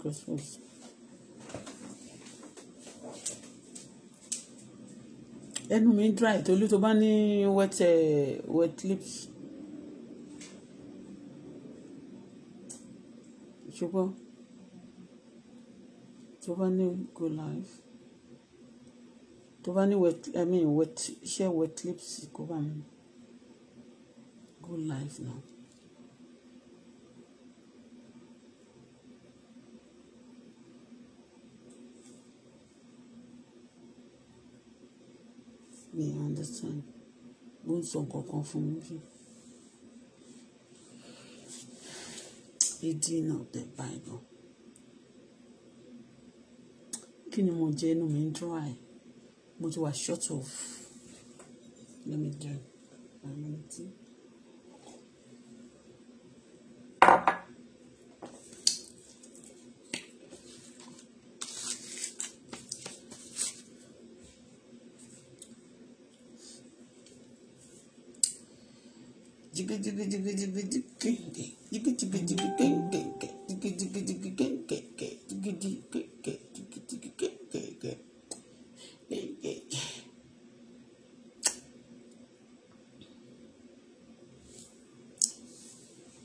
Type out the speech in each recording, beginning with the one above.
Christmas. ẹnu mi dry tolú tó bá ní wet uh, wet lips ṣùgbọ́n tó bá ní go live tó bá ní wet i mean wet ṣe wet lips kó bá mi go live now. me understand bó ń sọ nǹkan kan mi reading of the Bible kí ni mo jẹ inú mi ń dry mo ti wà short of let me drink.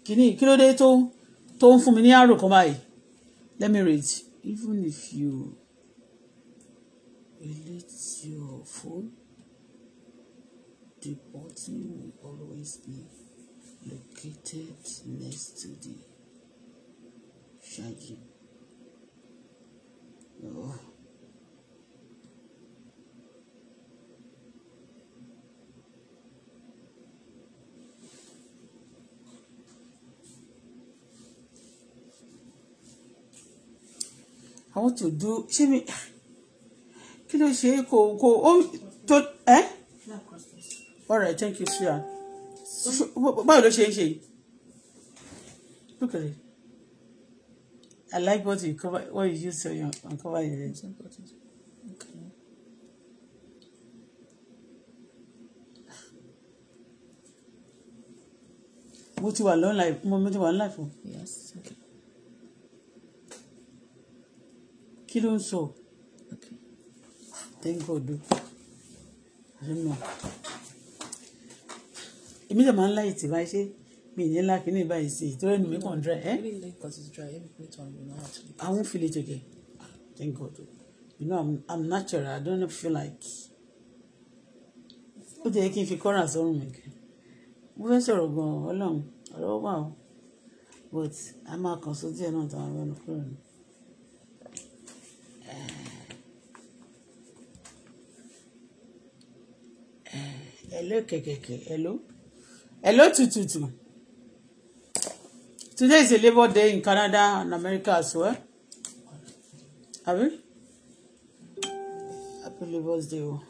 Kini kí ló dé tó tó ń fún mi ní àrò kan báyìí let me read even if you relate your phone the body will always be located next to the Shaggy. Oh. I want to do. Ṣé me. Can ló ṣe é Go kò ó eh. All right, thank you, Suya báwo ló ṣe ń ṣe look at it I like what you cover what you use to your uncover your head. mo ti wà lọ́nà mo mo ti wà lọ́nà fún. yes okay. kí ló ń sọ. okay. thank God o. I don't know èmi dẹ̀ máa ń láyè tí báyìí ṣe mi ní ńlá kí ní báyìí sí ìtọ́ ẹnu mi kàn dry ẹ́. Eh? I won't feel it again ah, thank God you know I'm, I'm natural I don't feel like ó jẹ́ kí n fi kọ́ra sọ́run mi kẹ́ mo fẹ́ sọ̀rọ̀ gan-an ọlọ́run ọ̀rọ̀ wà ó but a máa kàn sójú ẹ̀ náà táwọn ọ̀rọ̀ kúrò ní. hello kẹ̀kẹ̀kẹ̀ hello. Hello, Tututu. Today is a Labor Day in Canada and America as well. Have you? Happy Labor Day. Oh.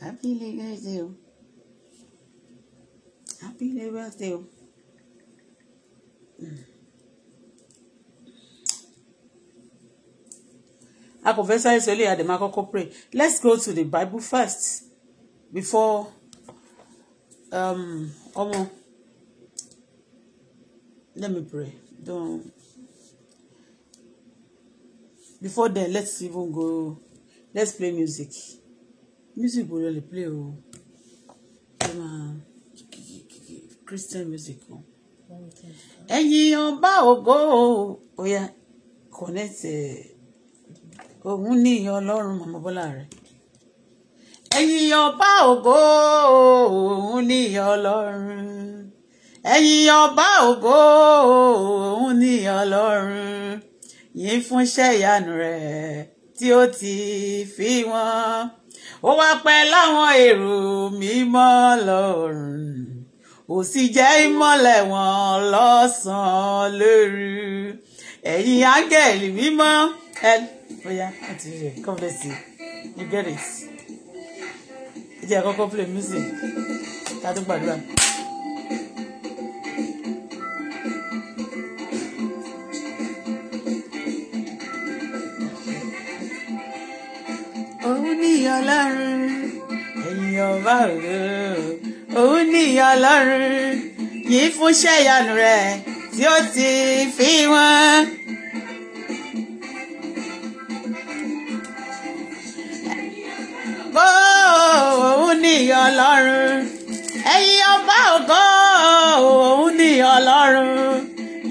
Happy Labor Day. Oh. Happy Labor Day. Our oh. hmm. kò is only at the dè máa Let's go to the Bible first before um ọmọ let me pray don't before then let's even go let's play music music go really play o oh. christian music o oh. ẹ̀yin ọba ògo Oya, connect eh, òun ní ìyá ọlọ́run mọ̀mọ́ bọ́lá ẹ̀yin ọba ògo òun ni ọlọ́run ẹ̀yin ọba ògo òun ni ọlọ́run yìí fúnṣẹ́ ìyanu rẹ̀ tí ó ti fi wọ́n ó wá pẹ́ láwọn èrò mímọ́ lọ́run ó sì jẹ́ ìmọ́lẹ̀ wọn lọ́sàn-án lóru ẹ̀yin áńgẹ̀lì mímọ́ ẹ bóyá ẹ ti rẹ̀ kọ́ńfẹ̀sì you get it jẹ́ àkọ́kọ́ play music ká tó gbàdúrà. òun ní ọlọ́run ẹ̀yìn ọba òru òun ní ọlọ́run yìí fún ṣẹ́yanu rẹ̀ tí ó ti fi wọ́n. òun ni ọlọ́run ẹ̀yin ọba ògo òun ni ọlọ́run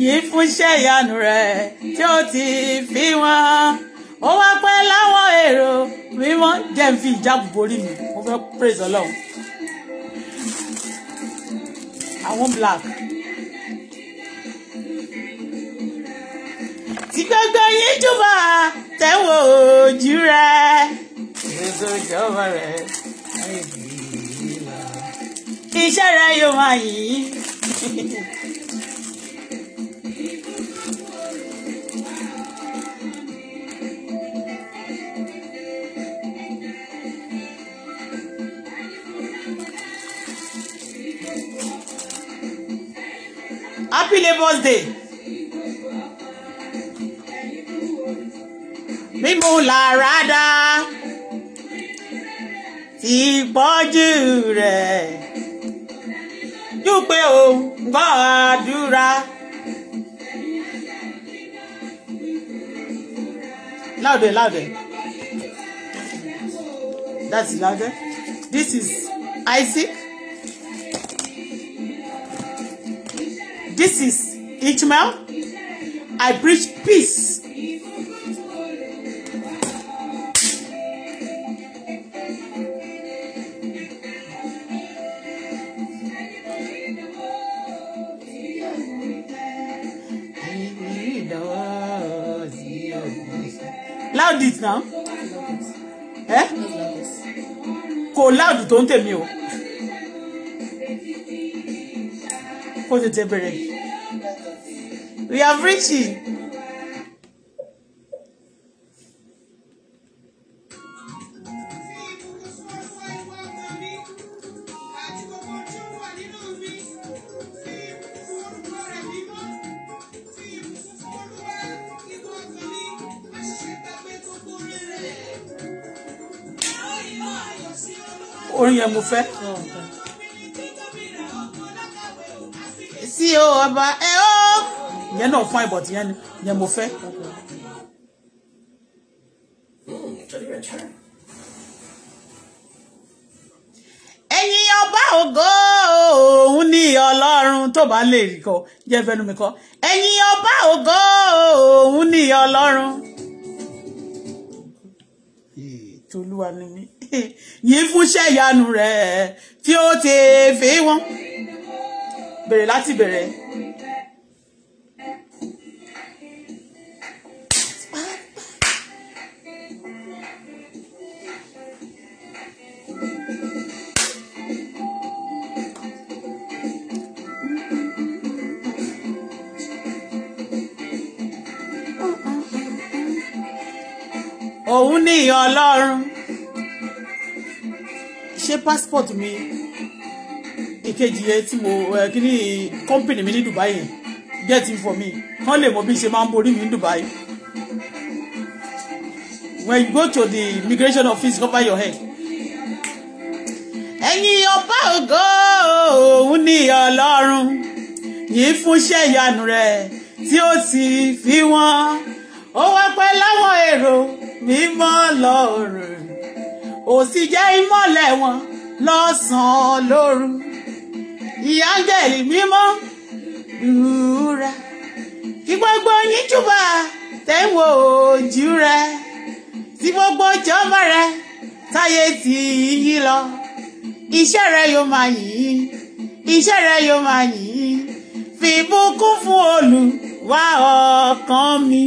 yìí fún iṣẹ́ ìyanu rẹ̀ tí ó ti fi wọ́n ó wá pẹ́ láwọn èrò mímọ́ jẹ́ n fi ìjáàbù borí mi mo fẹ́ praise ọlọ́run àwọn black. tí gbogbo yín jùmọ̀ tẹ̀wọ̀ ojú rẹ̀ ìjọba rẹ̀ iṣẹ́ rẹ̀ yóò máa yìí. Happy Labour's Day. mímú làrá dáa ti pọ́jú rẹ̀ dúpẹ́ o gbọ́ àdúrà. Louder, louder. That's louder. This is Isaac. This is Ishmael. I preach peace loud it now eh? kò loud tó ń tèmi o kó tètè bẹ̀rẹ̀ we are reaching. orin yẹn mo fẹ́. sí o ọba ẹ o. ìyẹn náà fún àìbọ̀ tìyẹn ni mo fẹ́. ẹ̀yin ọba ògo òun ni ọlọ́run tó bá lè rí kọ jẹ́ fẹ́nu mi kọ́ ẹ̀yin ọba ògo òun ni ọlọ́run. tolúwa ni mí yìí fúnṣẹ́ ìyanu rẹ̀ tí ó ti fi wọ́n bẹ̀rẹ̀ láti bẹ̀rẹ̀. òun ní ọlọ́run ṣe passport mi ìkejì yẹn tí mo kí ni company mi ní Dubai yẹn get it for me kán lè mọ bí ṣe máa ń borí mi ní Dubai when you go to the immigration office cover your head ẹ̀yin ọba ògo òun ni ọlọ́run yìí fúnṣẹ́ ìyanu rẹ̀ tí ó ti fi wọ́n ó wá pẹ́ láwọn èrò mímọ́ lọ́rùn òsì jẹ́ ìmọ́lẹ̀ wọn lọ́sàn-án lóru ìyáńgẹ̀lì mímọ́ ìrúra kí gbogbo yín júbà tẹ́wọ̀ ojú rẹ tí gbogbo jọba rẹ táyé ti yí lọ iṣẹ́ rẹ yóò máa yìn iṣẹ́ rẹ yóò máa yìn fi fún Olúwa ọkàn mi.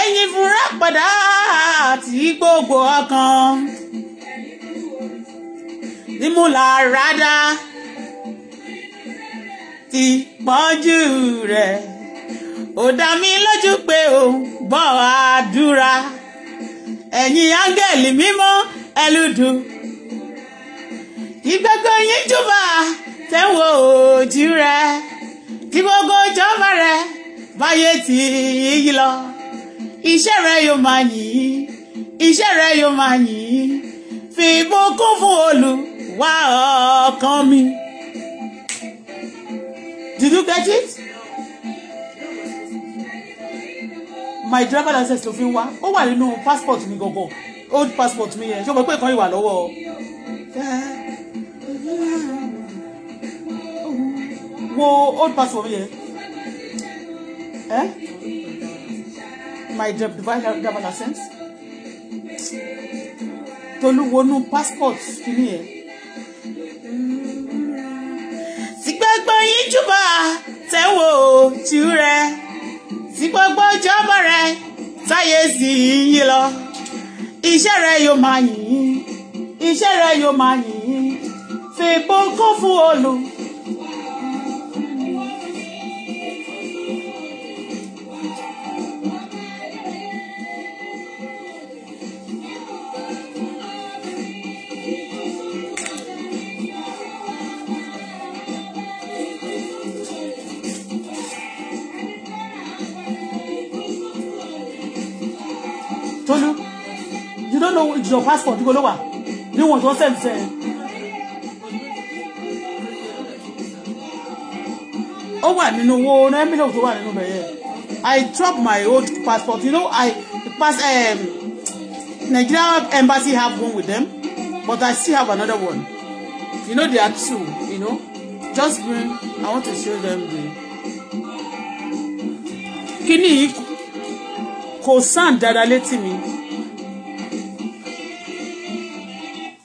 ẹ̀yin fúnra padà àti gbogbo ọkàn ìmúláradá ti pọ́njú rẹ̀ ó dá mi lójú pé ó gbọ́ àdúrà ẹ̀yin áńgẹ̀lì mímọ́ ẹlùdù ìgbàgbọ́ yín jùbà tẹ́wọ̀ ojú rẹ̀ kí gbogbo ìjọba rẹ̀ báyé ti yí lọ iṣẹ́ rẹ yóò máa yìn iṣẹ́ rẹ yóò máa yìn fi ìbùkún fún Olúwa ọkàn mi. Did you get it? My driver license ló fi ń wá ó wà nínú passport mi gọ̀gọ̀ old passport mi yẹn ṣé o mọ̀ pé nǹkan ìwà lọ́wọ́ ọ. wo old passport mi yẹn my divine driver license tolúwonú passport kìíní yẹn. tí gbogbo yín júbà tẹ́wọ̀ tì rẹ̀ tí gbogbo jọba rẹ̀ táyé sí yín lọ iṣẹ́ rẹ̀ yóò máa yìn yín iṣẹ́ rẹ̀ yóò máa yìn yín fìbò kún fún olùkọ́. Tolu, you don't know it's your passport. You go lower. You want to send say. Ó wà nínú owó náà mílíọ̀nù tó wà nínú bẹ̀ yẹn. I drop my old passport. You know, I pass um, Nigeria embassy have one with them, but I still have another one. You know, there are two. You know, just bring. I want to show them the. Kini kò sound dáadáa létí mi.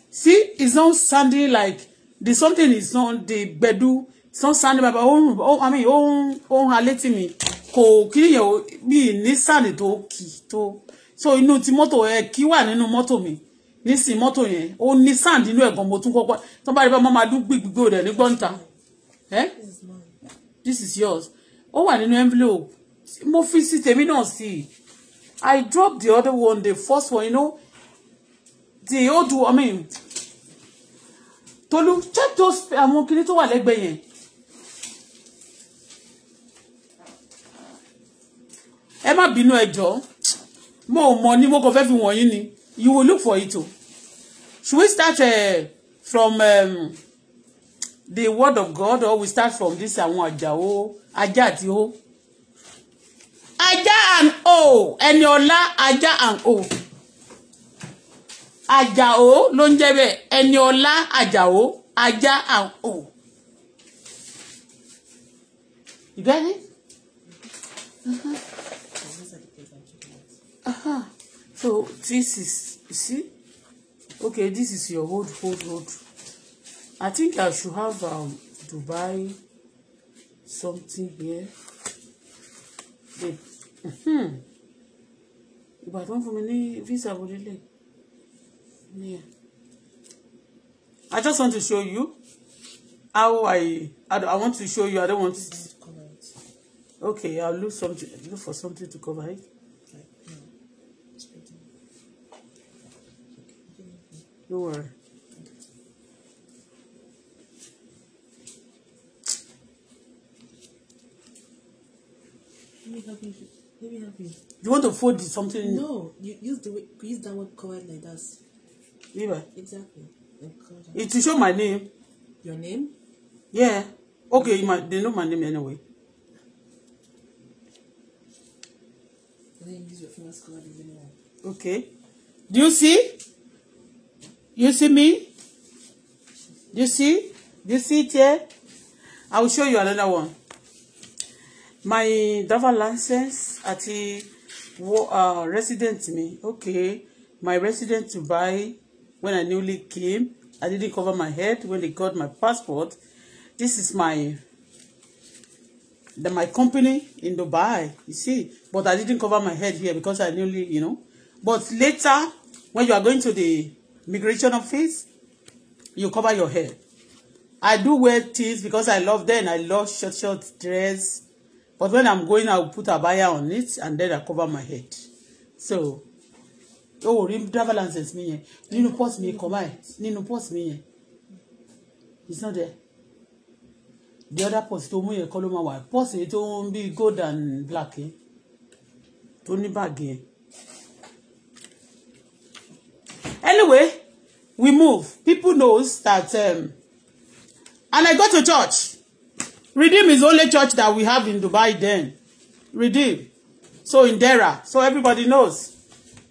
See, it's not sounding like the something is not the gbedu. It's not sounding like ohun oh, I mean ohun ohun alétí mi. Kò kí yẹn o bí ní sound tó kì tó. So inú ti mọ́tò ẹ kí wà nínú mọ́tò mi. Nísìn mọ́tò yẹn ó ní sound inú ẹ̀gàn mo tún kọ́kọ́. Tó bá rí bá máa máa dún gbígbó rẹ̀ ní gbọ́ǹta. Eh? This is yours. Ó wà nínú envelope. Mo fi sí tèmi náà sí i. I dropped the other one, the first one, you know, the old one, I mean, Tolu, check those I'm kinní to wà lẹ́gbẹ̀ẹ́ yẹn. Emma, má bínú ẹ jọ̀ọ́. more mọ̀ ni mo kàn fẹ́ fi You will look for it too. Should we start uh, from um, the word of God or we start from this àwọn àjà o, ajá àti o? ajá and o ẹni ọlá ajá and o àjàó ló ń jẹ́ bẹ́ẹ̀ ẹni ọlá àjàó ajá and o. You get Uh-huh. Uh-huh. So this is, you see? Okay, this is your old old old. I think I should have um, Dubai something here. The Hmm. ìgbà tó ń fún mi ní visa wo lélẹ̀ yeah I just want to show you how I I, want to show you I don't want to okay I'll look something look for something to cover it. No worry. Let me help you. Let me help you. You want to fold something? No, you use the way, use that one covered like that. Yeah. Exactly. It will show my name. Your name? Yeah. Okay, okay. You might, they know my name anyway. And then use your fingers covered in the one. Okay. Do you see? You see me? Do you see? Do you see it here? I will show you another one my driver license àti uh, resident mi okay my resident to buy when I newly came I didn't cover my head when they got my passport this is my the, my company in Dubai you see but I didn't cover my head here because I newly you know but later when you are going to the immigration office you cover your head. I do wear things because I love them I love short short dress But when I'm going, I'll put abaya on it and then I cover my head. So, oh, rí driver license mi yẹn nínú port mi kọ báyìí nínú port mi yẹn it's not there. The other port tó mú yẹn kọ́ ló máa wà port yẹn tó ń bí gold and black yẹn tó ní báàgì yẹn. Anyway, we move. People knows that um, and I go to church. Redeem is the only church that we have in Dubai then. Redeem. So in Dera. So everybody knows.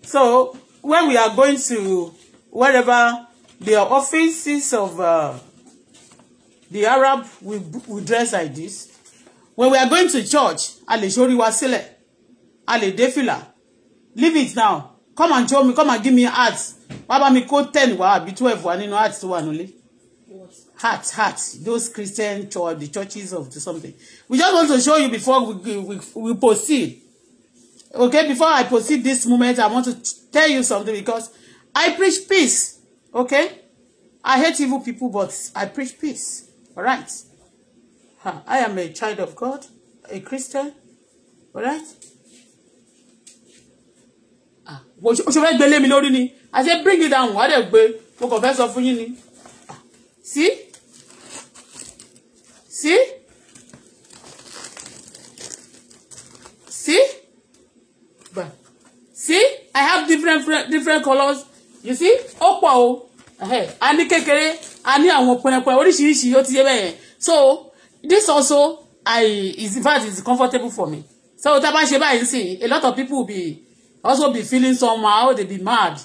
So when we are going to wherever the offices of uh, the Arab we, we dress like this. When we are going to church, a lè ṣorí wa sílẹ̀, a lè dé fìlà. Leave it now. Come and show me, come and give me hearts. Wá bá mi kó ten wa àbí twelve wá nínú hearts tó wà nílé heart, heart, those Christian or the churches of something. We just want to show you before we, we, we proceed. Okay, before I proceed this moment, I want to tell you something because I preach peace. Okay? I hate evil people, but I preach peace. All right? I am a child of God, a Christian. All right? Ah, o ṣe fẹ́ gbélé mi lórí ni i say bring it down wà á dẹ̀ gbé mo kàn fẹ́ sọ fún yín ni ah, see See? See? But see, I have different different colors. You see? Ó pọ̀ o. A ní kékeré, a ní àwọn pẹrẹpẹrẹ oríṣiríṣi ó ti yé bẹ́ẹ̀ yẹn. So this also I is in fact is comfortable for me. So tá a bá ṣe see, a lot of people be also be feeling somehow, they be mad.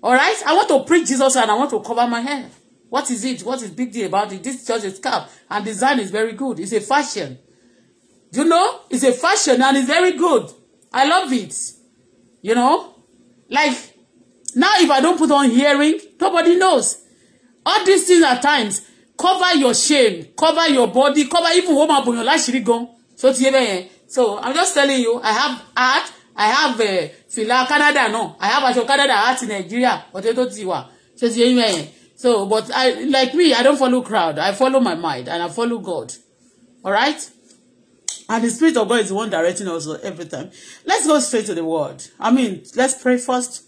All right, I want to preach Jesus and I want to cover my hair. What is it? What is big deal about it? This church is cap and design is very good. It's a fashion. you know? It's a fashion and it's very good. I love it. You know? Like, now if I don't put on hearing, nobody knows. All these things at times cover your shame, cover your body, cover even home up on your Shiri gan. So, so I'm just telling you, I have art, I have uh, fìlà Canada no. I have aṣọ Canada art in Nigeria, ọ̀tẹ́ tó ti wà. So, ti yẹ yín So, but I like me, I don't follow crowd. I follow my mind and I follow God. All right? And the Spirit of God is the one directing us every time. Let's go straight to the word. I mean, let's pray first.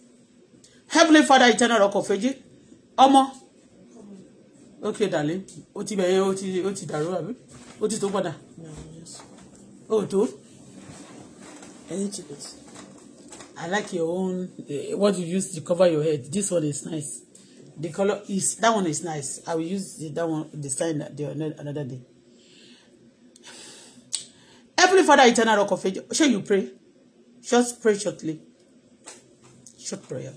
Heavenly Father, eternal rock of ages. Omo. Okay, darling. Oti be oti oti ti abi. Oti to àbí? Ó ti tó padà. I like your own. Uh, what you use to cover your head. This one is nice the color is that one is nice i will use the, that one the sign the another day heavenly father eternal rock of ages shall you pray just pray shortly short prayer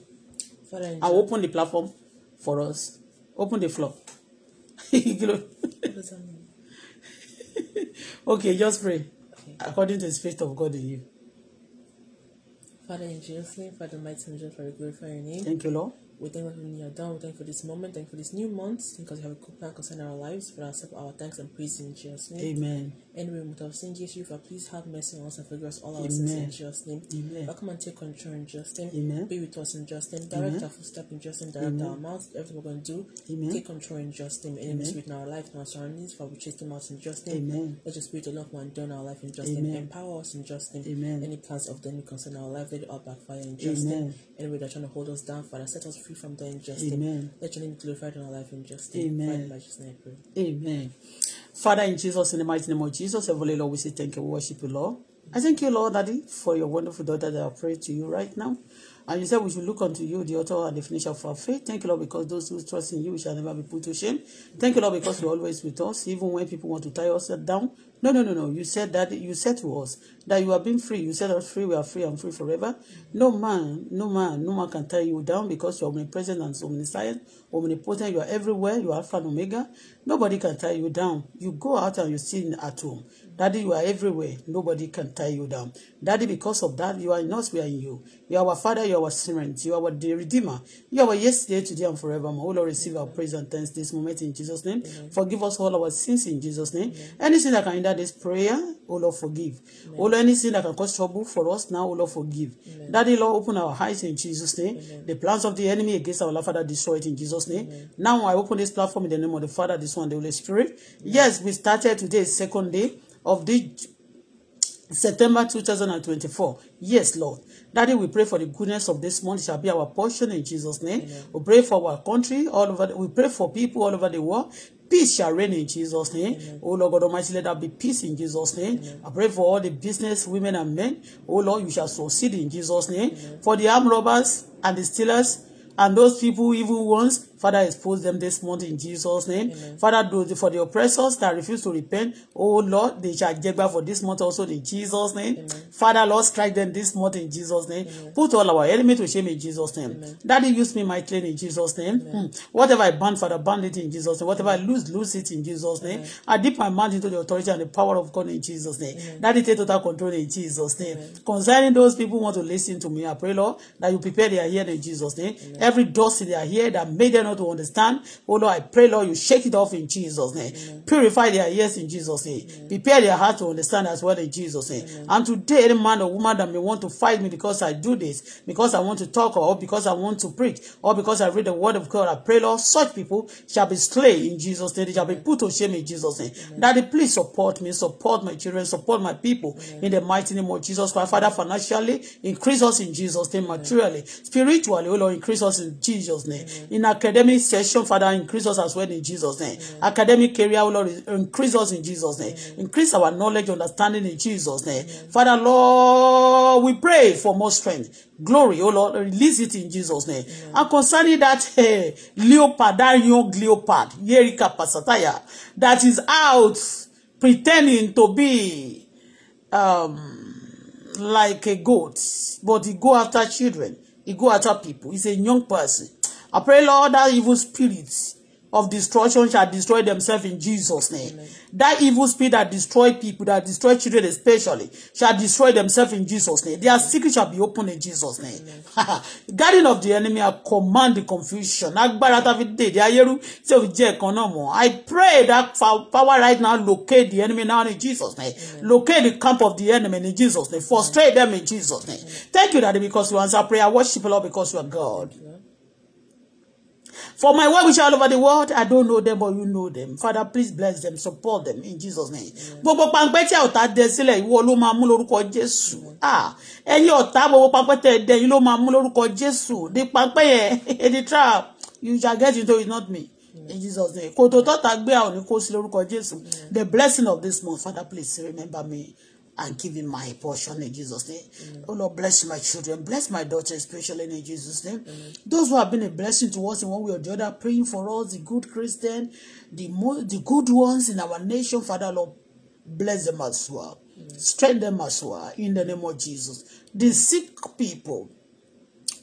father, and open the platform for us open the floor okay just pray okay. according to the spirit of God in you. Father, in Jesus' name, Father, mighty angel, for glorify your name. Thank you, Lord. We thank God you are done. We thank for this moment. Thank you for this new month. because we you have a good plan concerning our lives. We accept our thanks and praise in Jesus' name. Amen. Anyway, have saying Jesus, you please have mercy on us and forgive us all our sins in Jesus' name. Amen. Welcome come and take control in Justin. Amen. Be with us in Justin. Direct Amen. our footsteps in Justin. Direct Amen. our mouth. Everything we're going to do. Amen. Take control in Justin. name. Enemies within our life and our surroundings, for we chase them out in Justin. Amen. Let us spirit of love and down our life in Justin. Empower us in Justin. Amen. Any plans of them concern concerning our life, let it all backfire in Justin. name. Anyway, they're trying to hold us down, Father, set us free from them in Jesus' Let your name glorified in our life in Justin. Amen. Father, name, Amen. Father, in Jesus, in the mighty name of Jesus, Heavenly Lord, we say thank you, we worship you, Lord. I thank you, Lord, Daddy, for your wonderful daughter that I pray to you right now. And you said we should look unto you, the author and the finisher of our faith. Thank you, Lord, because those who trust in you shall never be put to shame. Thank you, Lord, because you're always with us, even when people want to tie us down. No, no, no, no. You said that you said to us that you have been free. You said us free, we are free and free forever. No man, no man, no man can tie you down because you're omnipresent and omniscient, omnipotent, you are everywhere, you are Alpha and Omega. Nobody can tie you down. You go out and you sin at home. Daddy, you are everywhere. Nobody can tie you down. Daddy, because of that, you are not us, you. You are our Father, you are our strength, you are our Redeemer. You are our yesterday, today, and forever. O oh, Lord, receive our praise and thanks this moment in Jesus' name. Amen. Forgive us all our sins in Jesus' name. Amen. Anything that can hinder this prayer, O oh, Lord, forgive. Amen. O oh, Lord, anything that can cause trouble for us now, O Lord, forgive. Amen. Daddy, Lord, open our eyes in Jesus' name. Amen. The plans of the enemy against our Father, destroy it in Jesus' name. Amen. Now I open this platform in the name of the Father, this one, the Holy Spirit. Amen. Yes, we started today, second day of this September 2024. Yes, Lord. Daddy, we pray for the goodness of this month. It shall be our portion in Jesus' name. Amen. We pray for our country all over. The, we pray for people all over the world. Peace shall reign in Jesus' name. Amen. Oh Lord God Almighty, let there be peace in Jesus' name. Amen. I pray for all the business women and men. Oh Lord, you shall succeed in Jesus' name. Amen. For the armed robbers and the stealers and those people, evil ones, Father, expose them this morning in Jesus' name. Amen. Father, do for the oppressors that refuse to repent. Oh Lord, they shall get back for this month also in Jesus' name. Amen. Father, Lord, strike them this month in Jesus' name. Amen. Put all our enemies to shame in Jesus' name. Amen. Daddy, use me my mightily in Jesus' name. Amen. Whatever I ban, Father, ban it in Jesus' name. Whatever I lose, lose it in Jesus' name. Amen. I dip my mind into the authority and the power of God in Jesus' name. Amen. Daddy, take total control in Jesus' name. Amen. Concerning those people who want to listen to me, I pray, Lord, that you prepare their ear in Jesus' name. Amen. Every dust in their ear that made them not to understand. Oh Lord, I pray, Lord, you shake it off in Jesus' name. Amen. Purify their ears in Jesus' name. Amen. Prepare their heart to understand as well in Jesus' name. Amen. And today, any man or woman that may want to fight me because I do this, because I want to talk, or because I want to preach, or because I read the word of God, I pray, Lord, such people shall be slain in Jesus' name. They shall be put to shame in Jesus' name. Amen. Daddy, please support me, support my children, support my people in the mighty name of Jesus Christ. Father, financially, increase us in Jesus' name, materially, spiritually, oh Lord, increase us in Jesus' name. In academic academic session, Father, increase us as well in Jesus' name. Academic career, oh Lord, increase us in Jesus' name. Increase our knowledge, understanding in Jesus' name. Father, Lord, we pray for more strength. Glory, oh Lord, release it in Jesus' name. And concerning that hey, leopard, that young leopard, Yerika Pasataya, that is out pretending to be um, like a goat, but he go after children, he go after people. He's a young person. I pray, Lord, that evil spirits of destruction shall destroy themselves in Jesus' name. Amen. That evil spirit that destroy people, that destroy children especially, shall destroy themselves in Jesus' name. Their secret shall be opened in Jesus' name. Guardian of the enemy, I command the confusion. Agbára tá fi dè dé ayérú tí o I pray that power right now locate the enemy now in Jesus' name. Amen. Locate the camp of the enemy in Jesus' name. Frustrate Amen. them in Jesus' name. Amen. Thank you, Daddy, because you answer prayer. I worship Lord, because you are God. Amen. For my work which are all over the world, I don't know them, but you know them. Father, please bless them, support them in Jesus' name. Gbogbo pàǹpẹ́ tí ọ̀tá dẹ sílẹ̀, ìwọ ló máa mú lórúkọ Jésù. Ah, ẹ̀yin ọ̀tá gbogbo pàǹpẹ́ tẹ̀ dẹ, yìí ló máa mú lórúkọ Jésù. Ní pàǹpẹ́ yẹn, the trap, you shall get into it, not me. In Jesus' name. Kò tó tọ́ta gbé àwọn oníkó sí lórúkọ Jésù. The blessing of this month, Father, please remember me. and give him my portion in Jesus' name. Mm. Oh Lord, bless my children, bless my daughter, especially in Jesus' name. Mm. Those who have been a blessing to us in one way or the other, praying for us, the good Christian, the mo- the good ones in our nation, Father Lord, bless them as well. Mm. Strengthen them as well in the name of Jesus. The sick people,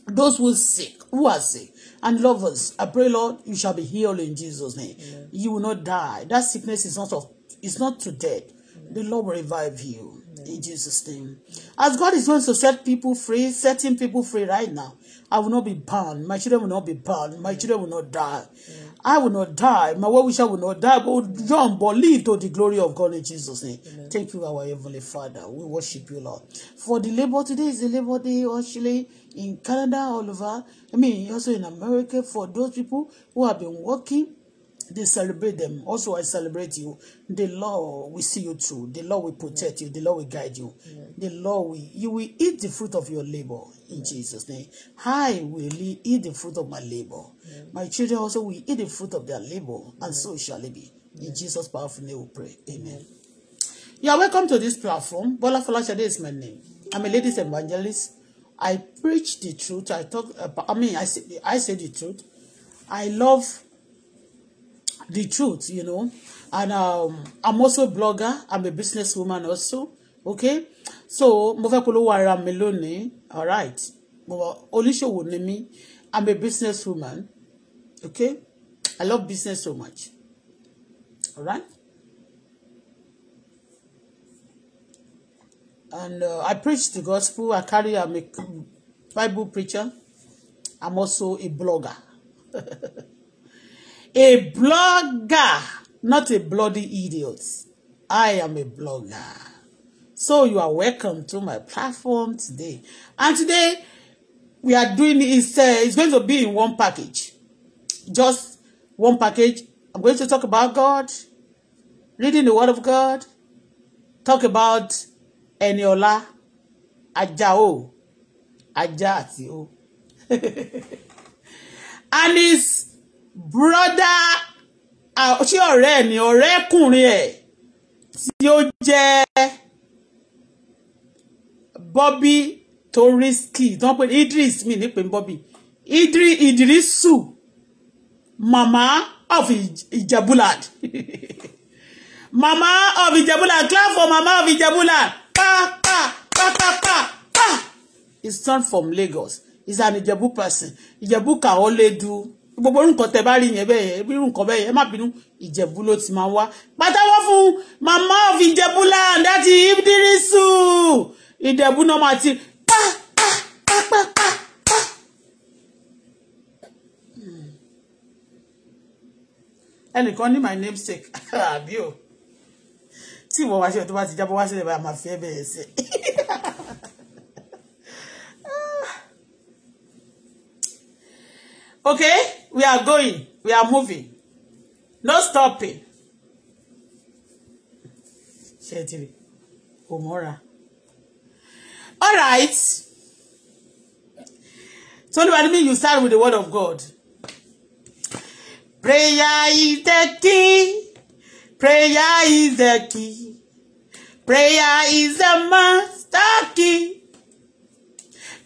those who are sick, who are sick, and lovers, I pray, Lord, you shall be healed in Jesus' name. You will not die. That sickness is not of, is not to death. The Lord will revive you in Jesus' name. As God is going to set people free, setting people free right now, I will not be bound. My children will not be bound. My children will not die. I will not die. My well wisher will not die, but John, but live to the glory of God in Jesus' name. Thank you, our Heavenly Father. We worship you, Lord. For the labor today is the labor day, actually, in Canada, all over. I mean, also in America, for those people who have been working They celebrate them. Also, I celebrate you. The Lord will see you through. The Lord will protect you. The Lord will guide you. The Lord will, you will eat the fruit of your labor in Jesus' name. I will eat the fruit of my labor. My children also will eat the fruit of their labor, and so shall it be. In Jesus' powerful name we pray. Amen. You yeah, are welcome to this platform. Bola Falashade is my name. I'm a ladies evangelist. I preach the truth. I talk. About, I mean, I say, I say the truth. I love the truth, you know. And um, I'm also a blogger. I'm a businesswoman also. Okay? So, mo fẹ́ polówó ara mi lónìí. All right. Oníṣòwò ni mí. I'm a businesswoman. Okay? I love business so much. All right? And uh, I preach the gospel. I carry, I'm a Bible preacher. I'm also a blogger. A blogger, not a bloody idiot. I am a blogger. So you are welcome to my platform today. And today we are doing is uh, it's going to be in one package. Just one package. I'm going to talk about God, reading the word of God, talk about Eniola, Ajao, Aja and it's brother ṣé ọ̀rẹ́ ẹ̀ ni ọ̀rẹ́kùnrin ẹ̀ tí ó jẹ́ Bobby Torisky tí wọ́n pè ní Idris mi nípe Bobby Idris Idrisu mama of Ijabulad. mama of Ijabulad. clap for mama of Ijabulad. pa pa pa pa pa pa it's not from Lagos He's an Ijabu person Ijebu can only do gbogbo nǹkan tẹ bá rí yẹn bẹ́ẹ̀ yẹn bí nǹkan bẹ́ẹ̀ yẹn má bínú ìjẹ̀bú ló ti máa wá pátáwọ́ fún màmá of ìjẹ̀bú land àti ibdirisu ìjẹ̀bú náà máa ti pa pa pa pa pa. ẹnìkan ní my namesake àbí o tí ìwọ wá sílẹ̀ tó bá ti jábọ̀ wá sílẹ̀ bá máa fi ẹ́ bẹ̀rẹ̀ okay We are going. We are moving. No stopping. Ṣẹ́tìrì, Omora. All right. Tolúwanimí, you start with the word of God. Prayer is the key. Prayer is the key. Prayer is the master key.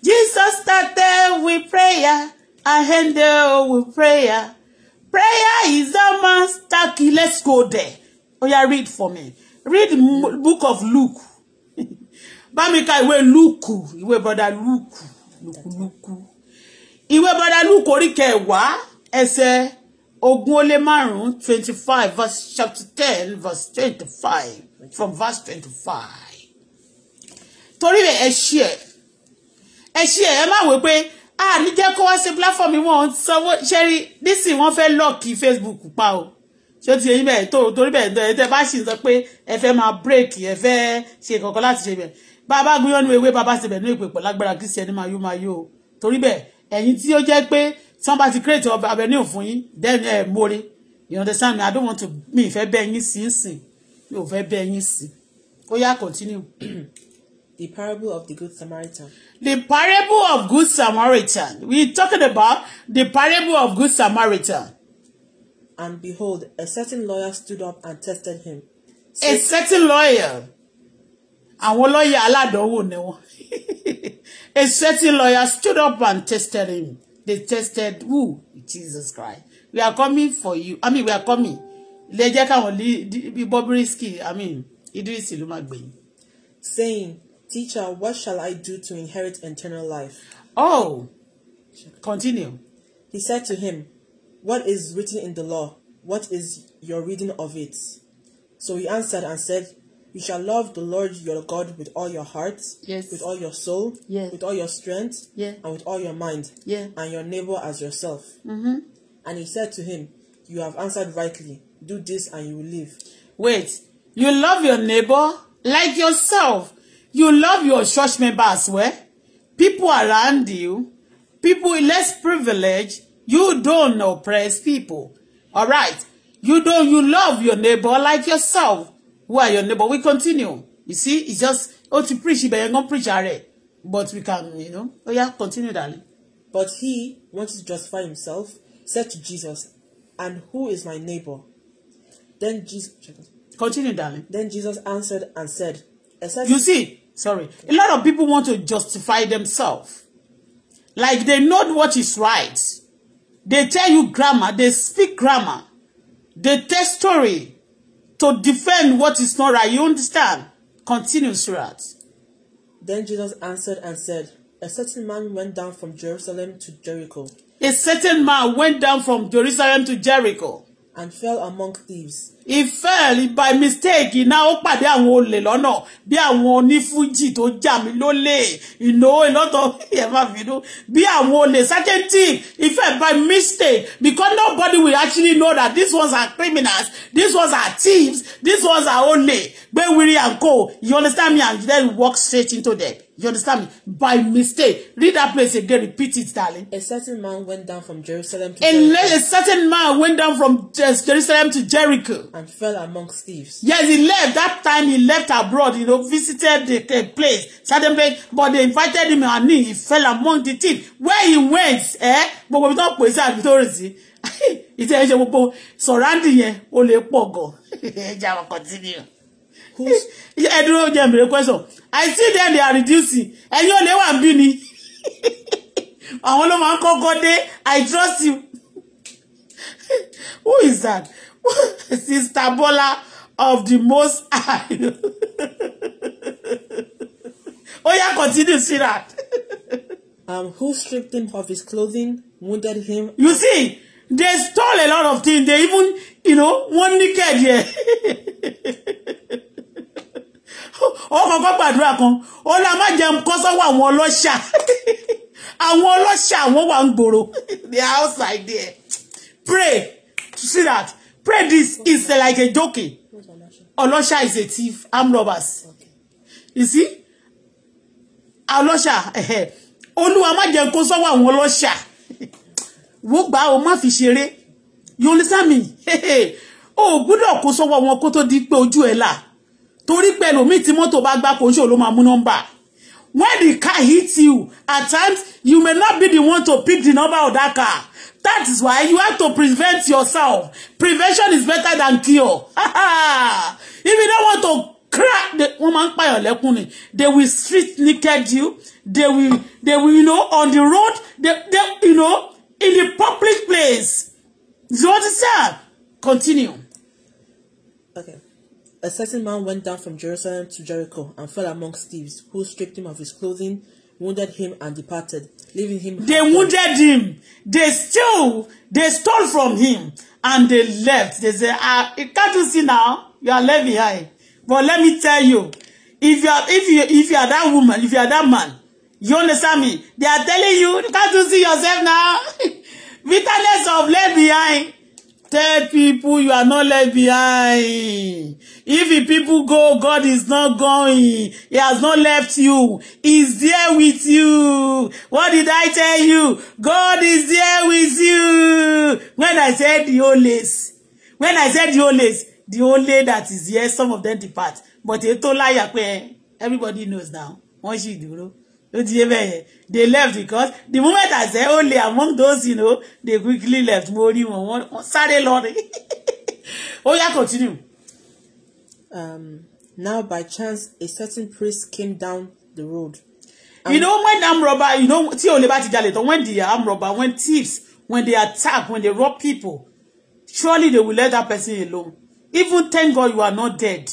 Jesus started with prayer. I handle with prayer. Prayer is the master key. Let's go there. Oh yeah, read for me. Read the book of Luke. Bamika, ìwé Luke, ìwé brother Luke, Luke Luke. Ìwé brother Luke orí kẹwàá ẹsẹ̀ ogún ó lé márùn-ún twenty five verse chapter ten verse twenty five from verse twenty five. Torí ẹ̀ ẹ̀ ṣí ẹ̀ ẹ̀ àní ah, jẹ́ kó wá sí platform wọn sanwó ṣẹ́rí nísìnyí wọ́n fẹ́ lọ́ọ̀kì Facebook pa o ṣé o ti yẹn bẹ́ẹ̀ tó torí bẹ́ẹ̀ tó ẹ bá sì sọ pé ẹ fẹ́ máa break ẹ fẹ́ ṣe kankan láti ṣe bẹ́ẹ̀ bàbá gbúyọ́ nu ewé bàbá ṣe bẹ̀ ní ìpè pọ̀ lágbára Kristiẹni máa yó máa yó o torí bẹ́ẹ̀ ẹ̀yin tí ó jẹ́ pé tí wọ́n bá ti create ọba abẹ ní òfun yín then ẹ eh, mórí you understand me I don't want to mi ìfẹ́ bẹ́ẹ̀ yín sí sìn mi ò fẹ́ bẹ́ẹ̀ yín sí ó yá continue. The parable of the Good Samaritan. The parable of Good Samaritan. We talking about the parable of Good Samaritan. And behold, a certain lawyer stood up and tested him. a certain lawyer. Àwọn lọ́yà aládọ́wò ni wọ́n. A certain lawyer stood up and tested him. They tested who? Jesus Christ. We are coming for you. I mean, we are coming. Ilé jẹ́ káwọn Bobrisky, I mean, Idris ìlú máa Saying, Teacher, what shall I do to inherit eternal life? Oh, continue. He said to him, What is written in the law? What is your reading of it? So he answered and said, You shall love the Lord your God with all your heart, yes. with all your soul, yes. with all your strength, yeah. and with all your mind, yeah. and your neighbor as yourself. Mm-hmm. And he said to him, You have answered rightly. Do this and you will live. Wait, you love your neighbor like yourself. You love your church member where People around you, people less privileged, you don't oppress people. All right. You don't, you love your neighbor like yourself. Who are your neighbor? We continue. You see, it's just, oh, to preach, but you're not preach already. But we can, you know. Oh, yeah, continue, darling. But he, wanted to justify himself, said to Jesus, And who is my neighbor? Then Jesus. Continue, darling. Then Jesus answered and said, You see, sorry a lot of people want to justify themselves like they know what is right they tell you grammar they speak grammar they tell story to defend what is not right you understand continue Surat then Jesus answered and said a certain man went down from Jerusalem to Jericho a certain man went down from Jerusalem to Jericho and fell among thieves. he fell by mistake iná ó pàdé àwọn olè lọ́nà bí àwọn onífújì tó jà mí lólè ìnáwó ìlọ́tọ̀ ẹ̀ má fi dún bí àwọn olè second thief he fell by mistake because nobody will actually know that these ones are criminals these ones are thieves these ones are olè gbé wiri and co you understand me and then walk straight into them. You understand me? By mistake. Read that place again. Repeat it, darling. A certain man went down from Jerusalem to Jericho. A, a certain man went down from Jerusalem to Jericho. And fell amongst thieves. Yes, he left. That time he left abroad, you know, visited the, the place, certain place, but they invited him and he fell among the thieves. Where he went, eh? But we don't put his authority. Ìtẹ́ ẹ̀ṣẹ̀ gbogbo surrounding yẹn ó lè pọ̀ gan. Ẹ jẹ́ continue. Who's? dúró jẹ́ mi rẹ̀ question. I see them they are reducing ẹ̀yin ò lè wà ń bí ni àwọn ló máa ń kọ́kọ́ dé I trust you who is that Sister Bola of the Most High oya continue see that. um, who stripped him of his clothing wounded him. you see they stole a lot of things they even you know one naked here. ó kọ́kọ́ gbàdúrà kan ó la má jẹun kọ́ sọ́wọ́ àwọn ọlọ́ṣà àwọn ọlọ́ṣà àwọn wà ń gbòòrò they are outside there pray to see that pray this is like a joke ọlọ́ṣà is a thief armed robbers you see ọlọ́ṣà olúwa má jẹun kọ́ sọ́wọ́ àwọn ọlọ́ṣà wọ́n gbà ó má fi ṣeré you understand me o gbúdọ̀ kó sọ́wọ́ wọn kó tó di pé ojú ẹ̀ là torí pé ẹlòmíì tí mọ́tò bá gbá kò ń ṣe òun ló máa mú nọ́mbà when the car hits you at times you may not be the one to pick the number of that car that is why you have to prevent yourself prevention is better than cure if you don't want to crack the wọ́n máa ń pààyàn lẹ́kùn ni they will street naked you they will they will you know on the road they they you know in the public place you understand continue. Okay. A certain man went down from Jerusalem to Jericho and fell amongst thieves, who stripped him of his clothing, wounded him, and departed, leaving him. They half-time. wounded him. They stole. They stole from him, and they left. They say, ah, "Can't you see now? You are left behind." But let me tell you, if you are if you if you are that woman, if you are that man, you understand me? They are telling you, "Can't you see yourself now?" Bitterness of left behind. Tell people you are not left behind. If the people go, God is not going. He has not left you. He's there with you. What did I tell you? God is there with you. When I said the oldest, when I said the oldest, the only that is here, some of them depart. But ètò láyà pé everybody knows now. Wọ́n sì dúró ó ti yé bẹ́ẹ̀ yẹn they left because the moment I say oh, only among those you know they quickly left mo rí wọn wọ́n sáré lọ ni ó yá continue. Um, now by chance a certain priest came down the road. And you know when armed robber you know tí olè bá ti jalè tán when the armed robber when thieves when they attack when they rob people surely they will let that person alone even thank God you are not dead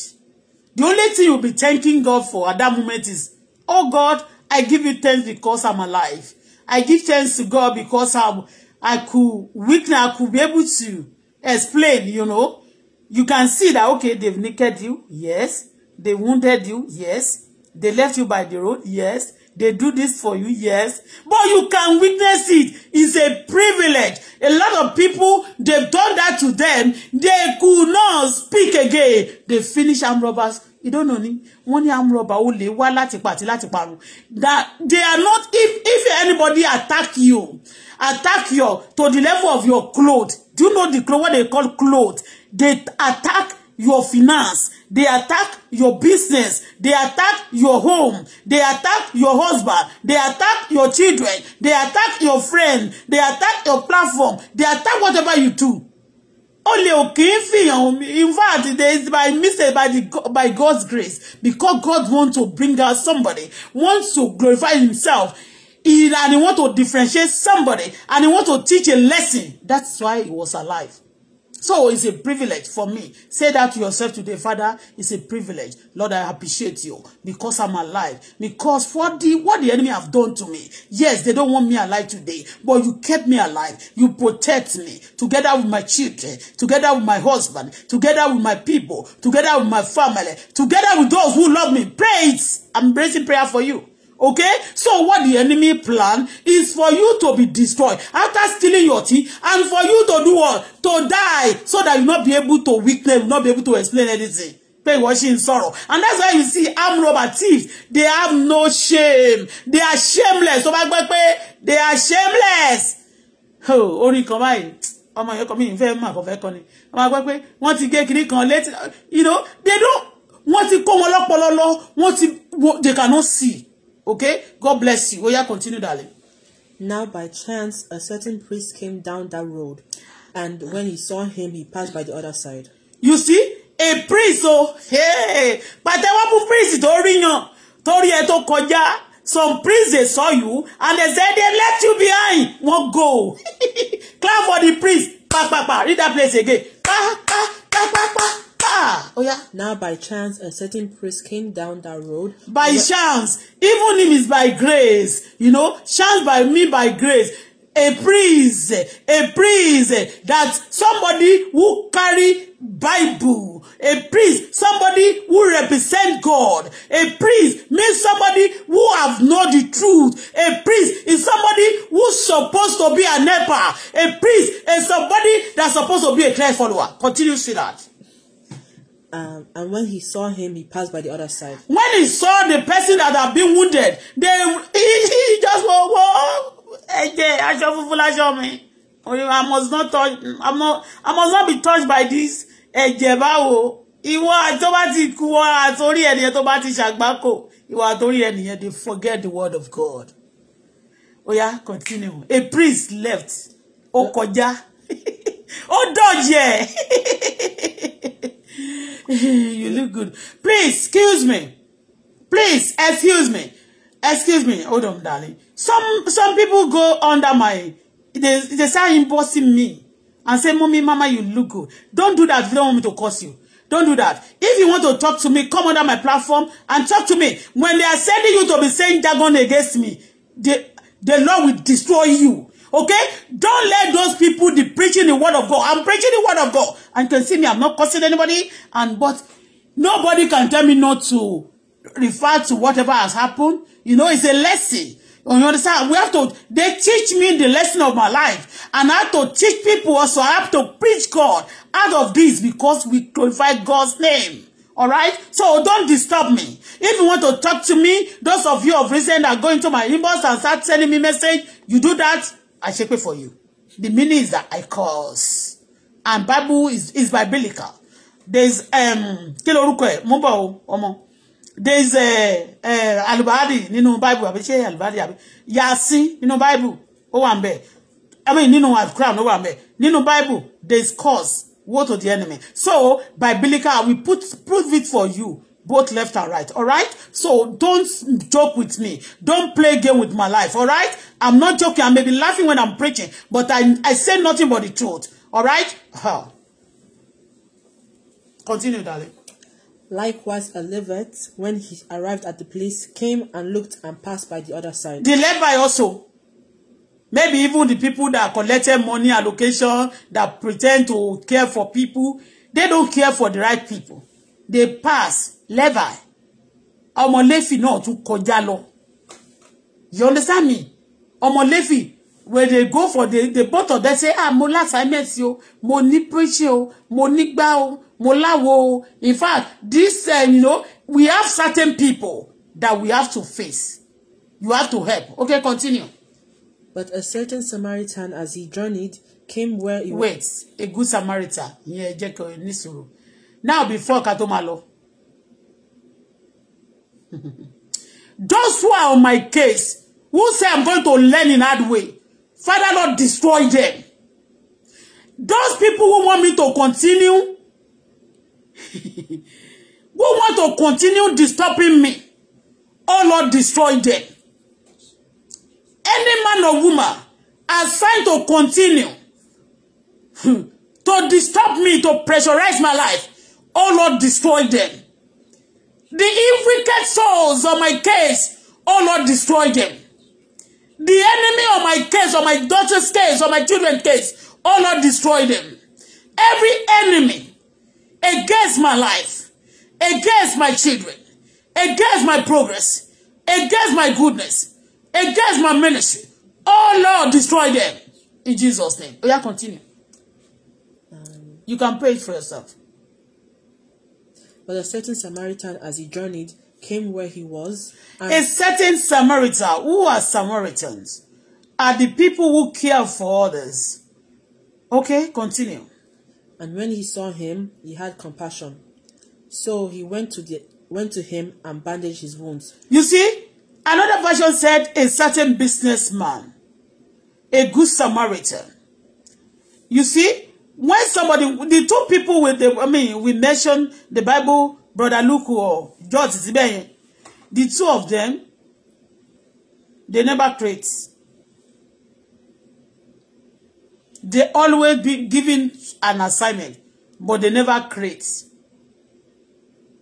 the only thing you be thanking God for at that moment is oh God I give you thanks because I'm alive. I give thanks to God because I'm, I could witness, I could be able to explain, you know. You can see that, okay, they've naked you, yes. They wounded you, yes. They left you by the road, yes. They do this for you, yes. But you can witness it. It's a privilege. A lot of people, they've done that to them. They could not speak again. They finish arm robbers ìdónà ni wọ́n ní amúrọ̀bà ó lè wá láti pa àti láti parun that they are not if if anybody attack you attack you to the level of your clothes do you know the clothes what they call clothes they attack your finance they attack your business they attack your home they attack your husband they attack your children they attack your friend they attack your platform they attack whatever you do Only ò kì í in fact there is by mistake by, the, by God's grace because God want to bring out somebody wants to glorify himself he, and he want to differentiate somebody and he want to teach a lesson that's why he was alive So it's a privilege for me. Say that to yourself today, Father, it's a privilege. Lord, I appreciate you because I'm alive. Because what the what the enemy have done to me, yes, they don't want me alive today, but you kept me alive. You protect me together with my children, together with my husband, together with my people, together with my family, together with those who love me. Praise! I'm raising prayer for you. Okay? So what the enemy plan is for you to be destroyed after stealing your tea and for you to do what? To die so that you not be able to witness, not be able to explain anything. Pay washing sorrow. And that's why you see armed robber thieves, they have no shame. They are shameless. So they are shameless. Oh, orin kan báyìí. Ọmọ yẹn kan Very much of àkọ́fẹ́ kan ni. Ọmọ àgbẹ̀ pé wọ́n You know, they don't, wọ́n ti come along, lọ́pọlọ lọ, wọ́n ti, they cannot see. Okay? God bless you. Oh, continue, darling. Now, by chance, a certain priest came down that road, and when he saw him, he passed by the other side. You see? A priest, oh, hey! But there were priests, Dorian, Tori to Koja. Some priests, they saw you, and they said they left you behind. Won't go. Clap for the priest. Pa, pa, pa. Read that place again. Pa, pa, pa, pa, pa. Ah! Oh yeah. Now by chance a certain priest came down that road. By but, chance, even if it's by grace, you know, chance by me by grace. A priest, a priest that somebody who carry Bible, a priest, somebody who represent God, a priest means somebody who have know the truth, a priest is somebody who supposed to be an helper, a priest is somebody that supposed to be a clear follower. Continue to see that. Um, and when he saw him, he passed by the other side. When he saw the person that had been wounded, they he, he just whoa, whoa, ẹ̀jẹ̀ aṣọ funfun láṣọ mi. I must not touch. I'm not. I must not be touched by this ẹ̀jẹ̀ báwo. Ìwọ àtọ́ bá ti kú ọ àtòrí ẹnìyẹn tó bá ti ṣàgbákò. Ìwọ àtòrí ẹnìyẹn they forget the word of God. Oya continue. A priest left. Ó kọjá. Ó dọ̀jẹ̀. you look good. Please, excuse me. Please, excuse me. Excuse me. Hold on, darling. Some some people go under my they they start imposing me and say, Mommy, Mama, you look good. Don't do that if you don't want me to curse you. Don't do that. If you want to talk to me, come under my platform and talk to me. When they are sending you to be saying jargon against me, the the Lord will destroy you. Okay? Don't let those people be preaching the word of God. I'm preaching the word of God. And you can see me, I'm not cursing anybody. And but nobody can tell me not to refer to whatever has happened. You know, it's a lesson. You understand? We have to, they teach me the lesson of my life. And I have to teach people also. I have to preach God out of this because we glorify God's name. All right? So don't disturb me. If you want to talk to me, those of you of reason are going to my inbox and start sending me message. You do that, I shall it for you. The meaning is that I cause. And Bible is, is biblical. There's um kí lorúkọ ẹ̀ mú bọ̀ o There's uh, uh, alubadi nínú Bible àbí ṣé alubadi àbí yasin nínú Bible O wà ń bẹ̀. I mean nínú Quran ó wà ń bẹ̀. Bible there's cause What of the enemy. So biblical we put prove it for you both left and right all right so don't joke with me don't play game with my life all right i'm not joking i may be laughing when i'm preaching but i i say nothing but the truth all right huh. continue darling Likewise, a Levite, when he arrived at the place, came and looked and passed by the other side. The Levite also, maybe even the people that collected money allocation, that pretend to care for people, they don't care for the right people. They pass Levi ọmọ Léfì náà tún kọjá lọ you understand me ọmọ Léfì where they go for the the both They say ah mo ní si o mo ni preaching o mo ni gbá o mo láwo o in fact this uh, you know we have certain people that we have to face you have to help okay continue. But a certain Samaritan, as he journeyed, came where he wait a good Samaritan. Yeah, jẹ́ kí n ní sùúrù. Now before ká tó lọ. Those who are on my case, who say I'm going to learn in that way, Father Lord, destroy them. Those people who want me to continue, who want to continue disturbing me, oh Lord, destroy them. Any man or woman assigned to continue to disturb me, to pressurize my life, oh Lord, destroy them. The intricate souls of my case, oh Lord, destroy them. The enemy of my case, of my daughter's case, of my children's case, oh Lord, destroy them. Every enemy against my life, against my children, against my progress, against my goodness, against my ministry, oh Lord, destroy them. In Jesus' name. We oh, are continue. You can pray it for yourself. But a certain Samaritan, as he journeyed, came where he was. a certain Samaritan. Who are Samaritans? Are the people who care for others. Okay, continue. And when he saw him, he had compassion. So he went to the went to him and bandaged his wounds. You see, another version said a certain businessman, a good Samaritan. You see, when somebody the two people with the I mean we mentioned the Bible brother Luke or George Zibeyin the two of them they never create they always be given an assignment but they never create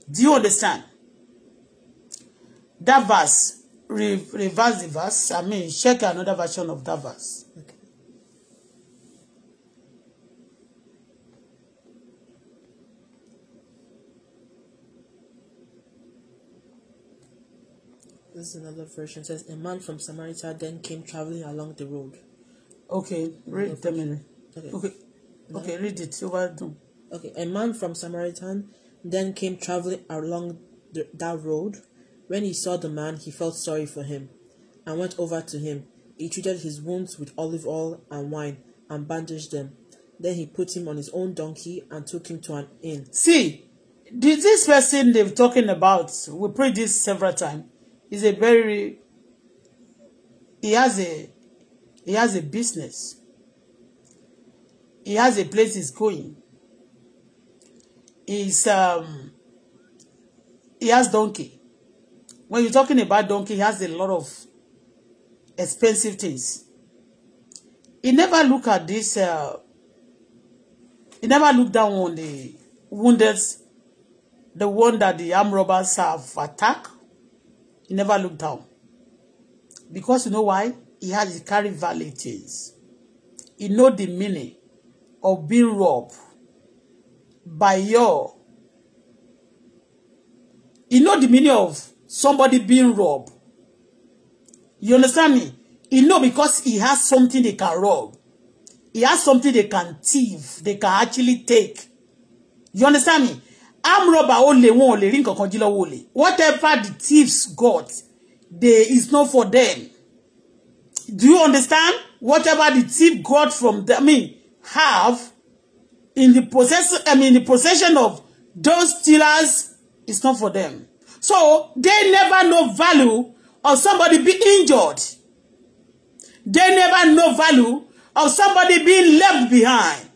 do you understand that verse reverse the verse I mean check another version of that verse this is another version. It says a man from Samaria then came traveling along the road. Okay, read the them in. Okay. Okay. okay, read it. Over so Okay, a man from Samaritan then came traveling along the, that road. When he saw the man, he felt sorry for him and went over to him. He treated his wounds with olive oil and wine and bandaged them. Then he put him on his own donkey and took him to an inn. See, did this person they're talking about, we prayed this several times. He's a very he has a he has a business. He has a place he's going. He's um he has donkey. When you're talking about donkey, he has a lot of expensive things. He never look at this uh he never look down on the wounded the one that the armed robbers have attacked He never looked down. Because you know why? He had his carry valid things. He know the meaning of being robbed by your. He know the meaning of somebody being robbed. You understand me? He know because he has something they can rob. He has something they can thief. They can actually take. You understand me? amrọ̀bà olè wọn ò lè rí nǹkan kan jí lọ́wọ́ olè whatever the thieves got they is not for them do you understand whatever the thief got from them I mean have in the possess I mean in the possession of those stealers is not for them. So they never know value of somebody being injured. They never know value of somebody being left behind.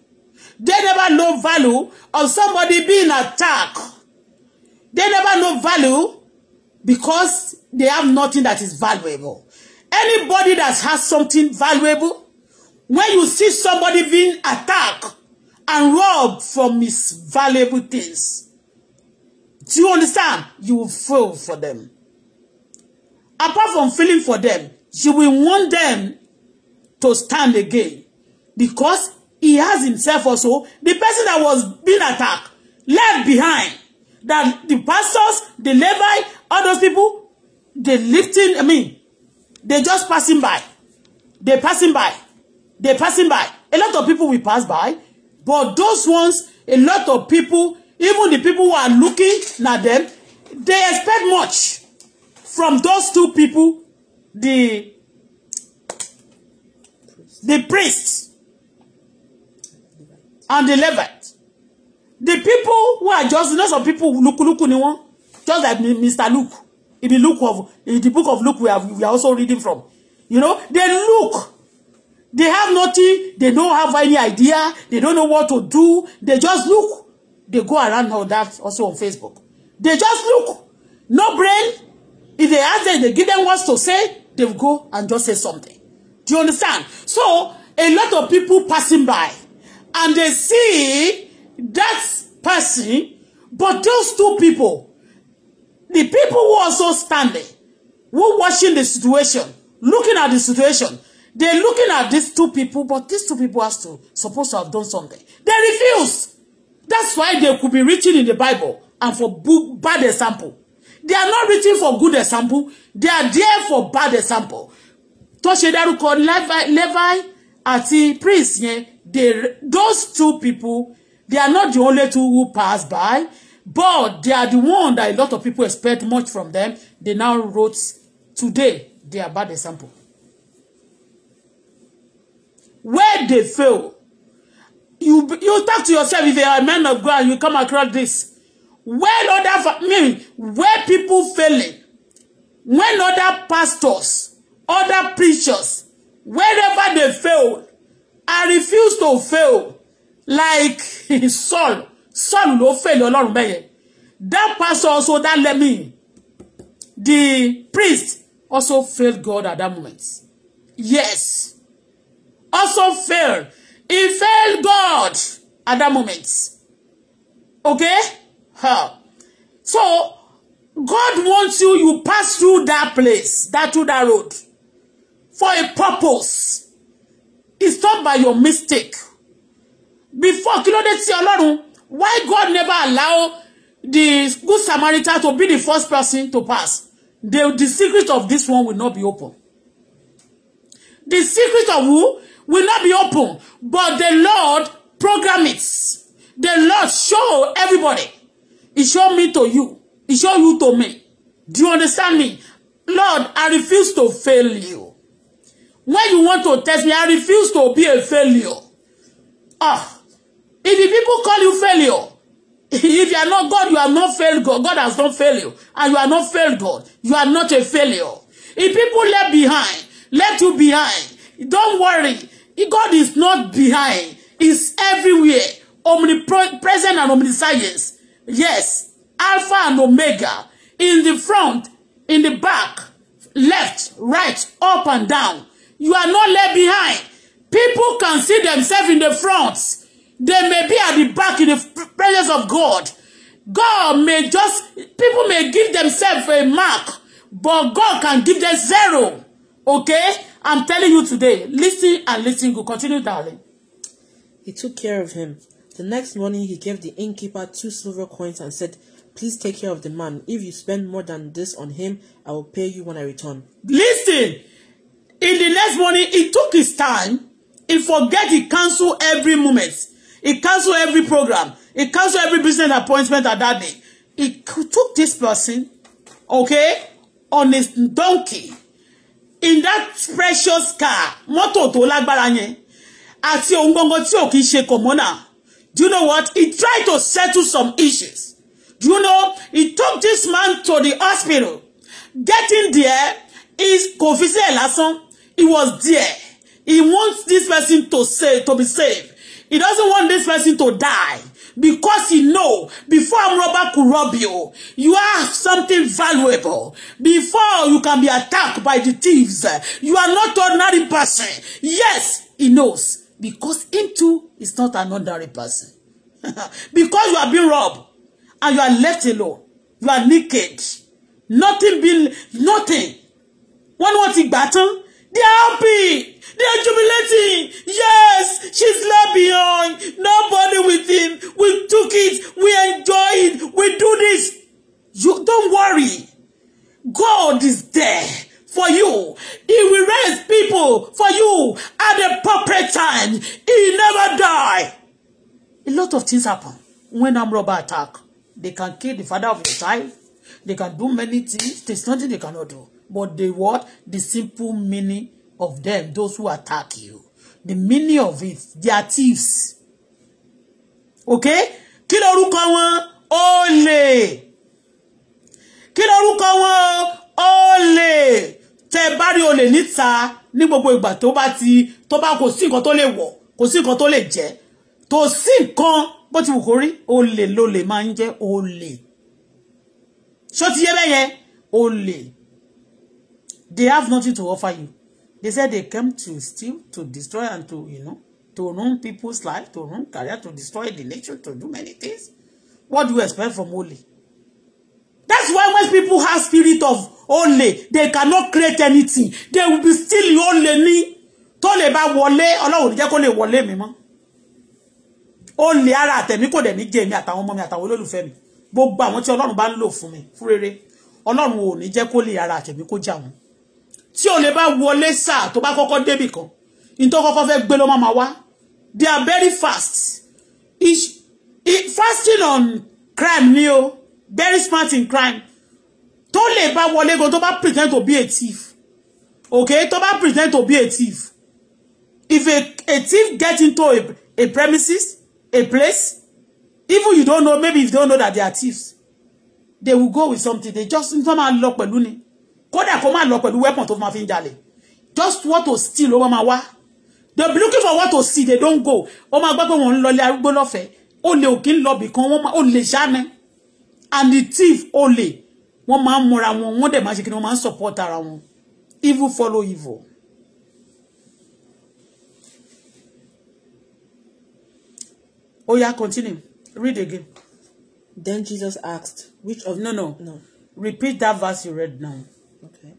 They never know value of somebody being attacked. They never know value because they have nothing that is valuable. Anybody that has something valuable, when you see somebody being attacked and robbed from his valuable things, do you understand? You will feel for them. Apart from feeling for them, you will want them to stand again because he has himself also the person that was being attacked left behind that the pastors the Levi all those people they lifting I mean they just passing by they passing by they passing by a lot of people will pass by but those ones a lot of people even the people who are looking na them they expect much from those two people the the priests and the Levites. The people who are just, you know, some people, look, look, you know, just like Mr. Luke. In the Luke of, in the book of Luke, we, are we are also reading from. You know, they look. They have nothing. They don't have any idea. They don't know what to do. They just look. They go around all that also on Facebook. They just look. No brain. If they ask them, they give them words to say, they go and just say something. Do you understand? So, a lot of people passing by and they see that person but those two people the people who also standing who watching the situation looking at the situation they looking at these two people but these two people has to supposed to have done something they refuse that's why they could be written in the Bible and for book, bad example they are not written for good example they are there for bad example tó ṣe Levi àti priest yẹn they those two people they are not the only two who pass by but they are the one that a lot of people expect much from them they now wrote today they are bad example where they fail you you talk to yourself if you are a man of God you come across this when other I mean where people failing when other pastors other preachers wherever they fail I refuse to fail like Saul Saul ló fail Ọlọ́run bẹ́yẹn that pastor also that let me the priest also failed God at that moment yes also failed he failed God at that moment okay huh. so God wants you you pass through that place that through that road for a purpose it's not by your mistake before kí ló dé tí ọlọ́run why God never allow the good Samaritan to be the first person to pass the the secret of this one will not be open the secret of who will not be open but the Lord program it the Lord show everybody he show me to you he show you to me do you understand me Lord I refuse to fail you When you want to test me, I refuse to be a failure. Ah, if the people call you failure, if you are not God, you are not failed God. God has not failed you, and you are not failed God. You are not a failure. If people left behind, left you behind, don't worry. God is not behind. He's everywhere, omnipresent and omniscience. Yes, Alpha and Omega. In the front, in the back, left, right, up and down. You are not left behind. People can see themselves in the front. They may be at the back in the presence of God. God may just, people may give themselves a mark, but God can give them zero. Okay? I'm telling you today. Listen and listen good. Continue, darling. He took care of him. The next morning, he gave the innkeeper two silver coins and said, Please take care of the man. If you spend more than this on him, I will pay you when I return. Listen! In the next morning, he took his time. He forget he cancel every moment. He cancel every program. He cancel every business appointment at that day. He took this person, okay, on his donkey. In that precious car, mọ́tò tó lágbára yẹn, àti ohun gbọ́ngàn tí Do you know what? He tried to settle some issues. Do you know? He took this man to the hospital. Getting there is kò fi he was there he wants this person to save to be saved he doesn't want this person to die because he know before a robber could rob you you have something valuable before you can be attacked by the thieves you are not ordinary person yes he knows because into is not an ordinary person because you are being robbed and you are left alone you are naked nothing being nothing wọn ni wọn battle. They're happy. They're jubilating. Yes, she's left behind. Nobody with him. We took it. We enjoy it. We do this. You don't worry. God is there for you. He will raise people for you at the proper time. He never die. A lot of things happen when I'm robber attack. They can kill the father of your child. They can do many things. There's nothing they cannot do but the what? The simple meaning of them, those who attack you. The meaning of it, they are thieves. Okay? Kí lorúkọ wọn? Olè. Kí lorúkọ wọn? Olè. Tẹ́ bá rí olè níta ní gbogbo ìgbà tó bá ti tó bá kò sí nǹkan tó lè wọ̀, kò sí nǹkan tó lè jẹ. Tó sí nǹkan bó ti wù kó rí, olè lolè máa ń jẹ́ olè. Ṣó ti yé bẹ́yẹn? Olè they have nothing to offer you they said they came to steal to destroy and to you know to ruin people's life to ruin career to destroy the nature, to do many things what do you expect from holy that's why most people have spirit of only, they cannot create anything they will be still only me. tó lè bá wọlé ọlọ́run ní jẹ́ kó lè wọlé mi mọ́ olè ara àtẹ̀mí kò dẹ̀ ní jẹ́ mi àtàwọn ọmọ mi àtàwọn olólùfẹ́ mi gbogbo àwọn tí ọlọ́run bá ń lò fún mi fún rere ọlọ́run ò ní jẹ́ kó lè ara àtẹ̀mí kó jà wọ́n tí ò lè bá wọlé sáà tó bá kọ́kọ́ débì kan ní tó kọ́kọ́ fẹ́ gbé ló máa wá they are very fast Is it, fasting on crime ni o very smart in crime tó lè bá wọlé go to bá pretend to be a thief okay to bá pretend to be a thief if a, a thief get into a, a premises a place even you don't know maybe if you don't know that they are thieves they will go with something they just n lock máa ni kódà kó má lọ pẹ̀lú weapon tó máa fi ń jalè just what to steal ó máa wá they be looking for what to see they don't go ó máa gbọ́ pé wọ́n ń lọlé arúgbó lọ́fẹ̀ẹ́ olè ò kí ń lọ bì kan wọ́n ó lè ṣáná and the thief olè wọ́n máa ń múra wọn wọ́n dẹ̀ máa ṣe kí wọ́n máa ń support ara wọn evil follow evil. Oh yeah, continue. Read again. Then Jesus asked, which of... No, no. No. Repeat that verse you read now. Okay.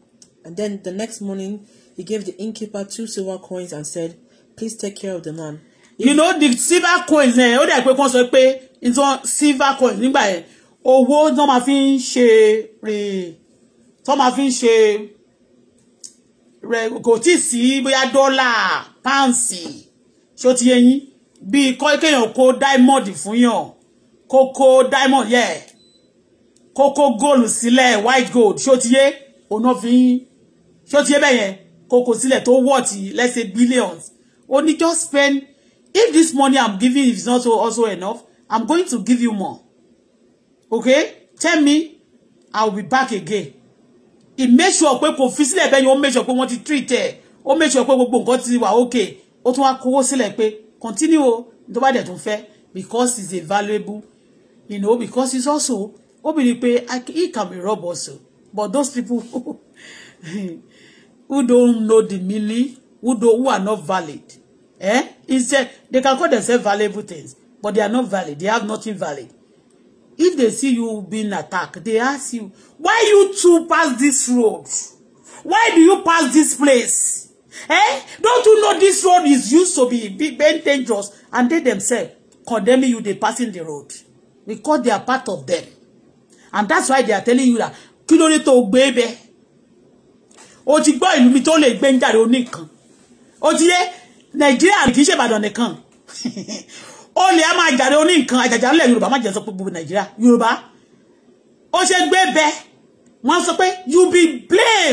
And then the next morning, he gave the innkeeper two silver coins and said, Please take care of the man. If you know the silver coins yẹn eh? ó dẹ̀ pé kán sọ pé nǹkan silver coins nígbà yẹn owó tó máa fi ń re? rè tó máa fi Re, ṣe rẹ kò tí ì dollar, bóyá dọ́là páǹsì ṣó ti yẹ yín bíi kọ́ kéèyàn diamond fún yàn kó kó diamond yeah. kó gold, góòlù white gold ṣó ti yẹ òun náà fi ń ṣó ti yé bẹ́ẹ̀ yẹn kókó sílẹ̀ tó wọ́ọ̀tì let's say billions ó ní just spend if this money i'm giving is not also enough i'm going to give you more okay tell me I'll be back again it make sure pé kò fi sílẹ̀ bẹ́ẹ̀ yẹn make sure pé wọ́n ti treat ẹ̀ ó make sure pé gbogbo nǹkan ti wà okay ó tún wá kówó sílẹ̀ pé continue o tó bá dẹ̀ tún fẹ́ because it's a valuable you know because it's also obìnrin pé he can be robbed also But those people who don't know the meaning, who don't, who are not valid, eh? Instead, they can call themselves valuable things, but they are not valid. They have nothing valid. If they see you being attacked, they ask you, why you two pass this road? Why do you pass this place? Eh? Don't you know this road is used to be big and dangerous? And they themselves condemning you, they passing the road because they are part of them. And that's why they are telling you that kí ló dé tó gbé bẹ o ti gbọ́ ìlú mi tó lè gbé ń jáde oníkan o ti yé nàìjíríà kì í ṣe ìbàdàn nìkan ó lè á máa jáde oníkan àjàjà ńlẹ̀ yorùbá má jẹ́ sọ pé gbogbo nàìjíríà yorùbá ó ṣe gbé bẹ wọ́n sọ pé you be blame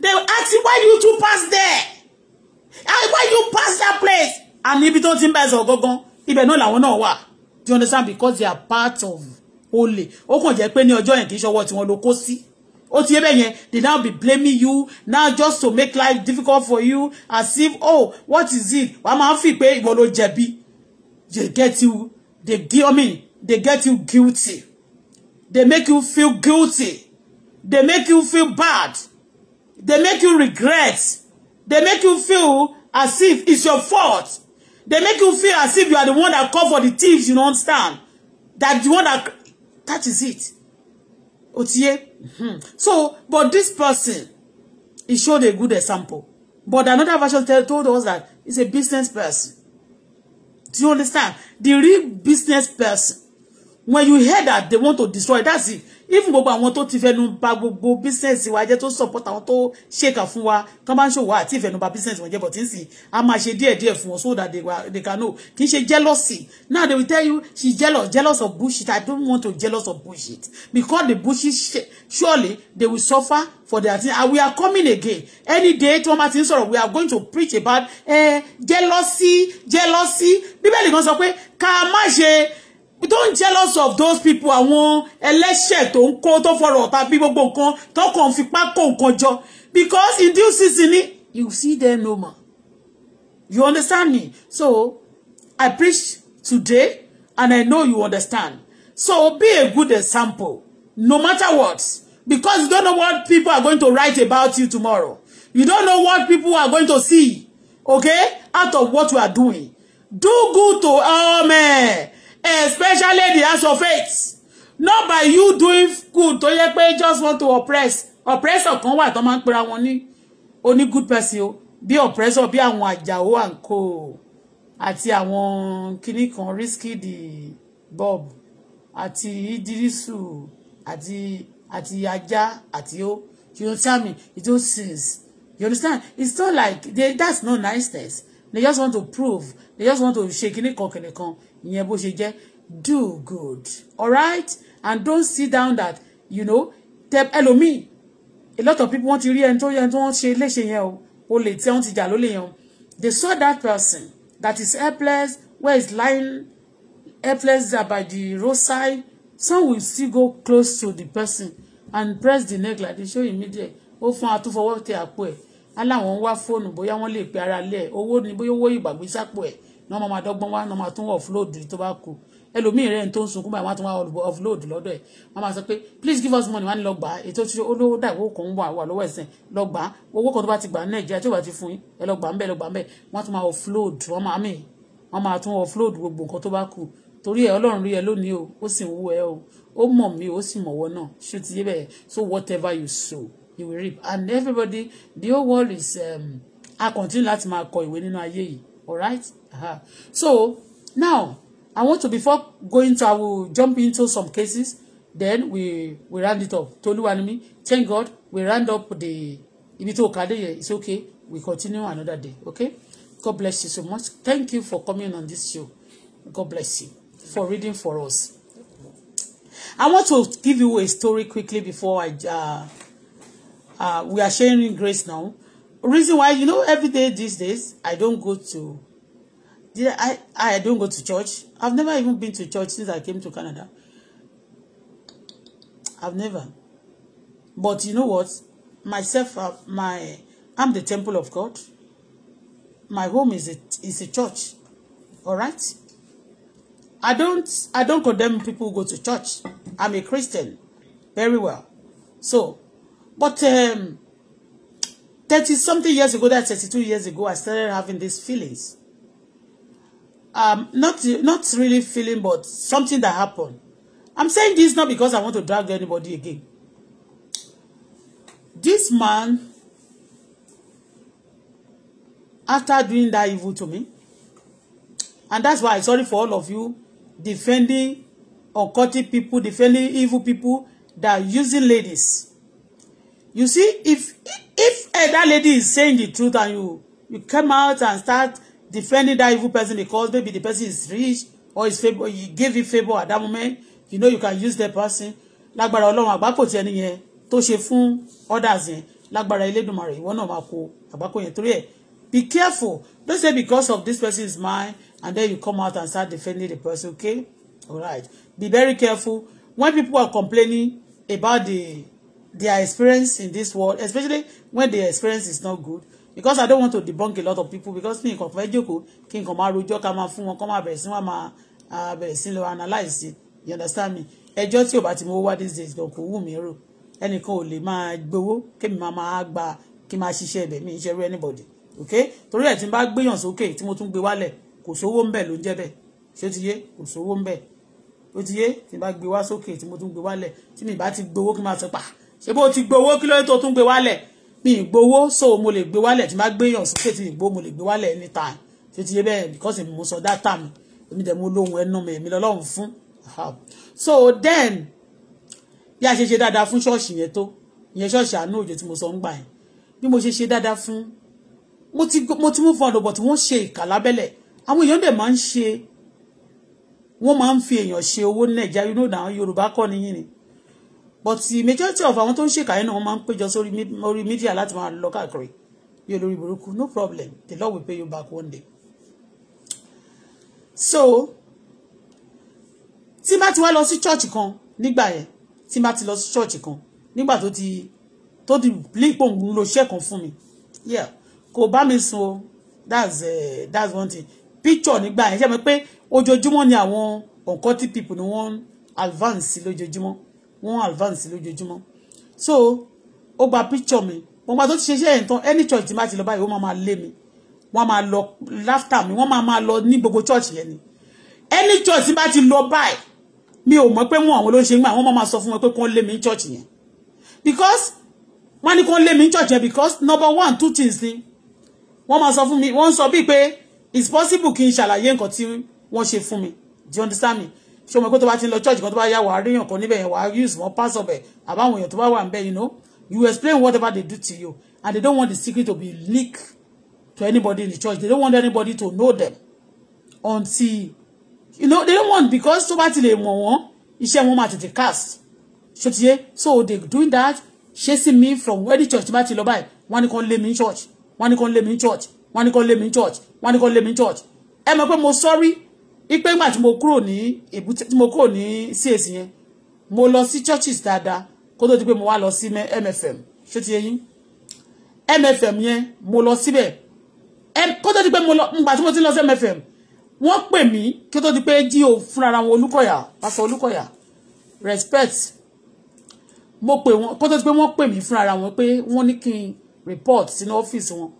they ask you why you two pass there and ah, why you pass that place and ibi tó ti ń bá ẹsẹ̀ ọ̀gọ́gán ibẹ̀ náà làwọn náà wà do you understand because they are part of olè ó kàn jẹ́ pé ní ọjọ́ yẹn kì í ṣọwọ́ tiwọn ló kó sí ó ti yé bẹ́ẹ̀ yẹn they now be blaming you now just to make life difficult for you as if oh what is it wàá máa ń fi pé ìwọ ló jẹ̀bi they get you they give me they get you guilty they make you feel guilty they make you feel bad they make you regret they make you feel as if it's your fault they make you feel as if you are the one that call for the thieves you don't understand that the one that that is it otiye hmm. so but this person he showed a good example but another version tell told us that he's a business person do you understand the real business person when you hear that they want to destroy that's it even gbogbo àwọn tó ti fẹnu ba gbogbo business wa jẹ́ tó support àwọn tó ṣèkà fún wa kán bá ń ṣòwò àti ìfẹnu ba business wọn jẹ́ but n sì a máa ṣe díẹ̀ fún wọn so that they, were, they can know kì í ṣe jealousy now they will tell you she jealous jealous of bullshit i don't want to jealous of bullshit because the bullshit surely they will suffer for their thing and we are coming again any day tí wọ́n bá ti ń sọ̀rọ̀ we are going to preach about eh, jealousy jealousy bíbélì kan sọ pé ká má ṣe don't jealous of those people àwọn ẹlẹ́ṣẹ̀ tó ń kó tó fọ̀rọ̀ ọ̀tá bí gbogbo nǹkan tó kàn fi pákó nǹkan jọ because in due season ni you see them no more you understand me so I preach today and I know you understand so be a good example no matter what because you don't know what people are going to write about you tomorrow you don't know what people are going to see okay out of what you are doing do good to all men especially the house of faith not by you doing good to yẹ pé just want to oppress oppressor kan wà tó máa ń pera wọn ní oní good person o bí oppressor bí àwọn àjàó àǹkó àti àwọn kinní kan risky the bob àti idirisu àti àti ajá àti ó you understand me it don't sense you understand it's not like they that's not things. they just want to prove they just want to ṣe kinní kan kinní kan ìyẹn bó ṣe jẹ́ do good alright and don't sit down that you know tẹ ẹlòmíì a lot of people wọ́n ti rí ẹni tó yẹn tó wọ́n ṣe léṣe yẹn o o lè tẹ́ wọ́n ti jà lólè yẹn o they saw that person that is helpless where is lying helpless by the roadside some will still go close to the person and press the neck like they show immediately ó fún atúfọwọ́ tẹ àpò ẹ̀ aláwọn ń wá fóònù bóyá wọ́n lè pe ara lẹ̀ owó ni bóyá owó ìgbàgbé sápò ẹ̀ náà máa máa dọ́gbọ́n wá náà máa tún offload tó bá kù ẹlòmíì rẹ̀ tó ń sunkún báyìí wọ́n á tún wá offload lọ́dọ̀ ẹ̀ wọ́n máa sọ pé please give us money wọ́n á ní lọ gbà á ètò tí olówó dà owó kan wà wà lọ́wọ́ ẹ̀sìn lọ gbà á owó kan tó bá ti gbà á nàìjíríà tí ò bá ti fún yín ẹ lọ gbà ń bẹ̀ lọ gbà ń bẹ̀ wọ́n á tún máa offload wọ́n máa mì wọ́n máa tún offload gbogbo nǹkan tó bá kù torí ẹ ọlọ́run rí ẹ lónìí o ó sì ń wú ẹ o ó mọ̀ mí ó sì mọ̀wọ́ náà ṣé ti yé bẹ́ẹ̀ so whatever you sow you will reap and everybody the whole world is um, a continue láti máa kọ ìwé nínú ayé yìí all right uh-huh. so now I want to before going to I will jump into some cases then we we round it up Toluwanimi thank God we round up the ibito tó kàdé it's okay we continue another day okay God bless you so much thank you for coming on this show God bless you for reading for us I want to give you a story quickly before I uh, uh, we are sharing grace now reason why you know every day these days I don't go to I I don't go to church I've never even been to church since I came to Canada I've never but you know what myself uh, my I'm the temple of God my home is a is a church all right I don't I don't condemn people who go to church I'm a Christian very well so but um, 30 something years ago, that's 32 years ago, I started having these feelings. Um, not, not really feeling, but something that happened. I'm saying this not because I want to drag anybody again. This man, after doing that evil to me, and that's why I'm sorry for all of you defending occultic people, defending evil people that are using ladies You see, if if uh, that lady is saying the truth and you you come out and start defending that evil person because maybe the person is rich or is favor you give him favor at that moment, you know you can use that person. Lágbára Ọlọ́run àgbákò tí ẹni yẹn tó ṣe fún others yẹn lágbára Elédùmarè ìwọ náà máa kó àgbákò yẹn torí ẹ̀ be careful don't say because of this person is mine and then you come out and start defending the person okay all right be very careful when people are complaining about the their experience in this world especially when their experience is not good because I don't want to debunk a lot of people because mi nǹkan fẹ́ jókòó kí nǹkan máa rojọ́ ká máa fún wọn kó máa bẹ̀rẹ̀ sí wọn máa bẹ̀rẹ̀ sí lọ analyse it you understand me ẹjọ́ tí ò bá ti mú wá these days lọ kò wù mí rò ẹnìkan ò lè máa gbowó kémi máa máa gba kí máa ṣiṣẹ́ ibẹ̀ mi ṣe rú anybody okay torí ẹ̀ tí n bá gbéyàn sókè tí mo tún gbé wálẹ̀ kò sówó ń bẹ̀ ló ń jẹ́ bẹ̀ ṣé ó ti yé kò sówó ń bẹ̀ ó ti yé tí n bá gbé wá sókè tí mo tún gbé wálẹ̀ tí mi bá ti gbowó kí n máa sọ pàá ṣé bó ti gbowó kí ló tó tún gbé wálẹ̀ mi ì gbowó so mo lè gbé wálẹ̀ tí má gbé yàn sókè tí mi gbó mo lè gbé wálẹ̀ anytime tí ó ti yé bẹ́ẹ̀ because mo sọ dátà mi èmi dẹ̀ mo lóhun ẹnu mi èmi lọ́lọ́run fún so then bí a ṣe ṣe dáadáa fún ṣọ́ọ̀ṣì yẹn tó ìyẹn ṣọ́ọ̀ṣì àánú òjò tí mo sọ ń gbà yẹn bí mo ṣe ṣe dáadáa fún mo ti mú fún ọ̀dọ̀ bọ̀ wọ́n ṣe ìkà lábẹ́lẹ̀ àwọn èèyàn dẹ̀ máa ń ṣe wọ́n máa ń fi èèyàn ṣe owó ní nàìjíríà you know yorùbá kọ́ nìyí ni but the majority of àwọn tó ń ṣèkà yẹn náà wọ́n máa ń péjọ sórí orí mídíà láti máa lọ káàkiri bí olórí burúkú no problem the Lord will pay you back one day. so tí bá ti wá lọ sí church kan nígbà yẹn tí bá ti lọ sí church kan nígbà tó ti tó ti lípò ń lo iṣẹ́ kan fún mi yeah kò bá mi sùn o that's uh, that's one thing picture nígbà yẹn ṣe mi pé ojoojúmọ́ ni àwọn uncultured people ni wọ́n advance lójoojúmọ́ wọ́n advance lójoojúmọ́ so ó gba picture mi wọ́n gba tó ti ṣeṣẹ́ yẹn tán any church tí má ti lọ báyìí wọ́n máa máa lé mi wọ́n máa lọ láftà mi wọ́n máa máa lọ ní gbogbo church yẹn ni any church tí má ti lọ báyìí mi ò mọ̀ pé wọ́n àwọn ló ń ṣe gbà wọ́n máa máa sọ fún wọn pé kán lé mi ní church yẹn because wọ́n ní kán lé mi ní church yẹn because number one two things ni wọ́n máa sọ fún mi wọ́n sọ bíi pé it's possible kí n ṣàlàyé nǹkan tí wọ́n ṣe fún mi do you understand me so mo pé tó bá ti ń lọ church kan tó bá yá wàá ríyàn kan níbẹ̀ yẹn wàá use wọn pass ọbẹ̀ àbáwọn èèyàn tó to wà ń bẹ̀ you know you explain whatever they do to you and they don't want the secret to be leak to anybody in the church they don't want anybody to know them until you know they don't want because to bá ti lè mọ̀ wọ́n iṣẹ́ wọn máa tètè cast so tiye so they doing that chasing me from where the church bá ti lọ báyìí wọ́n ní kàn lé mi church wọ́n ní kàn lé mi church wọ́n ní kàn lé mi church wọ́n ní kàn lé mi church ẹ mọ̀ pé mo sorry ipe ìgbà tí mo kúrò ní èbúté tí mo kúrò ní CAC yẹn mo lọ sí churches dáadáa kó tó di pé mo wá lọ sí MFM ṣé ti yẹn MFM yẹn mo lọ síbẹ̀ kó tó di pé mo lọ ngbà tí mo ti lọ sí MFM wọ́n pè mí kí tó di pé jí o fúnra wọn Olúkọ̀yà pásọ Olúkọ̀yà respect mo pè wọn kó tó ti pé wọ́n pè mí fúnra wọn pé wọ́n ní kí n report sínú ọ́fíìsì wọn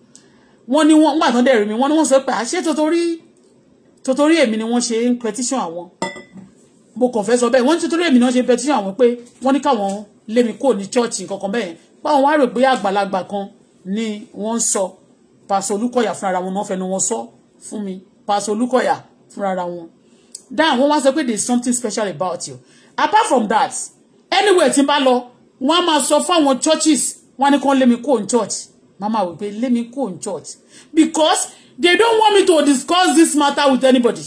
wọ́n ní wọ́n ngbà tán dẹ̀ mi wọ́n ní wọ́n sọ pé àṣẹ tó torí torí èmi ni wọ́n ṣe ń petition àwọn mo kàn fẹ́ sọ bẹ́ẹ̀ wọ́n ní torí èmi ni wọ́n ṣe ń petition àwọn pé wọ́n ní káwọn lé mi kúrò ní church kankan bẹ́ẹ̀ báwọn wá rò pé àgbàlagbà kan ni wọ́n ń sọ pàṣẹ olúkọ̀yà fúnra wọn ni wọ́n fẹnu wọn sọ fún mi pàṣẹ olúkọ̀yà fúnra wọn dáhùn wọ́n wá sọ pé there is something special about you apart from that anywhere tí bá lọ wọ́n á máa sọ fáwọn churches wọ́n á ní kí kúrò ní church màmá wípé lé kúrò ní church because They don't want me to discuss this matter with anybody.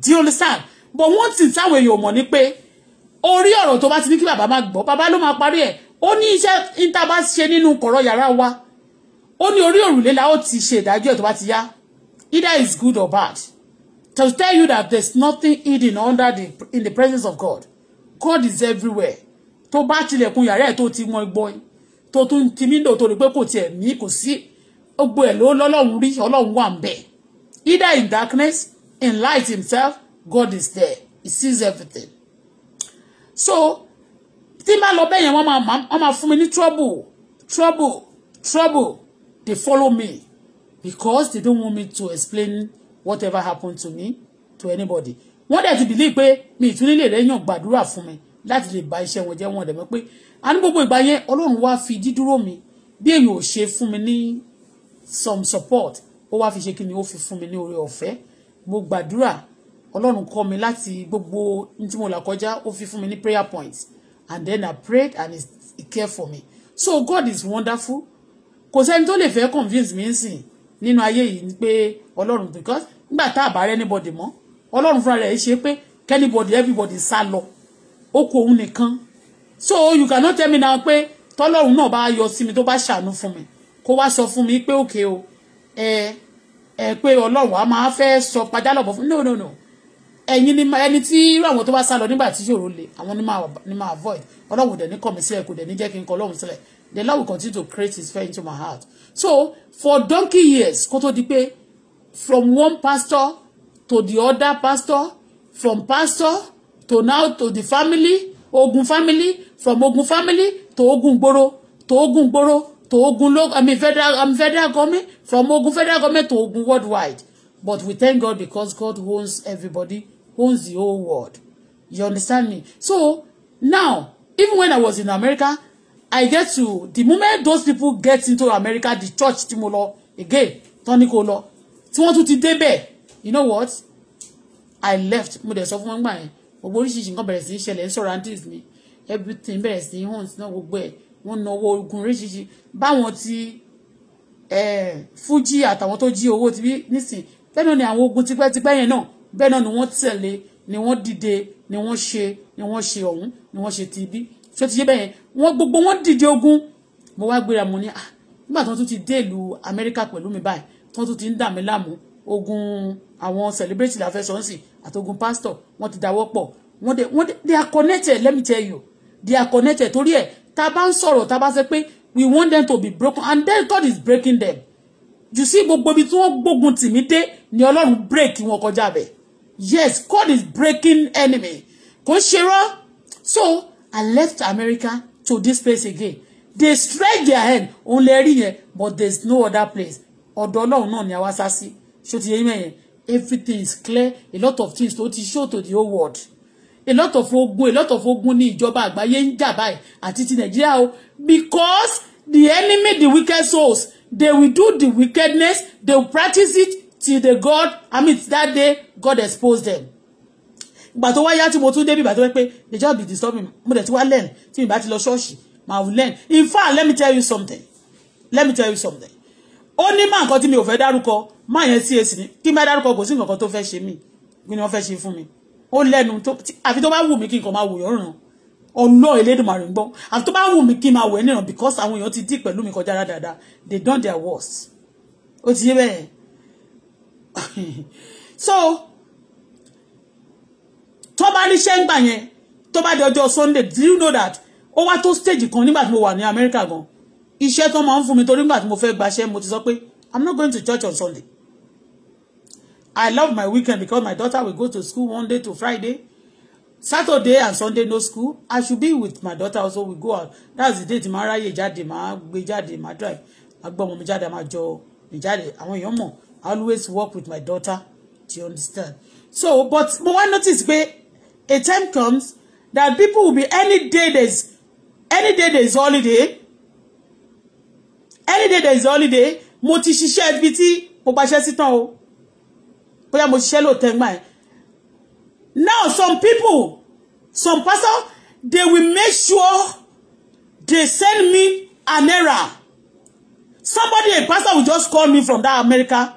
Do you understand? But one thing táwọn èèyàn mọ̀ ni pé orí ọ̀rọ̀ tó bá ti ní kí bàbá máa gbọ́ bàbá ló máa parí ẹ̀ ó ní iṣẹ́ níta ṣe nínú kọ̀rọ̀ yàrá wa ó ní orí òrùlé la ó ti ṣe ìdájọ́ ẹ̀ tó bá ti yá either is good or bad to tell you that there is nothing hidden under the in the presence of God God is everywhere tó bá tilẹ̀kùn yàrá ẹ̀ tó ti wọn gbọ́n tó tún ti mí lò tó rí pé kò tiẹ̀ mí kò sí gbogbo ẹ̀ ló lọ́lọ́run rí ọlọ́run wà ń bẹ̀ either in darkness in light himself God is there he sees everything so tí n bá lọ bẹ́yẹn wọ́n máa fún mi ní trouble trouble trouble they follow me because they don't want me to explain whatever happened to me to anybody wọ́n dẹ̀ ti believe pé mi ìtúnilè rẹ̀ yàn gbàdúrà fún mi láti lè ba iṣẹ́ wọn jẹ́ wọn dẹ̀ mọ́ pé a ní gbogbo ìgbà yẹn ọlọ́run wá fi dídúró mi bí èèyàn ò ṣe fún mi ní some support ó wá fi ṣe kí ni ó fi fún mi ní oore ọ̀fẹ́ mo gbàdúrà ọlọ́run kọ́ mi láti gbogbo tí mo là kọjá ó fi fún mi ní prayer points and then I prayed and he cared for me so God is wonderful kò sẹ́ni tó lè fẹ́ convince mi nsìn nínú ayé yìí pé ọlọ́run because nígbà tá a bá rẹ́ anybody mọ́ ọlọ́run fúnra rẹ̀ ṣe pé kẹ́nibọ̀dì everybody sá lọ ó kó òun nìkan so you cannot tell me now pé tọ́lọ́run náà bá yọ sí mi tó bá ṣàánú fún mi kó wá sọ fún mi pé òkè o ẹ ẹ pé ọlọ́run a máa fẹ́ sọ pajálọ̀bọ̀ fún no no no ẹ̀yin ni ẹni tí irú àwọn tó bá sá lọ nígbà tí ṣòro le àwọn ni máa avoid ọlọ́run dẹ̀ ní kọ̀ mí sílẹ̀ kò dẹ̀ ní jẹ́ kí n kọ ọlọ́run sílẹ̀ the Lord will continue to create his faith into my heart so for donkey years kó tó di pé from one pastor to the other pastor from pastor to now to the family ogun family from ogun family to ogun gboro to ogun gboro to Ogun local, I mean federal, I'm federal government, from Ogun federal government to Ogun worldwide. But we thank God because God owns everybody, owns the whole world. You understand me? So now, even when I was in America, I get to the moment those people get into America, the church tí again, Tony kò lọ, to wọ́n tún ti you know what? I left, mo dẹ̀ sọ everything bẹ̀rẹ̀ sí í hàn sí náà wọ́n náwó ogun oríṣiríṣi báwọn ti fújì àtàwọn tó jí owó ti bí nísìn bẹ́ẹ̀ náà ni àwọn ogun tipẹ́tipẹ́ yẹn náà bẹ́ẹ̀ náà ni wọ́n tẹ̀lé ni wọ́n dìde ni wọ́n ṣe ni wọ́n ṣe ọ̀hún ni wọ́n ṣe ti ibi ṣé ti ṣe bẹ́ẹ̀ yẹn wọ́n gbogbo wọ́n dìde ogun mo wá gbéra mo ní ah nígbà tó tún ti dé ìlú Amẹ́ríkà pẹ̀lú mi báyìí tó tún ti ń dà mí láàmú ogun àwọn celebrity la fẹ́ sọ ń sìn àtogun pastor wọ́n ti dáwọ́ pọ̀ wọ́n dẹ̀ wọ́n dẹ̀ they are connected let me tell you they are connected torí ẹ̀ tá a bá ń sọ̀rọ̀ tá bá ṣe pé we want them to be broken and then God is breaking them you see gbogbo ibi tí wọ́n gbógun tì mí dé ni ọlọ́run break wọn kọjá bẹ̀ yes God is breaking enemy kò ṣe rọ́ so I left America to this place again they stretch their hand òun lè rí yẹn but there is no other place ọ̀dọ̀ ọlọ́run náà ni a wá sá sí ṣó ti yẹ yín mẹ́yẹn everything is clear a lot of things tó ti show to the whole world a lot of ogun a lot of ogun ní ìjọba àgbáyé ń jà báyìí àti ti nàìjíríà o because the enemy the wicked souls they will do the wickedness they will practice it till the God I mean that day God expose them ìgbà tó wáyá tí mo tún débi ìgbà tó wẹ́ pé they just be disturbing mo dẹ̀ ti wá learn tí mi bá ti lọ ṣọ́ọ̀ṣì ma will learn in fact let me tell you something let me tell you something ó ní máa nǹkan tí mi ò fẹ́ dárúkọ máa yẹn sí èsì ni kí n bá dárúkọ kò sí nǹkan tó fẹ́ ṣe mí kí ni wọ́n fẹ́ ṣe fún mi ó lẹ́nu tó àfi tó bá wù mí kí n kàn máa wò yọ̀ ràn ọlọ́ Elédùmarè ń gbọ́ àfi tó bá wù mí kí n máa wò ẹ́ nìyàn because àwọn èèyàn ti dí pẹ̀lú mi kọjá dáadáa they done their worst ó ti yé bẹ́ẹ̀ so tó bá níṣẹ́ ń gbà yẹn tó bá di ọjọ́ Sunday do you know that ó wá tó stage kan nígbà tí mo wà ní Amẹ́ríkà gan iṣẹ́ tó máa ń fún mi torí nígbà tí mo fẹ́ gbaṣẹ́ mo ti sọ pé I'm not going to church on Sunday I love my weekend because my daughter will go to school Monday to Friday. Saturday and Sunday no school. I should be with my daughter also. We go out. That's the day tomorrow. màá ráyè jáde, màá gbé jáde, drive. Màá mo mi jáde, màá jọ mi jáde. Àwọn èèyàn mọ̀. I always work with my daughter. Do you understand? So, but mo wá notice pé a time comes that people will be any day there's any day there's holiday. Any day there's holiday. Mo ti ṣiṣẹ́ ibi tí mo gbaṣẹ́ sí tán o bóyá mo ṣiṣẹ́ lóòótọ́ nígbà yẹn now some people some person they will make sure they send me an error somebody a pastor will just call me from that America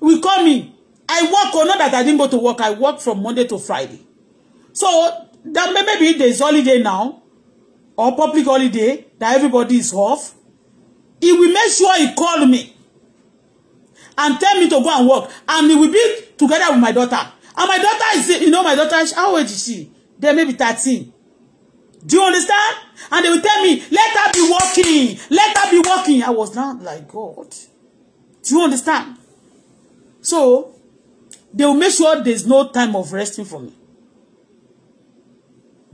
will call me I work or oh, not that I didn't go to work I work from Monday to Friday so that maybe there's holiday now or public holiday that everybody is off he will make sure he call me and tell me to go and work and we will be together with my daughter and my daughter is you know my daughter how old is she then maybe thirteen do you understand and they will tell me let her be working let her be working I was now like God do you understand so they will make sure there's no time of resting for me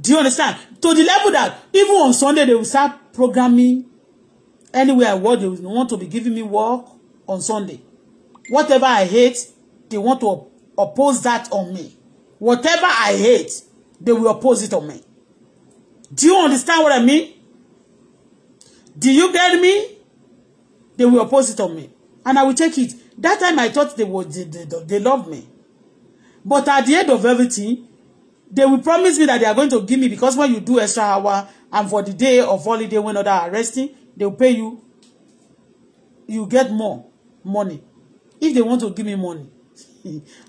do you understand to the level that even on Sunday they will start programming anywhere I work they will want to be giving me work on Sunday Whatever I hate, they want to oppose that on me. Whatever I hate, they will oppose it on me. Do you understand what I mean? Do you get me? They will oppose it on me. And I will take it. That time I thought they would they, they, they love me. But at the end of everything, they will promise me that they are going to give me because when you do extra hour and for the day of holiday when others are resting, they will pay you. You get more money if they want to give me money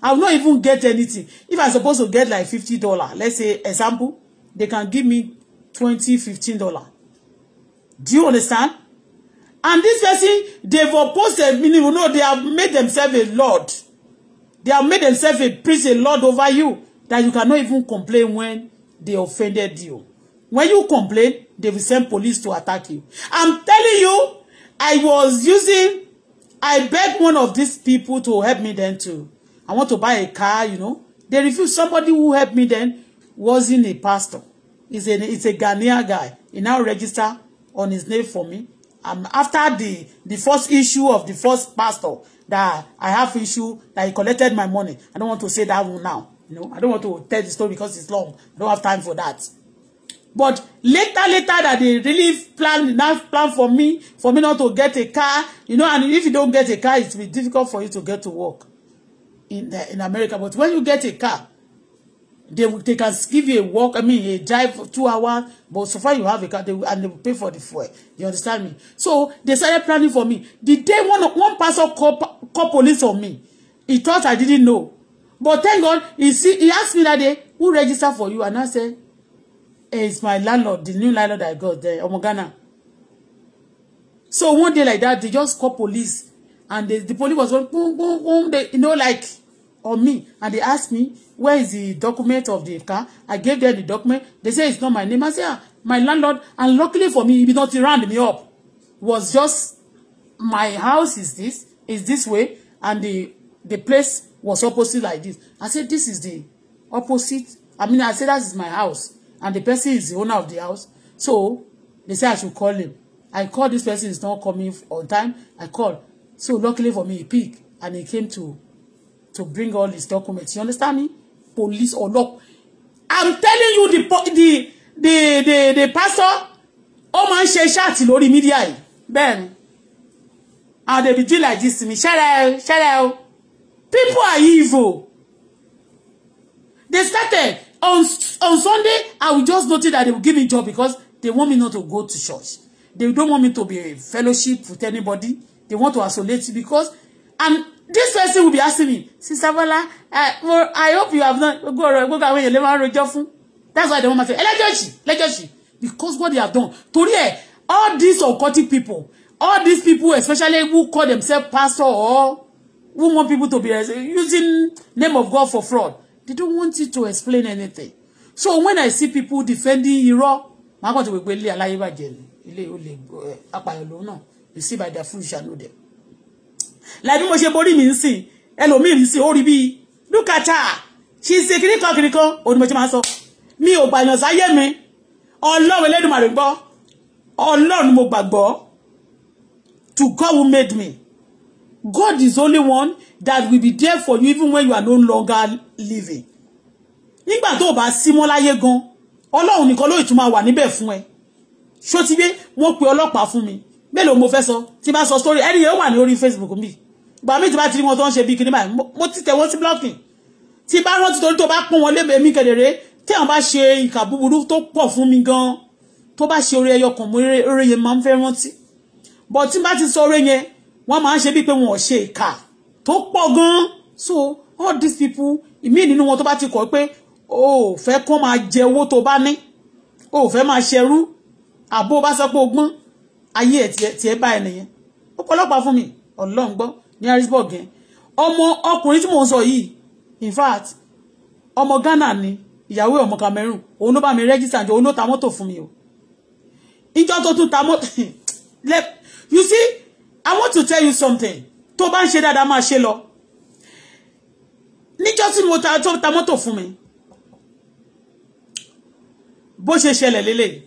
I will not even get anything if I suppose to get like fifty dollar let's say example they can give me twenty fifteen dollar do you understand and this person they've opposed a minimum no they have made themselves a lord they have made themselves a priest a lord over you that you cannot even complain when they offended you when you complain they will send police to attack you I'm telling you I was using I beg one of these people to help me then too. I want to buy a car, you know. They refused. Somebody who helped me then wasn't a pastor. It's a, it's a Ghanaian guy. He now register on his name for me. Um, after the, the first issue of the first pastor that I have issue that he collected my money. I don't want to say that one now. You know, I don't want to tell the story because it's long. I don't have time for that. But later, later that they really plan enough plan for me, for me not to get a car, you know, and if you don't get a car, it will be difficult for you to get to work in the, eh, in America. But when you get a car, they they can give you a walk, I mean a drive for two hours, but so far you have a car, they and they will pay for the fuel. You understand me? So they started planning for me. The day one one person called call police on me, he thought I didn't know. But thank God, he see he asked me that day, who registered for you? And I said, is my landlord the new landlord I got there ọmọ Ghana so one day like that they just call police and they, the police was going boom boom boom they you know like on me and they asked me where is the document of the car I gave them the document they say it's not my name I say ah my landlord and luckily for me he not round me up it was just my house is this is this way and the the place was opposite like this I said this is the opposite I mean I said that is my house and the person is the owner of the house so they say I should call him I call this person is not coming on time I call so luckily for me he pick and he came to to bring all his documents you understand me police or not I'm telling you the the the the, the pastor ó máa ń ṣe ṣáàtì lórí mídíà yìí bẹ́ẹ̀ ni and they be doing like this to me ṣẹlẹ̀ ṣẹlẹ̀ people are evil they started on on Sunday I will just notice that they will give me job because they want me not to go to church they don't want me to be a fellowship with anybody they want to isolate me because and this person will be asking me Sister Bola I, eh, well, I hope you have not go go go away your level rojọ fun that's why they want me to say elejoji elejoji because what they have done torí ẹ all these occulting people all these people especially who call themselves pastor or who want people to be eh, using name of God for fraud They don't want you to explain anything. So when I see people defending irọ́, màá kàn tó wípé ilé aláyé bàjẹ́ ni you see by their food you shall know them. Láì bí mo ṣe borí mi ń sìn, ẹlòmíì ń sìn, ó rí bíi dúkàtà, ṣì ń ṣe kíríkan kíríkan, òun ni me. ṣe máa ń sọ. Mi ò gbàyàn sáyé mi, Ọlọ́run Ẹlẹ́dùmarè gbọ́, Ọlọ́run mo to God who made me. God is only one that will be there for you even when you are no longer living. Nígbà tó o bá sí mọ́ láyé gan, Ọlọ́run nìkan ló ìtumọ̀ wà níbẹ̀ fún ẹ. Ṣó ti dé, wọ́n pe ọlọ́pàá fún mi. Mélòó mo fẹ́ sọ, tí bá sọ story, ẹni yẹn wà ní orí Facebook mi. Gbà mí ti bá ti rí wọn tó ń ṣe bí kinní báyìí, mo ti tẹ̀ sí blocking. Tí bá rántí torí tó bá pọ́n wọn lébè mí kedere, tí àwọn bá ṣe ìkà búburú tó pọ̀ fún mi gan, tó bá ṣe orí ẹyọ kan, mo orí yẹn máa ń fẹ́ rántí. Bọ̀ tí bá ti sọ orí yẹn, wọ́n máa ń ṣe bíi pé wọn ò ṣe ìkà tó pọ̀ gan-an so all these people ìmí nínú wọn tó bá ti kọ̀ pé o ò fẹ́ kó máa jẹ owó tó bá ní o ò fẹ́ máa ṣerú àbó bá sọ pé o gbọ́n ayé ẹ̀ tiẹ̀ bá ẹ̀ nìyẹn ó pọlọ́pàá fún mi ọlọ́run gbọ́ ní harrisburg yẹn ọmọ ọkùnrin tí mò ń sọ yìí in fact ọmọ ghana ni ìyàwó ọmọ cameroon òun ló bá mi rẹ́gísítà jọ òun ló ta mọ́tò fún mi o ìjọ tó tún ta mọ́tò you see I want to tell you something tó bá ń ṣe dáadáa máa ṣe lọ níjọ́ tí mo ta tó ta mọ́tò fún mi bó ṣe ṣẹlẹ̀ lélẹ̀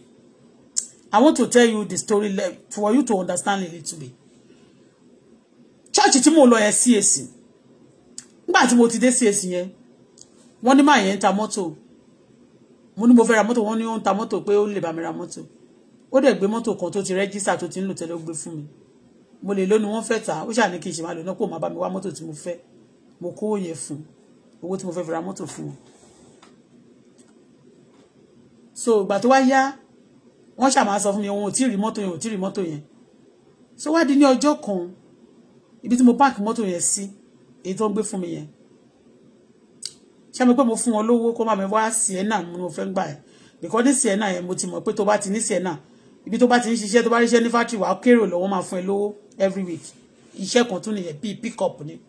I want to tell you the story for you to understand a little bit church tí mo lọ yẹn CAC nígbà tí mo ti dé CAC yẹn wọ́n ní máa yẹn ń ta mọ́tò mo ní mo fẹ́ ra mọ́tò wọ́n ní ó ń ta mọ́tò pé ó lè bá mi ra mọ́tò ó dẹ̀ gbé mọ́tò kan tó ti rẹ́jísà tó ti ń lò tẹ́lẹ̀ ó gbé fún mi mo lè lónìí wọ́n fẹ́ tà ó ṣàní kí n ṣe máa lò náà kó máa bá mi wá mọ́tò tí mo fẹ́ mo kówó yẹn fún owó tí mo fẹ́ fi ra mọ́tò fún un so ìgbà tó wá yá wọ́n ṣàmà sọ fún mi òun ò tí ì rí mọ́tò yẹn ò tí ì rí mọ́tò yẹn so wá di ní ọjọ́ kan ibi tí mo páàkì mọ́tò yẹn sí èyí tó ń gbé fún mi yẹn ṣé mo pé mo fún wọn lówó kó má mi wá sienna mo ní mo fẹ́ gbà ẹ̀ because ní sienna yẹn mo ti mọ̀ pé tó bá ti ní sienna ibi tó bá ti ń ṣiṣẹ́ tó bá ríṣẹ́ ní fátìrì wàá kérò lọ́wọ́ máa fún ẹ lówó every week iṣẹ́ kan tún nìyẹn bíi pick up ni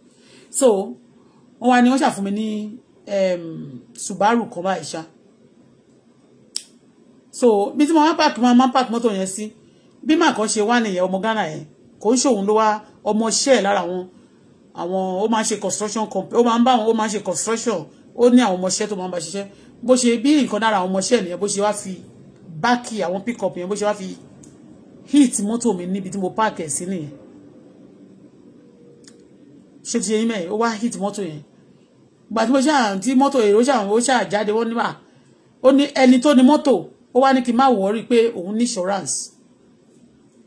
so wọ́n wá ní wọ́n ṣàfún mi ní Subaru kan báyìí ṣá so bí tí mo máa ń pààkì mo máa ń pààkì mọ́tò yẹn sí bí màá kàn ṣe wá nìyẹn ọmọ Ghana yẹn kò ń ṣòun ló wá ọmọ iṣẹ́ ẹ̀ lára wọn àwọn ó máa ń ṣe construction company ó máa ń bá wọn ó máa ń ṣe construction ó ní àwọn ọmọọṣẹ́ tó máa ń bá ṣiṣẹ́ bó ṣe bí nǹkan lára àwọn ọmọọṣẹ́ nìyẹn bó ṣe wá fi báàkì àwọn pick up yẹn bó ṣe wá fi hit mọ́tò mi níbi tí mo park ẹ̀ sí nìyẹn ṣé ti ṣe yín mẹ́rin ó wá hit mọ́tò yẹn gbà tí mo ṣáà tí mọ́tò èrò ṣáà ó ṣáà jáde wọ́n níbà ó ní ẹni tó ní mọ́tò ó wá ní kí n má wọ́ọ́rí pé òun ní insurance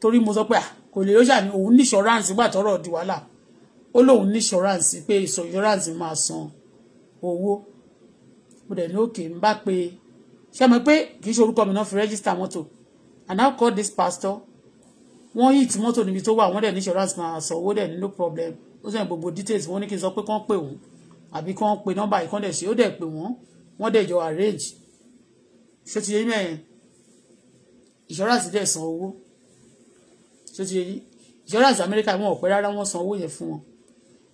torí mo sọ pé kò lè lóṣà ní òun ní insurance nígbà tọ́rọ̀ di wàhálà ó lóun ní insurance pé insurance máa san owó mo dẹ̀ ní òkè ń bá pé ṣé mo pé kì í ṣe orúkọ mi náà fi rẹ́gísítà mọ́tò I now call this pastor wọ́n yìí tí mọ́tò níbi tó wà wọ́n dẹ̀ ní insurance máa sọ owó dẹ̀ no problem ó sẹ́yìn gbogbo details wọ́n ní kí n sọ pé kán pè wọ́n àbí kán pe nọ́mbà yìí kán dẹ̀ ṣe ó dẹ̀ pè wọ́n wọ́n dẹ̀ jọ arrange ṣé ti yẹ yín mẹ́yẹn insurance dẹ̀ san owó ṣé ti yẹ yín insurance America wọn ò pẹ́ rárá wọ́n san owó yẹn fún wọn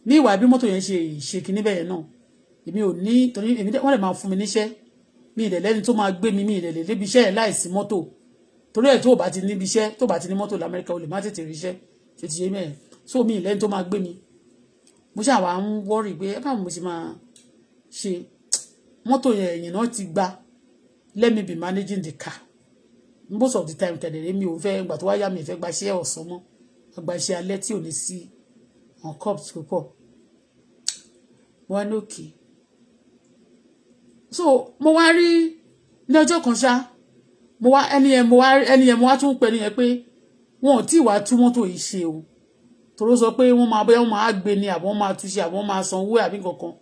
ní ìwà bí mọ́tò yẹn ṣe ṣe kí níbẹ̀ yẹn náà èmi ò ní torí èmi wọ́n dẹ̀ máa fún mi níṣẹ́ mi ìdẹ̀lẹ́ni tó máa gbé mi mi ìdẹ̀lẹ́ débi iṣẹ́ yẹn láìsí mọ́tò torí ẹ̀ tó bá ti níbi iṣẹ́ tó bá ti ní mọ́tò lamẹ́ríkà o má tètè ríṣẹ́ ṣe ti ṣe mẹ́ẹ̀ so mi ìlẹ́ni tó máa gbé mi mo ṣàwà ń wọ́rì pé ẹ báwo mo ṣe máa ṣe mọ́tò yẹn ẹ̀yìn náà ti gba let me be managing the car most of the time kẹ̀dẹ̀rẹ́ mi ò fẹ́ gbà tó wáyà mi ìfẹ́ gba iṣẹ́ ọ̀sán mọ́ gba iṣẹ́ alẹ́ tí ò ní sí on cups púpọ̀ wọn lókè so mo wá rí ní ọjọ́ kan ṣáá mo wá ẹni yẹn mo wá ẹni yẹn mo wá tún pè ní yẹn pé wọn ò tí ì wá tún mọ́tò yìí ṣe o tòró sọ pé wọ́n máa bóyá wọ́n máa gbé ni àbọ̀ wọ́n máa túnṣe àbọ̀ wọ́n máa sanwó àbí kankan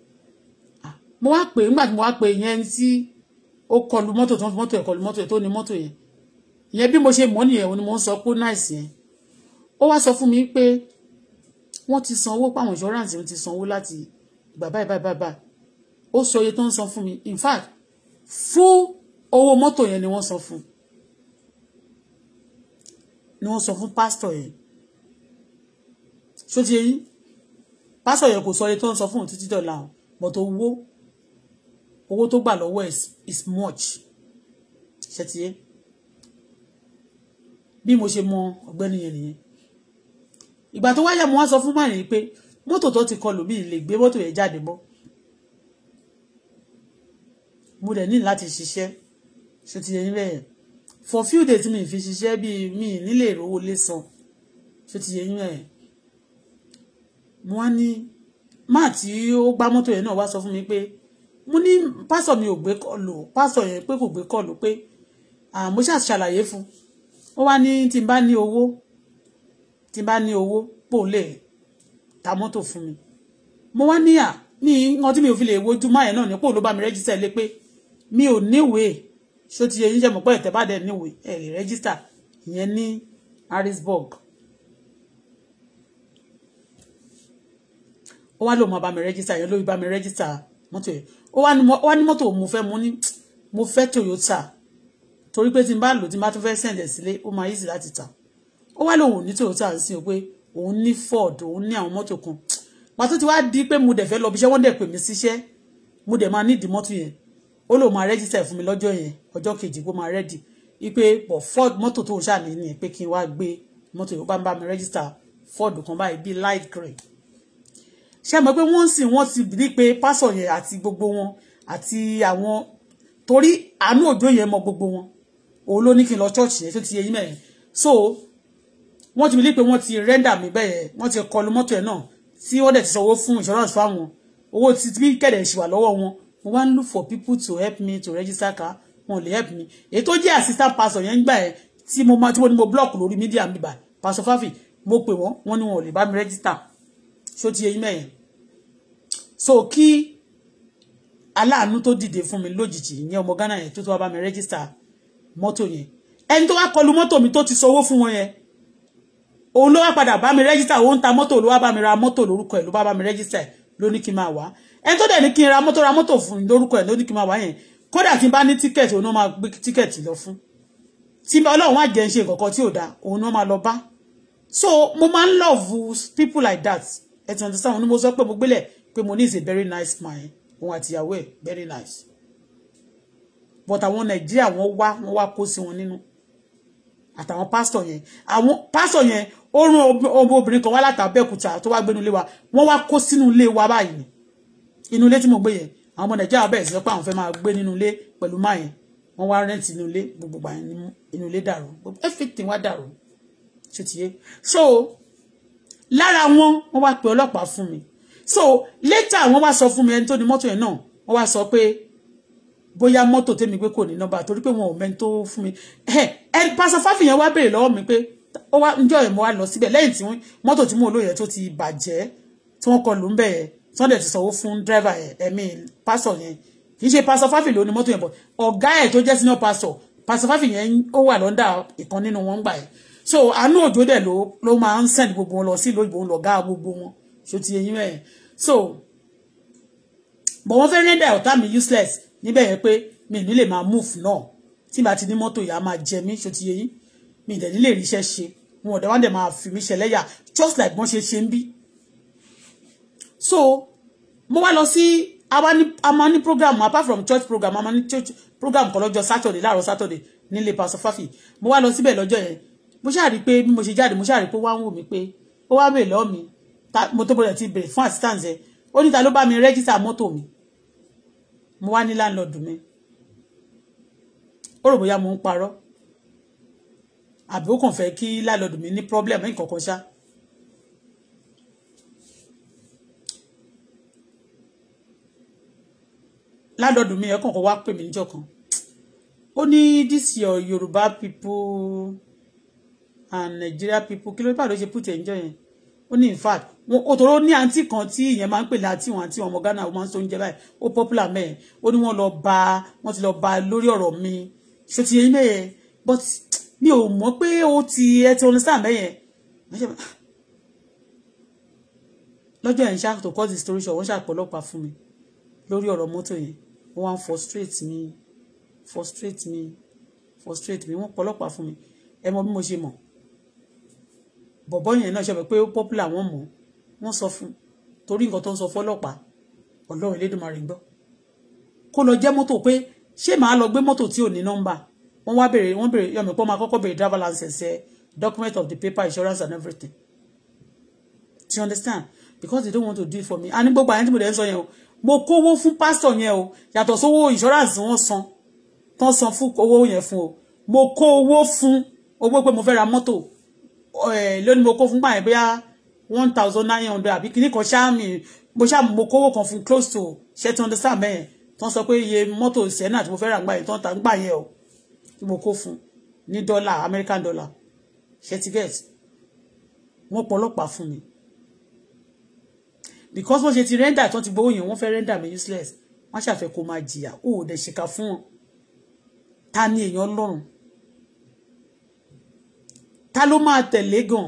mo wá pè nígbà tí mo wá pè yẹn tí ó kọlu mọ́tò tó ń fi mọ́tò yẹn kọlu mọ́tò yẹn tó ní mọ́tò yẹn ìyẹn bí mo ṣe mọ̀ nìyẹn òun ni mo ń sọ pé náìsì yẹn ó wá sọ fún mi pé wọ́n ti san owó páwọn insurance ti san owó láti ìgbà báyìí báyìí báyìí báyìí ó sọ iye tó ń san fún mi in fact fún owó mọ́tò yẹn ni wọ́n san fún ni wọ́n sọ fún pásítọ̀ yẹn ṣó ti yẹyìn pásítọ̀ yẹn kò sọ iye tó ń sọ fún òun títí dọ̀la o but owó owó tó gbà lọ́wọ́ ẹ̀ is much ṣe ti yẹ bí mo ṣe mọ ọ̀gbẹ́ni yẹn nìyẹn ìgbà tó wáyà mo wá sọ fún márùn yìí pé mọ́tò tó ti kọlù mí lè gbé mọ́tò yẹn jáde mọ́ mo dẹ̀ ní láti ṣiṣẹ́ ṣe ti yẹn bẹ́ẹ̀ for few days mi fi ṣiṣẹ́ bí mi nílé ìrówó lé san ṣé ti yẹ yín ẹ̀ mo wá ní má tí ó gbá mọ́tò yẹn náà wá sọ fún mi pé mo ní pásọ̀ mi ò gbé kọlù pásọ̀ yẹn pé kò gbé kọlù pé àmó ṣàṣàlàyé fún ó wá ní tí n bá ní owó tí n bá ní owó pò lè ta mọ́tò fún mi mo wá níyà ní nǹkan tí mi ò fi lè wojú máyẹ̀ náà ní pò ló bá mi rẹ́jísẹ̀ lé pé mi ò níwèé ṣó ti yẹ yín ṣe mọ̀ pé ìtẹ́bàdẹ níwè ẹ̀ rẹ́gísítà ìyẹn ní Harrisburg ó wá lóun máa bá mi rẹ́gísítà yẹn lóun bá mi rẹ́gísítà mọ́tò yẹn ó wá ní mọ́tò mo fẹ́ mo ní mo fẹ́ Toyota torí pé tí n bá lò tí n bá tún fẹ́ sẹ̀ǹdẹ̀ sílé ó máa easy láti tà ó wá lóun ní Toyota ń sìn ó pé òun ní Ford òun ní àwọn mọ́tò kan wà ti wá di pé mo dẹ̀ fẹ́ lọ bí wọ́n dẹ̀ pè mí síṣẹ́ mo dẹ̀ máa nídìí mọ́tò yẹn ó lóun máa rẹ́gísítà fún mi lọ́jọ́ yẹn ọjọ́ kejì kó máa rẹ́dì wípé pọ̀ ford mọ́tò tó ń ṣàní ni pé kí n wá gbé mọ́tò yóò bá ń bá mi rẹ́gísítà ford kan báyìí bíi light grey ṣé mọ̀ pé wọ́n sì wọ́n ti ní pé pásọ̀ yẹn àti gbogbo wọn àti àwọn torí àánú òjò yẹn mọ gbogbo wọn òun ló ní kí n lọ church yẹn tó ti yẹ yín mẹ́rin so wọ́n ti believe pé wọ́n ti render mi bẹ́ẹ̀ wọ́n ti kọlu mọ́tò yẹn náà tí wọ́n dẹ̀ ti sanwó fún insurance fáwọn owó ti bí kẹ̀dẹ̀ ṣì wà lọ́wọ́ wọn mo look for people to help me to register car wọn ò lè help mi èyí tó jẹ́ assistant pastor yẹn gbà ẹ́ tí mo máa tí mo ní mo block lórí media mi bá pastor fafi mo pè wọ́n wọ́n ní wọn ò lè bá mi register ṣó ti eyín mẹ́yẹn so kí aláàánú tó dìde fún mi lójijì ìyẹn ọmọ Ghana yẹn tó tó wá bá mi register mọ́tò yẹn ẹni tó wá kọlu mọ́tò mi tó ti sanwó fún wọn yẹn òun ló wá padà bá mi register òun ta mọ́tò ló wá bá mi ra mọ́tò lórúkọ ẹ̀ ló bá bá mi register ló kí n máa wá ẹni tó dẹ̀ ní kí n ra mọ́tò ra mọ́tò fún mi lórúkọ ẹ̀ ló kí n máa wá yẹn kódà tí n bá ní tíkẹ̀tì òun náà máa gbé tíkẹ̀tì lọ fún tí ọlọ́run wá jẹ́ ń ṣe nǹkan tí ò dáa òun náà máa lọ bá so mo máa ń love people like that ẹ ti understand òun ni mo sọ pé mo gbélẹ̀ pé mo ní is a very nice man òun àti ìyàwó ẹ̀ very nice but àwọn nàìjíríà wọ́n wá wọ́n wá kó sí wọn nínú àtàwọn pásítọ̀ yẹn àwọn pásítọ̀ yẹn ó rún ọmọ obìnrin kan wá látàbẹ́kúta tó wá gbénu ilé wa wọ́n wá kó sínú ilé wa báyìí inú ilé tí mo gbé yẹn àwọn ọmọ nàìjíríà bẹ̀rẹ̀ sọ pé àwọn fẹ́ máa gbé nínú ilé pẹ̀lú máyẹn wọ́n wá rẹ́ǹtì inú ilé gbogbo inú ilé dàrú everything wá dàrú ṣe tiye so lára wọn wọ́n wá pe ọlọ́pàá fún mi so later wọ́n wá sọ fún mi ẹni tó ní mọ́tò yẹn náà wọ́n wá sọ pé bóyá mọ́tò tèmi pé kò ní nọ́mbà torí pé wọn ò mẹ́ni tó fún mi ẹ ẹ pásọ fáfihàn wá béèrè lọ́wọ́ mi pé ó wá njọ́ ẹ̀ mo wá lọ síbẹ̀ lẹ́yìn tí mọ́tò tí mo lò yẹn tó ti bàjẹ́ tí wọ́n kọ lù ń bẹ̀ yẹn sunday ti sanwó fún driver ẹ ẹmí pastor yẹn kì í ṣe pastor fáfì ló ní mọ́tò yẹn bọ̀ ọ̀gá ẹ̀ tó jẹ́ senior pastor pastor fáfì yẹn ó wà lọ́ndà ìkan nínú wọn gbà ẹ̀ so àánú òjò dẹ̀ ló ló máa ń send gbogbo wọn lọ sí ìlú òyìnbó ń lọ gá gbogbo wọn ṣó ti yẹn mẹ́rin so bọ̀ wọ́n fẹ́ rẹ́ndà ọ̀tá mi useless níbẹ̀ yẹn pé mi ì ní lè máa move náà tí bá ti ní mọ́tò yà á máa jẹ mí ṣó ti yẹn mi ì dẹ̀ ní lè ríṣẹ́ ṣe wọn ò dẹ̀ wọ́n dẹ̀ máa fi mí ṣẹlẹ́yà just like wọ́n ṣe ṣe ń bí so mo wá lọ sí a máa ní program apart from church program a máa ní church program kan lọ́jọ́ saturday láàárọ̀ saturday nílé pastor fafi mo wá lọ síbẹ̀ lọ́jọ́ yẹn mo ṣáà rí i pé bí mo ṣe jáde mo ṣáà rí i pé ó wá ń wò mí pé ó wá bèè lọ́ọ̀ mi mo tó bọ̀dọ̀ ti bèrè fún assistance ẹ̀ ó ní ta ló bá mi rẹ́gísà mọ́tò mi mo wá ní láńlọ́ọ̀dù mi ó rò bóyá mo ń parọ́ àbí ó kàn fẹ́ kí láńlọ́ọ̀dù mi ní problem nǹkan kan ṣáá landlord mi ẹ̀kan kan wá pè mí níjọ́ kan ó ní this your Yoruba people and Nigeria people kí ló bá ló ṣe put ẹ̀ níjọ́ yẹn ó ní in fact òtòrò ní àǹtí kan tí ìyẹn máa ń pè láti wọn àti ọmọ Ghana ó máa ń sọ oúnjẹ báyìí ó popular mẹ́ẹ̀ ó ní wọ́n lọ bá wọ́n ti lọ bá lórí ọ̀rọ̀ mi ṣé ti yẹn mẹ́yẹn but mi ò mọ̀ pé ó ti ẹ ti understand mẹ́yẹn ah. lọ́jọ́ yẹn ṣáà tó cause the story ṣọ̀ wọ́n ṣàpọ̀lọpàá fún mi lórí ọ̀rọ̀ mọ́tò yẹn wọ́n wá ń frustrate mi frustrate mi frustrate mi wọ́n pọlọ́pàá fún mi ẹ mọ bí mo ṣe mọ̀ bọ̀bọ́ yẹn náà ṣe mọ̀ pé ó popular wọ́n mọ̀ wọ́n sọ fún torí nǹkan tó ń sọ fọlọ́pàá ọlọ́run Elédùmarè gbọ́ kó lọ jẹ́ mọ́tò pé ṣé màá lọ gbé mọ́tò tí ò ní nọ́mbà wọ́n wá bèrè wọ́n bèrè yọ̀mí pọ́ máa kọ́kọ́ bèrè driver license ẹ eh, document of the paper insurance and everything do you understand because they don't want to do it for me a ní gbogbo àyẹ̀ntì mo sọ yẹn o mo kówó fún pásítọ̀ yẹn o yàtọ̀ sówó insurance wọ́n san tán san fún owó yẹn fún o mo kó owó fún owó pé mo fẹ́ ra mọ́tò lónìí mo kó fún báyìí bóyá one thousand nine hundred àbí kìíní kan ṣáà mi mo ṣáà mo kówó kan fún close to ṣẹ́tún ọdún sáà mẹ́yẹn tán sọ pé iye mọ́tò sẹ́nà tí mo fẹ́ ra gbà yẹn tán ta gbà yẹn o tí mo kó fún ní dọ́là American dollar ṣe ti get wọ́n pọ̀ ọlọ́pàá fún mi because wọ́n ṣe ti rẹ́ńdà tó ti gbowó yẹn wọ́n fẹ́ rẹ́ńdà mi useless wọ́n ṣàfẹ́ kó máa jìyà ó ò dẹ̀ ṣèkà fún wọn ta ni èèyàn lọ́rùn ta ló máa tẹ̀lé gan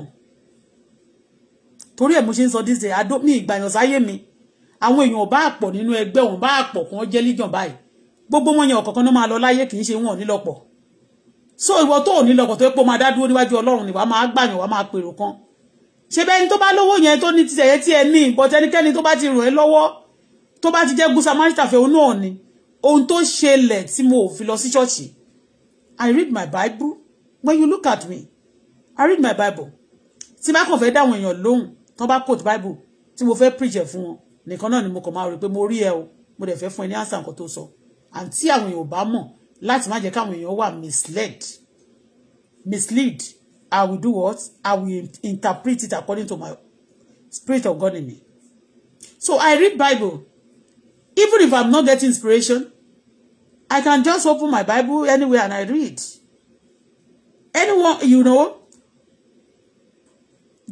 torí ẹ̀ mo ṣe ń sọ this day adó mi ìgbàyàn sáyé mi àwọn èèyàn bá pọ̀ nínú ẹgbẹ́ wọn bá pọ̀ kí wọ́n jẹ́ lígàn báyìí gbogbo wọn yẹn ọ̀kọ̀ọ̀kan náà máa lọ láyé kì í ṣe wọn ò ní lọ́pọ̀ so ìwọ tó ò ní lọ́pọ̀ tó yẹ pé ó máa dá dúró níwájú ọlọ́run ni wàá máa gbàyàn wàá máa pèrò kan ṣe bẹ́ni tó bá lówó yẹn tó ní tìṣẹ̀yẹ tí ẹ ní but ẹnikẹ́ni tó bá ti ràn ẹ́ lọ́wọ́ tó bá ti jẹ́ good samaritan onú ọ̀ni ohun tó ṣẹlẹ̀ tí mo fi lọ sí ṣọ́ọ̀ṣì I read my Bible when you look at me I read my Bible tí bá kàn fẹ́ dáwọn èèyàn lóhùn tó bá quote Bible tí mo fẹ́ preach ẹ̀ fún wọn nìkan náà ni mo kàn máa rí pé mo rí ẹ o mo dẹ̀ fẹ́ fún ẹ ní answer nǹkan tó sọ àǹtí àwọn èèyàn ò bá mọ̀ láti má jẹ́ káwọn èèyàn wà misled misled I will do what? I will interpret it according to my spirit of God in me. So I read Bible. Even if I'm not getting inspiration, I can just open my Bible anywhere and I read. Anyone, you know,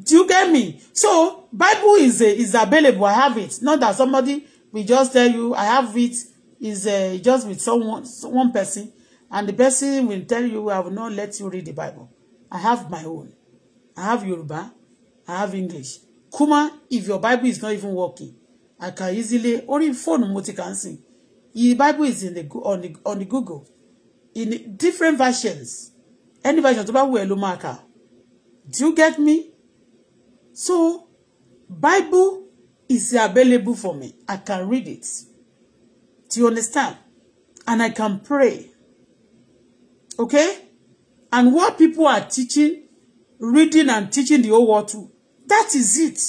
do you get me? So Bible is a, is available. I have it. Not that somebody will just tell you I have it. Is uh, just with someone, one person, and the person will tell you I will not let you read the Bible. I have my own. I have Yoruba. I have English. Kuma, if your Bible is not even working, I can easily only phone mo ti kàn Bible is in the on the on the Google in different versions. Any version of bá wù ẹ́ Do you get me? So, Bible is available for me. I can read it. Do you understand? And I can pray. Okay? And what people are teaching, reading and teaching the whole world to, that is it.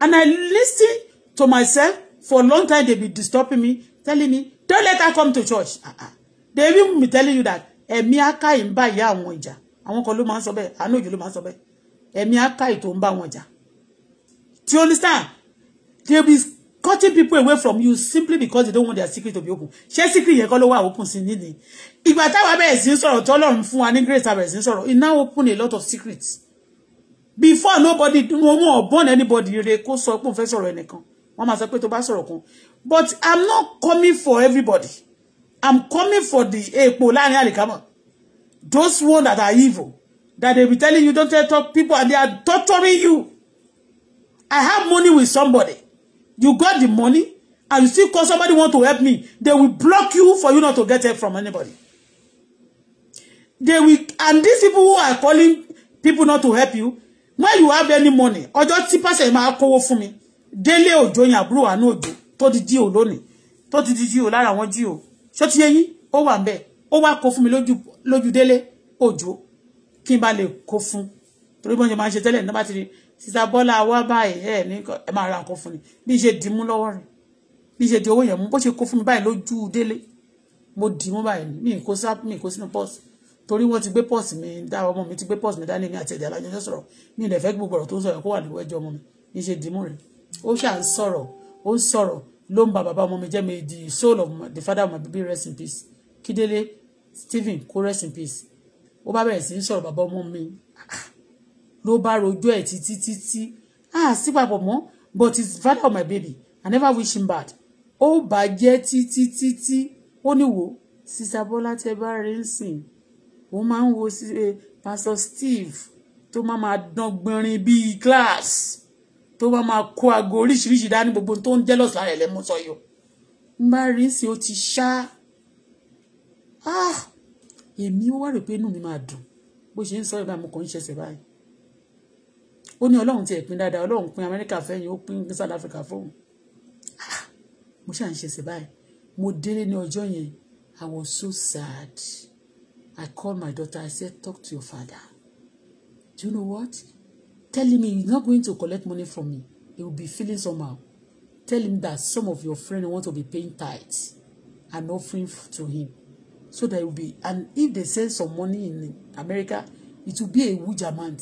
And I listen to myself for a long time. They be disturbing me, telling me, don't let her come to church. Uh-uh. They even be telling you that, ẹ̀mí akáyì ń bá ìyá àwọn ìjà. Àwọn kan ló máa ń sọ bẹ́ẹ̀, àánú òjò ló máa ń sọ bẹ́ẹ̀. Do you understand? They be cutting people away from you simply because they don't want their secret to be open ṣé secret yẹn kọ́ ló wà open sí nídìí ìgbà táwa bẹ̀rẹ̀ sí sọ̀rọ̀ tọ́lọ́run fún wa ní grace abẹ̀rẹ̀ sí sọ̀rọ̀ it now open a lot of secrets before nobody wọn wọn born anybody they kó so pé òun fẹ́ sọ̀rọ̀ ẹnìkan wọ́n máa sọ pé tó bá but i'm not coming for everybody i'm coming for the èèpo láàrin àlìkámọ̀ those ones that are evil that they be telling you don't tell talk people and they are torturing you i have money with somebody You got the money and you still call somebody want to help me. They will block you for you not to get help from anybody. They will, and these people who are calling people not to help you, when you have any money, ọjọ́ see person ma kówó fún mi, délé òjò yẹn àbúrò àánú Ojo tó ti jí o lónìí, tó ti di jí o lára àwọn jí o. Ṣé ti yé yín? Ó wà ń bẹ̀, ó wá mi lójú lójú délé òjò kí n bá lè kó fún. Torí bọ́n ṣe máa ń ṣe tẹ́lẹ̀ ti sísá bọ́lá wá báyìí ẹ ní ẹ máa ra nǹkan fún mi bí ṣe dì mú lọ́wọ́ rẹ̀ bí ṣe di owó yẹn mú bó ṣe kó fún mi báyìí lójú délé mo dì mú báyìí mi kó sá mi kó sínú pọ́ọ̀sì torí wọ́n ti gbé pọ́ọ̀sì mi dá ọmọ mi ti gbé pọ́ọ̀sì mi dání mi àti ẹ̀dẹ̀ alájọṣọ sọ̀rọ̀ mi ìdẹ̀fẹ́ gbogbo ọ̀rọ̀ tó ń sọ̀rọ̀ kó wà ní wẹ́jọ́ ọmọ mi bí ṣe dì mú rẹ̀ ó ṣà ń sọ̀rọ̀ ó ń sọ̀rọ̀ ló ń ba bàbá ọmọ mi jẹ́ mi the soul of my, the father of my baby rest in peace kídélé Stephen kó rest in peace ó bá bẹ̀rẹ̀ sí í sọ̀rọ̀ bàbá ọmọ mi ló bá rojọ́ ẹ̀ títí títí ah sí papọ̀ mọ́ but it's father of my baby I never wish him bad ó bàjẹ́ títí títí ó níwò sísá bọ́lá tẹ bá rí ń sìn ó máa ń wo eh, pastor steve tó máa máa dán gbọ́nrin bíi class tó máa máa kó aago oríṣiríṣi dání gbogbo tó ń jẹ́ lọ́sàn-án rẹ̀ lẹ́mú sọ́yọ́ ń bá rí ń sìn ó ti ṣá ah, èmi wá rò pé inú mi máa dùn bó ṣe ń sọ ìbámu kan ń ṣẹṣẹ báyìí ó ní ọlọ́run ti ẹ̀pin dáadáa ọlọ́run pin amẹ́ríkà fẹ́yìn ó pin south africa fóun ah, mo ṣà ṣe sí báyìí mo délé ní ọjọ́ yẹn i was so sad i called my daughter i said talk to your father do you know what telling me he's not going to collect money from me he will be feeling somehow tell him that some of your friends want to be paying tithe and offering to him so that he will be and if they send some money in america it will be a huge amount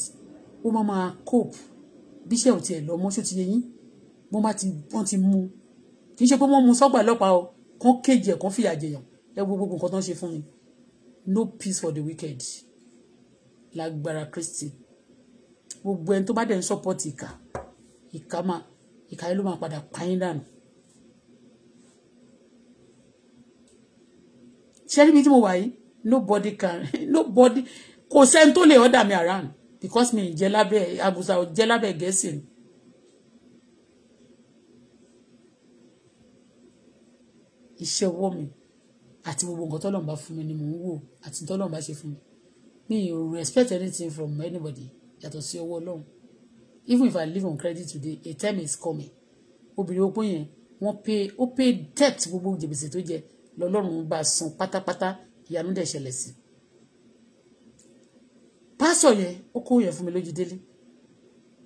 ó máa máa cope bí iṣẹ́ ò tiẹ̀ lọ mọ́ṣọ́ ti yẹ yín wọ́n bá ti wọ́n ti mú kì í ṣe pé wọ́n mú sọ́gbà ọlọ́pàá o kán kéjì ẹ̀ kán fìyà jẹyàn ẹ gbogbo nǹkan tó ń ṣe fún mi no peace for the wicked lágbára Kristi gbogbo ẹni tó bá dẹ̀ ń support ìkà ìkà máa ìkà yẹn ló máa padà pààyàn dànù. ṣé níbi tí mo wà yìí nobody can nobody kò sẹ́ni tó lè order mi around because me jẹ́ lábẹ́ àbùsà ò jẹ́ lábẹ́ gẹ̀ẹ́sì ni. iṣẹ́ ọwọ́ mi àti gbogbo nǹkan tọ́lọ́run bá fún mi ni mò ń wò àti tọ́lọ́run bá ṣe fún mi mi ò respect anything from anybody yàtọ̀ sí ọwọ́ ọlọ́run even if I live on credit today a time is coming obìnrin opó yẹn wọ́n pay ó pay debt gbogbo jìbìtì tó jẹ lọ́lọ́run bá san pátápátá ìyanu dẹ̀ ṣẹlẹ̀ sí i pásọ̀ yẹn ó kó yẹn fún mi lójú délé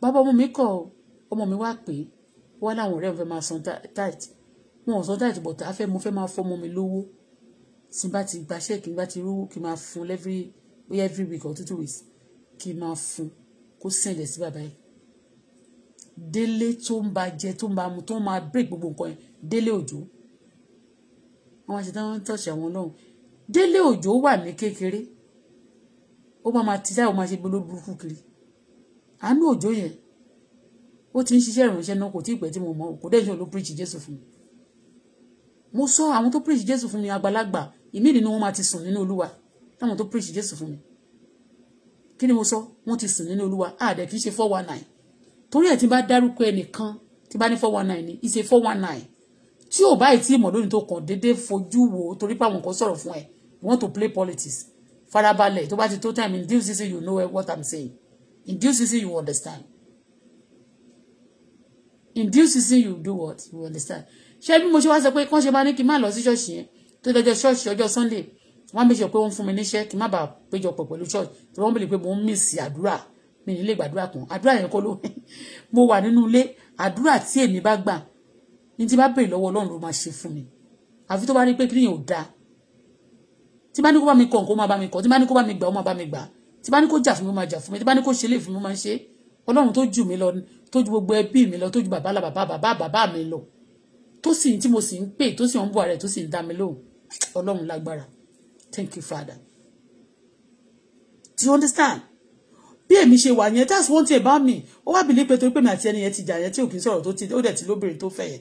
bàbá ọmọ mi kọ̀ ọmọ mi wá pé wọ́n láwọn ọ̀rẹ́ mi fẹ́ máa san tight wọn ò san tight but afẹ́ mo fẹ́ máa fọ́ ọmọ mi lówó tí n bá ti gba ṣẹ́ẹ̀kì bá ti rówó kí n máa fún every every week or two two weeks kí n máa fún kó sẹ̀lẹ̀ sí bàbá yìí délé tó ń ba jẹ tó ń ba mu tó ń máa break gbogbo nǹkan yẹn délé òjò wọn ti tọ̀sí àwọn ọlọ́run délé òjò wà ní kékeré ó máa ma tíṣà ó máa ṣe gbóló burúkú kiri àánú òjò yẹn ó ti ń ṣiṣẹ́ ìrànṣẹ́ náà kò tí ì pẹ́ tí mo mọ̀ kò dẹ́sùn ló preach Jésù fún mi mo sọ àwọn tó preach Jésù fún mi àgbàlagbà ìmí nínú wọn máa ti sùn nínú Olúwa táwọn tó preach Jésù fún mi kí ni mo sọ wọ́n ti sùn nínú Olúwa àdẹ kì í ṣe four one nine torí ẹ̀ tí bá dárúkọ ẹnìkan tí bá ní four one nine ni ìṣe four one nine tí ò báyìí tí ìmọ̀ lónìí tó kàn déédéé fojú wo torí pé àwọn kan sọ̀rọ̀ fún ẹ you want to play politics farabalẹ̀ tó bá ti tó time in due season you know what i'm saying in due season you understand in due season you do what you understand ṣé bí mo ṣe wá sọ pé kán ṣe máa ní kí n má lọ sí ṣọ́ọ̀ṣì yẹn tó dọjọ́ ṣọ́ọ̀ṣì ọjọ́ sunday wọ́n méjì pé wọ́n fún mi níṣẹ́ kí n má bàa péjọpọ̀ pẹ̀lú ṣọ́ọ̀ṣì tí wọ́n bèèrè pé mò ń mísì àdúrà mi nílé gbàdúrà kan àdúrà yẹn kọ́ ló mo wà nínú ilé àdúrà tí èmi bá gbà ní tí bá béèrè lọ́wọ́ ọlọ́run ló máa ṣe fún mi àfi tó bá rí pé kí ò dáa tí bá ní kó bá mi kọ nǹkan ó máa bá mi kọ tí bá ní kó bá mi gbà ó máa bá mi gbà tí bá ní kó jà fún mi ó máa jà fún mi tí bá ní kó ṣe lè fún mi ó máa ń ṣe ọlọ́run tó jù mí lọ tó ju gbogbo ẹbí mi lọ tó ju bàbá bàbá bàbá bàbá mi lọ tó sì tí mo sì ń pè tó sì ń bọ̀ rẹ̀ tó sì ń dá mi lóhùn ọlọ́run lágbára thank you father do you understand bí èmi ṣe wà yẹn that's one thing about me ó wá bìlí pé torí pé mi àti ẹni yẹn ti jà yẹn tí òkè sọ̀rọ̀ tó ti ó dẹ̀ ti lóbìnrin tó fẹ́ yẹn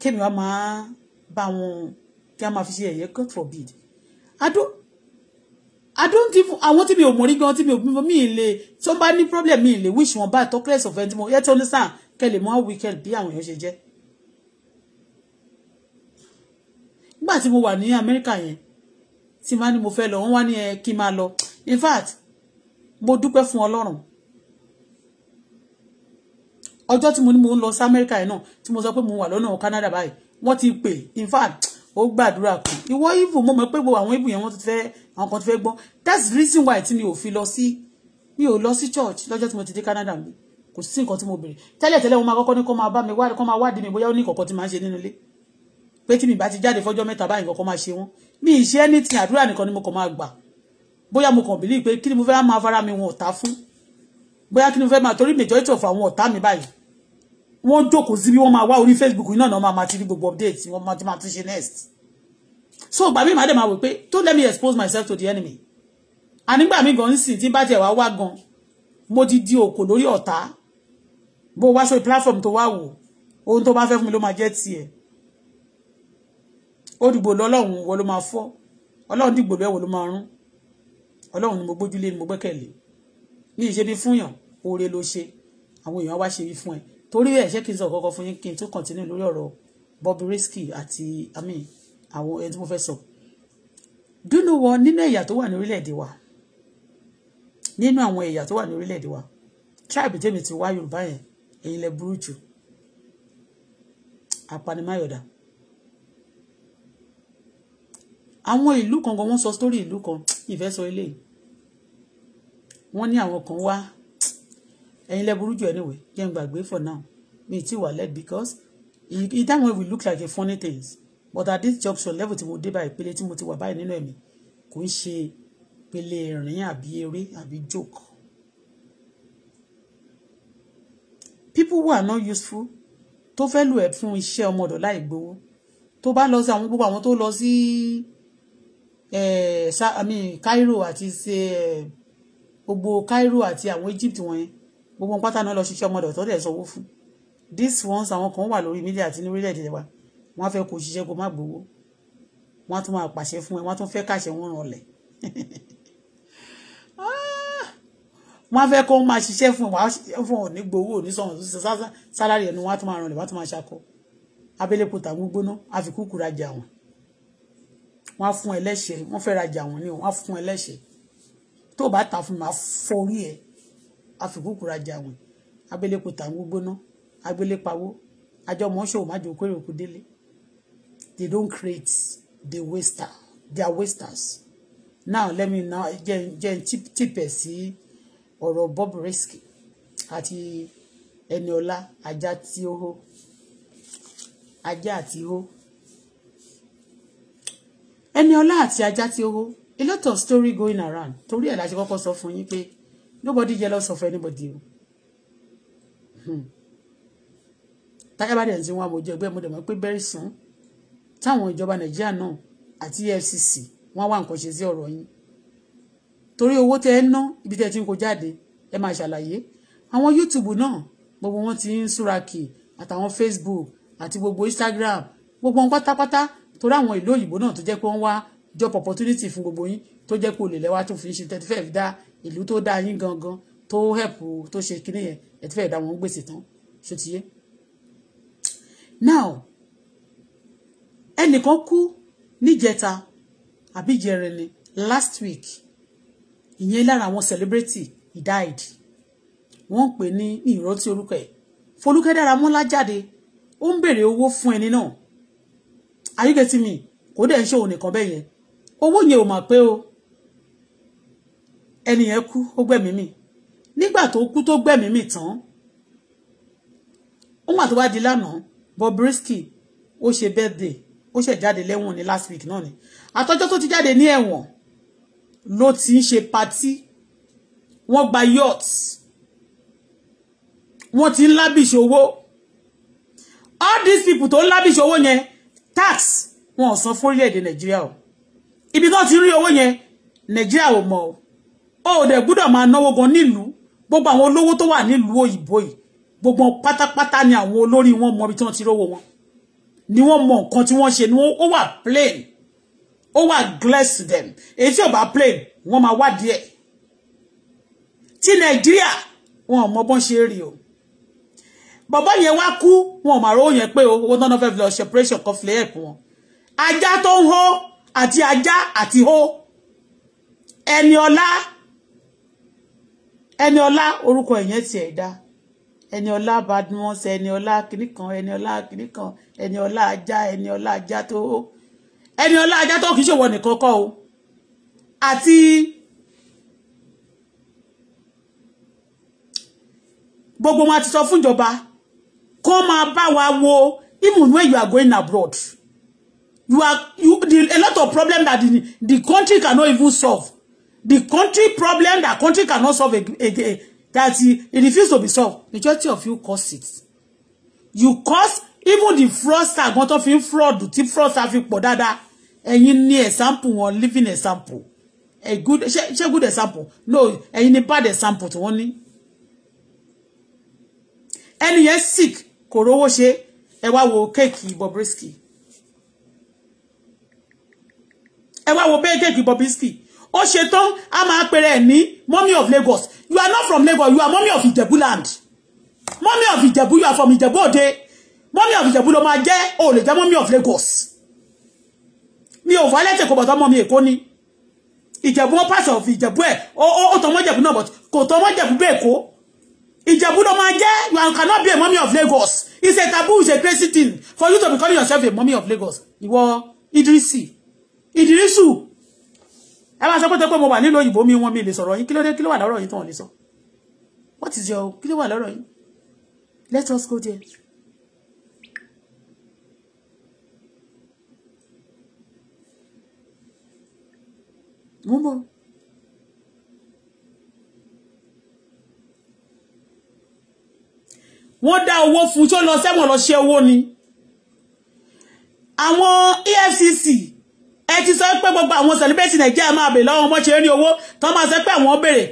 kémi wá máa bá wọn kí a máa fi ṣe ẹ̀yẹ god forbid I don't I don't even àwọn tí mi ò mọ̀ rí gan tí mi ò mọ̀ mi lè tó bá ní problem mi lè wish wọn bá talk less of ẹni tí mo yẹ tí understand kẹ lè mọ how wicked bí àwọn èèyàn ṣe jẹ́. nígbà tí mo wà ní Amẹ́ríkà yẹn tí màá ní mo fẹ́ lọ wọ́n wá ní ẹ kí n máa lọ in fact mo dúpẹ́ fún Ọlọ́run ọjọ́ tí mo ní mo ń lọ sí Amẹ́ríkà yẹn náà tí mo sọ pé mo wà lọ́nà Canada báyìí wọ́n ti pè in fact ó gbàdúrà kù ìwọ ìbò mo mọ̀ pé gbogbo àwọn ìbò yẹn wọ́n ti fẹ́ àwọn kan ti fẹ́ gbọ́ that's the reason why tí mi ò fi lọ sí mi ò lọ sí church lọ́jọ́ tí mo ti dé Canada mi kò sí nǹkan tí mo bèrè tẹ́lẹ̀ tẹ́lẹ̀ wọn máa kọ́kọ́ ní kó máa bá mi wádìí kó máa wádìí mi bóyá ó ní kọ̀ọ̀kan tí máa ń ṣe nínú ilé pé tí mi bá ti jáde fọ́jọ́ mẹ́ta báyìí kọ̀ọ̀kan máa ṣe wọ́n mi ì ṣe anything àdúrà nìkan ni mo kàn máa gbà bóyá mo kàn believe pé kí ni mo fẹ́ máa fara mi wọn ọ̀tá fún bóyá kí ni mo fẹ́ máa torí majority of àwọn ọ̀tá mi báyìí wọ́n jókòó síbi wọ́n máa wá orí Facebook iná náà máa ti rí gbogbo update wọ́n máa ti máa ti ṣe next so gbà mí màá dẹ̀ máa wò pé don't let me expose myself to the enemy ànígbà mí gan nísìnyí tí bá tiẹ̀ wá wá gan mo ti di òkò lórí ọ̀tá bó wá sórí platform tó wá wò ohun tó bá fẹ́ fún mi ló máa jẹ́ tiẹ̀ ó dìgbò lọ́lọ́run wọ́n ló máa fọ́ ọlọ́run dìgbò lẹ́wọ̀ ló máa rún ọlọ́run ni mo gbójúlé ni mo gbẹ́kẹ̀lé ní ìṣe bí fúnyàn oore ló ṣe àwọn èèyàn wá ṣe bí fún ẹ torí ẹ̀ ṣé kí n sọ kọ́kọ́ fún yín kí n tún continue lórí ọ̀rọ̀ Bobrisky àti amin àwọn ẹni tí mo fẹ́ sọ dúnú wọn nínú ẹ̀yà tó wà ní orílẹ̀-èdè wa nínú àwọn ẹ̀yà tó wà ní orílẹ̀-èdè wa tribe tèmi ti wá Yorùbá yẹn ẹ̀yin lẹ burú jù apanimayọ̀dà àwọn ìlú kan gan wọ́n sọ sórí ìlú kan ìfẹ́ eléyìí wọ́n ní àwọn kan wá ẹ̀yin lẹ burú jù anyway jẹ́ n gbàgbé for now mi ti wà led because in that way we look like a funny things but at this junction level tí mo dé báyìí pele tí mo ti wà báyìí nínú ẹ̀mí kò ń ṣe pele rìn àbí eré àbí joke. people who are not useful tó fẹ́ lù ẹ́ fún iṣẹ́ ọmọdọ̀ láì gbowó tó bá lọ sí àwọn gbogbo àwọn tó lọ sí Cairo àti gbogbo Cairo àti àwọn Egypt wọ̀nyẹn gbogbo pátá náà lọ ṣiṣẹ́ ọmọdọ̀ tó dẹ̀ sanwó fún these ones àwọn kan wà lórí mídíà àti lórílẹ̀‐èdè wa wọ́n á fẹ́ kó ṣiṣẹ́ kó má gbowó wọ́n á tún máa pàṣẹ fún ẹ wọ́n á tún fẹ́ káṣẹ wọn ràn lẹ̀ ah! wọ́n á fẹ́ kó máa ṣiṣẹ́ fún wa fún òní gbowó òní sọ̀rọ̀ sálárì ẹnu wọ́n á tún máa ràn lẹ̀ wọ́n á tún máa ṣakọ abẹ́lẹ́kùtà gbógbóná àfikún kúra jà wọ́n wọ́n á fún ẹlẹ́ṣẹ̀ wọ́n fẹ́ rajà wọ́n ní wọ́n á fún ẹlẹ́ṣẹ̀ tó bá ta fún mi máa fọ́ orí àfikúkú rajà àwìn abẹ́lẹ́kù tàwọn gbóná agbélépawó àjọmọ́ṣọ́ òmájò kórè òkú délé they don't create the waster they are wasters now let me now jẹ́ jẹ́ tìpẹ̀ sí ọ̀rọ̀ Bobrisky àti Ẹniọlá ajá tí ó hó ajá àti hó Ẹniọlá àti ajá tí ó hó a lot of story going around torí ẹ̀ la ṣe kọ́kọ́ sọ fún yín pé nobody jealous of anybody o hmm. táyà bá dẹ̀ ń tí wọ́n àmójú ẹgbẹ́ mo dẹ̀ mọ́ pé very soon táwọn ìjọba nàìjíríà náà àti EFCC wọ́n wá nǹkan ṣe sí ọ̀rọ̀ yín torí owó tẹ́ ẹ ná ibi tẹ́ ẹ ti ń kó jáde ẹ máa ṣàlàyé àwọn YouTube náà gbogbo wọn ti ń súrakì àtàwọn Facebook àti gbogbo Instagram gbogbo wọn pátápátá torí àwọn ìlú òyìnbó náà tó jẹ́ pé wọ́n wá job opportunity fún gbogbo yín tó jẹ́ pé olè lẹ́wà tó fi ń ṣe thirty five dá ìlú tó dá yín gangan tó help tó ṣe kíní yẹn ẹ̀ tí fẹ́ẹ̀ dá wọn gbèsè tán ṣó now ẹnìkan kú níjẹta àbí ìjẹrin last week ìyẹn lára àwọn celebrity he died wọ́n ń pè ní ìrántí orúkọ ẹ̀ Folúkẹ́ Dáramọ́lá jáde ó ń béèrè owó fún ẹni náà are you getting me kò dẹ̀ ń ṣe òun nìkan bẹ́ẹ̀ yẹn owó yẹn ò mà pé o ẹni yẹn kú ó gbẹ̀mí mì nígbà tó kú tó gbẹ̀mí mì tán òun àti wá di lánàá Bobrisky ó ṣe birthday ó ṣẹ̀ jáde lẹ́wọ̀n ní last week náà ni àtọ́jọ́ tó ti jáde ní ẹ̀wọ̀n ló ti ń ṣe patí wọ́n gba yacht wọ́n ti ń lábìṣe owó all these people tó ń lábìṣe owó yẹn tax wọn ò san fórílẹ̀-èdè Nàìjíríà o ibi tó ti rí owó yẹn Nàìjíríà ò mọ̀ o ó dẹ̀ gbúdọ̀ máa náwó gan nílùú gbogbo àwọn olówó tó wà nílùú òyìnbó yìí gbogbo pátápátá ni àwọn olórí wọn mọ ibi tí wọ́n ti rówó wọn ni wọ́n mọ nǹkan tí wọ́n ṣe ni wọ́n ó wà plain ó wà glass them èyí tí ò bá plain wọ́n máa wádìí ẹ̀ ti nàìjíríà wọn ò mọ bọ́n ṣe rí o bàbá yẹn wá kú wọn ò máa rówó yẹn pé owó náà fẹ́ fi lọ separation kan fi lè help wọn ajá tó ń hó àti ajá àti hó ẹni ọlá ẹni ọlá orúkọ ìyẹn ti ẹ̀dá ẹni ọlá badmus ẹni ọlá kìnnì kan ẹni ọlá kìnnì kan ẹni ọlá ajá ẹni ọlá ajá tó ẹni ọlá ajá tó kì í ṣòwò nìkan kọ́ o àti gbogbo wọn ti sọ fún ìjọba kó máa bá wa wo even when you are going abroad you are you the, a lot of problems that the, the country cannot even solve the country problem that country cannot solve again that it refuses to be solved majority of you cause it you cause even the fraudster gan tó fi ń fraud tí fraudster fi pọ̀ dáadáa ẹ̀yin ni example wọn living example a good ṣe ṣe good example no ẹ̀yin ni bad example tí wọ́n ní ẹni yẹn sick kò rówó ṣe ẹ wá wo kéèkì Bobrisky ẹ wá wo bẹ́ẹ̀ kéèkì Bobrisky ó ṣe tán a máa pèrè ẹ̀ of Lagos you are not from Lagos you are mommy of Ijebu land Mommy of Ijebu, you are from Ijebu Òde Mommy of Ijebu, ló máa jẹ́ ò lè jẹ́ mummy of Lagos mi ò fà lẹ́tẹ̀ kó bọ̀tọ́ mọ́ mi èkó ni Ìjẹ̀bú wọn pàṣẹ of Ìjẹ̀bú ẹ̀ ó tọmọ Ìjẹ̀bú náà but kò tọmọ Ìjẹ̀bú bẹ́ẹ̀ kó Ìjẹ̀bú ló máa jẹ́ you cannot be a mommy of Lagos it's a taboo it's a crazy thing for you to be calling yourself a mommy of Lagos ìwọ Idrisi Idrisu ẹ máa sọ pé pé mo wà nílò òyìnbó mi wọn mi lè sọ̀rọ̀ yín kí ló dé kí ló wà lọ́rọ̀ yín tó what is your kí ló wà lọ́rọ̀ let us go there. mo ń bọ̀. wọ́n dá owó fún tó lọ sẹ́wọ̀n lọ ṣe ni àwọn EFCC ẹ ti sọ pé gbogbo àwọn celebrity nàìjíríà máa bèrè lọ́wọ́ wọn ṣe rí owó tán máa sọ pé àwọn bèrè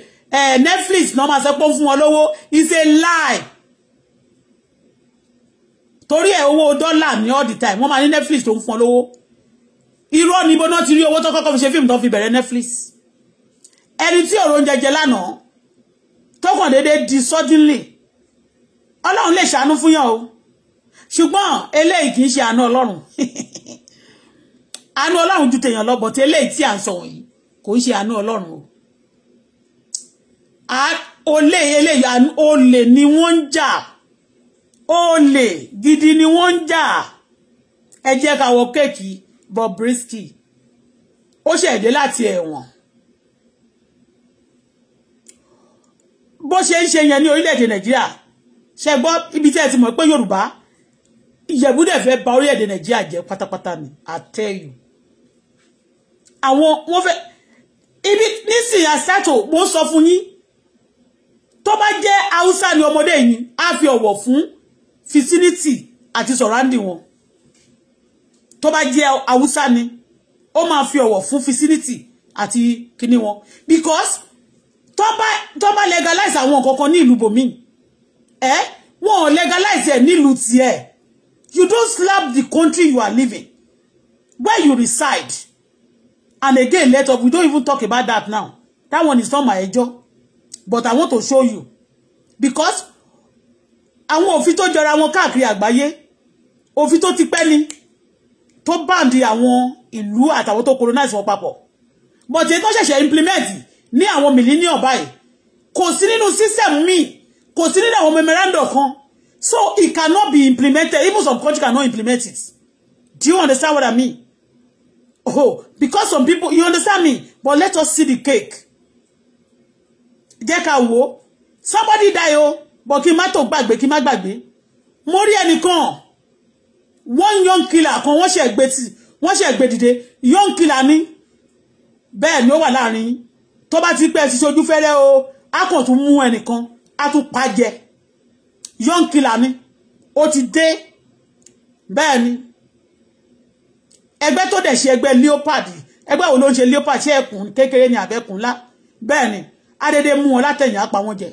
netflix náà máa sọ pé ó fún wọn lówó it's a lie torí ẹ̀ owó dọ́là ní all the time wọ́n máa ní netflix tó ń fún wọn lówó irọ́ ni ibo náà ti rí owó tó kọ́kọ́ fi ṣe fíìmù tó fi bẹ̀rẹ̀ netflix ẹni tí ọ̀rọ̀ oúnjẹ jẹ lánàá tó kàn déédéé di suddenly ọlọ́run lè ṣàánú fún yàn o ṣùgbọ́n eléyìí kì í ṣe àánú ọlọ́run àánú ọlọ́run ju tèèyàn lọ bọ̀tí eléyìí tí à ń sọ wọ̀nyí kò ń ṣe àánú ọlọ́run o olè eléyìí olè ni wọ́n ń jà olè gidi ni wọ́n ń jà ẹ jẹ́ ká wọ kéèkì Bobrisky ó ṣẹ̀dé láti ẹ̀wọ̀n bó ṣe ń ṣe yẹn ní orílẹ̀-èdè nàìjíríà ṣe gbọ́ ibi tí ẹ ti mọ̀ pé yorùbá ìyẹ̀bú dẹ̀ fẹ́ bà orílẹ̀-èdè nàìjíríà jẹ́ pátápátá ni I tell you àwọn wọ́n fẹ́ ibi nísìnyí àṣàtò mo sọ fún yín tó bá jẹ́ haúsá ni ọmọdé yìí á fi ọ̀wọ̀ fún facility àti sọ̀ráǹdì wọn tó bá jẹ́ haúsá ni ó máa fi ọ̀wọ̀ fún facility àti kíní wọn because tó bá tó bá legalize àwọn kankan ní ìlú bòmíì ẹ wọn ò legalize ẹ nílùú tiẹ̀ you don't slap the country you are living where you reside And again, let up. We don't even talk about that now. That one is not my job, But I want to show you. Because àwọn òfin tó jọra wọn káàkiri àgbáyé òfin tó ti pẹ́ ni tó báǹdì àwọn ìlú àtàwọn tó colonize wọn papọ̀ but èyí tó ṣẹ̀ṣẹ̀ implement ní àwọn millennium báyìí kò sí nínú system míì kò sí nínú àwọn memorandum kan so it cannot be implemented even some country cannot implement it do you understand what I mean Oh, because some people, you understand me? But let us see the cake. Jẹ́ ká wò. Somebody die o, but kí n má tó gbàgbé, kí n má gbàgbé. Mo rí ẹnìkan. One young killer kan wọ́n ṣe gbé ti, wọ́n ṣe gbé dìde. Young killer ni. Bẹ́ẹ̀ ni ó wà láàrin. Tó bá ti pẹ́ ti ṣojú fẹ́rẹ́ o, a kàn tún mú ẹnìkan, a tún pa jẹ. Young killer ni. Ó ti dé. Bẹ́ẹ̀ ni ẹgbẹ́ tó dẹ̀ ṣe ẹgbẹ́ leopard ẹgbẹ́ wo ló ń ṣe leopard ṣé ẹkùn kékeré ni àbẹ́kùn ńlá bẹ́ẹ̀ ni adédè mú wọn látẹ̀yìn apá jẹ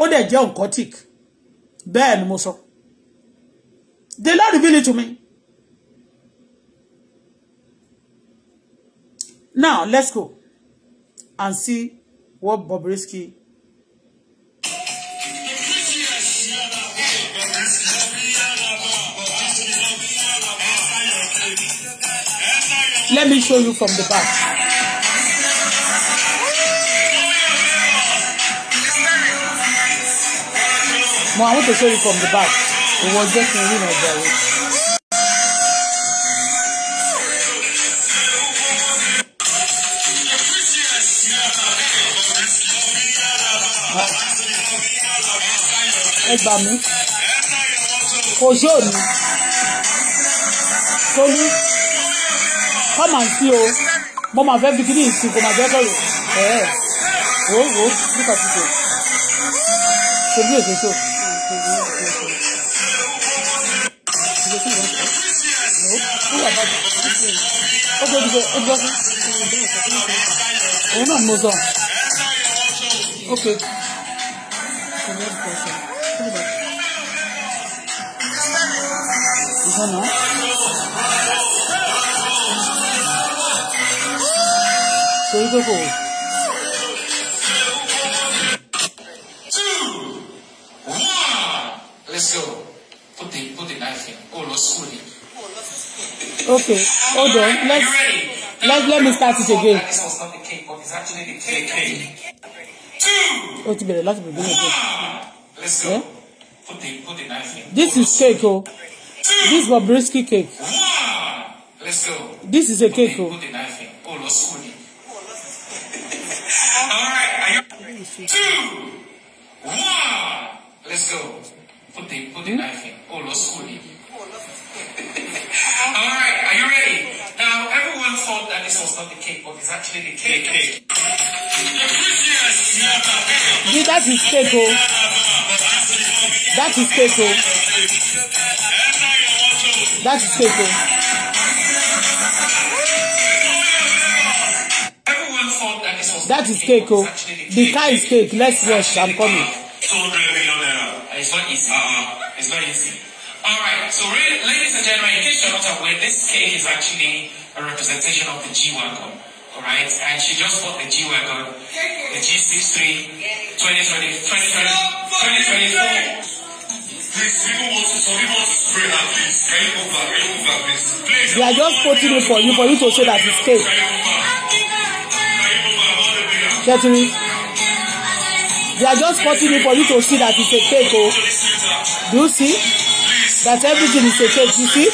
ó dẹ̀ jẹ́ oncotic bẹ́ẹ̀ ni mo sọ the Lord reveal it to me now let's go and see what Bobrisky Let me show you from the back. No, I want to show you from the back. It was just in Reno Jerry. Ẹ gbà mí kò ṣóò ní come and see o mo máa fẹ́ bikini ìsìn kò máa fẹ́ kọ̀rọ̀ ẹ̀ wò ó wò ó nípa ti sè ṣe bí òṣèṣò. òun náà mo sọ ok. ìsọ̀nà. torí Okay, hold on. Let's let let me start it again. Let's Ó ti bẹ̀rẹ̀ láti bẹ̀rẹ̀ bẹ̀rẹ̀ again. This is cake o. Oh. This is Bobrisky cake. This is a cake Oh. two, one. Let's go. Put the put the knife in. Oh, lost school. Oh, All right, are you ready? Now, everyone thought that this was not the cake, but it's actually the cake. The cake. Yeah, that is cake, oh. That is cake, oh. That is cake, oh. That is cake, oh. The car is cake. Let's rush. I'm coming. Two hundred million naira. It's not easy. Uh-uh. It's not easy. All right. So, ladies and gentlemen, in case you're not aware, this cake is actually a representation of the G wagon. All right. And she just bought the G wagon, the G63, 2020, 2020, 2024. Please, people want to, some people want to spray her, please. Can you move her? Can you move her, please? Please. They are just putting it for you, for you to show that it's cake me! they are just cutting it for you to see that it's a fake o oh. do you see that everything is a fake you see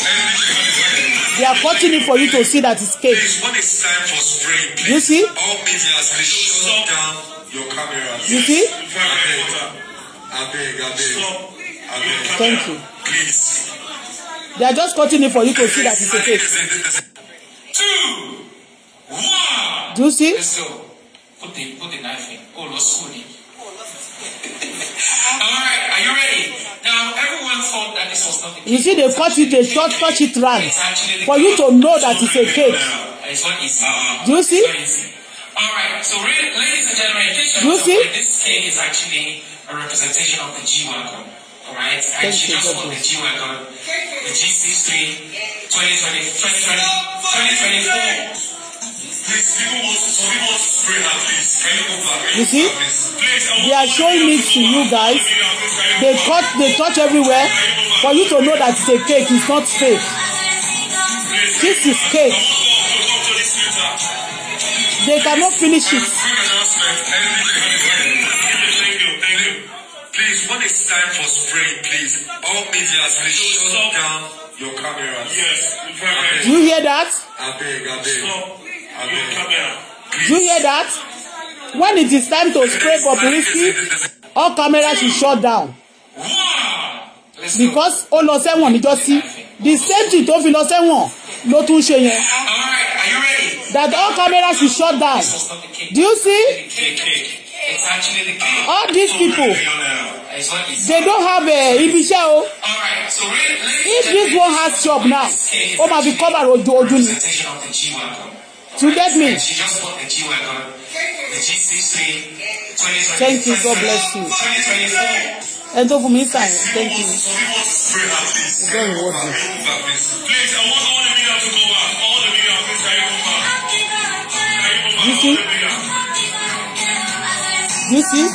they are cutting it for you to see that it's fake you see you see thank you they are just cutting it for you to see that it's a fake. Two. Do you see? Let's go. Put the, put the knife in. Oh, Lord, sorry. All right, are you ready? Now, everyone thought that this was not the cake. You see, they cut it, they short touch it round. For you to know that it's a cake. It's not easy. Uh-uh. Do you see? All right, so ladies and gentlemen, in case you see? this cake is actually a representation of the G-Wagon. All right, and she just won the G-Wagon, the GC3 2020, 2020, 2024. You see, they are showing it to you guys. They cut, they touch everywhere for you to know that it's a cake. It's not fake. This is cake. They cannot finish it. Please, when it's time for spraying? please, all media, please shut down your cameras. Yes, Do you hear that? I beg, I beg. Stop. Do you hear that? When it is time to spray publicity, all cameras should shut down. Because ó lọ sẹ́wọ̀n níjọ́ sí. The same thing tó fi lọ sẹ́wọ̀n ló tún ṣe yẹn. That all cameras should shut down. Do you see? all these people they don't have uh, eh, ibiṣẹ́ o if this one has job now ó máa fi cover ojú ojú ni you get me? thank you God bless you ẹ tó fún mi sàn yẹn thank you God reward you. You see? You see?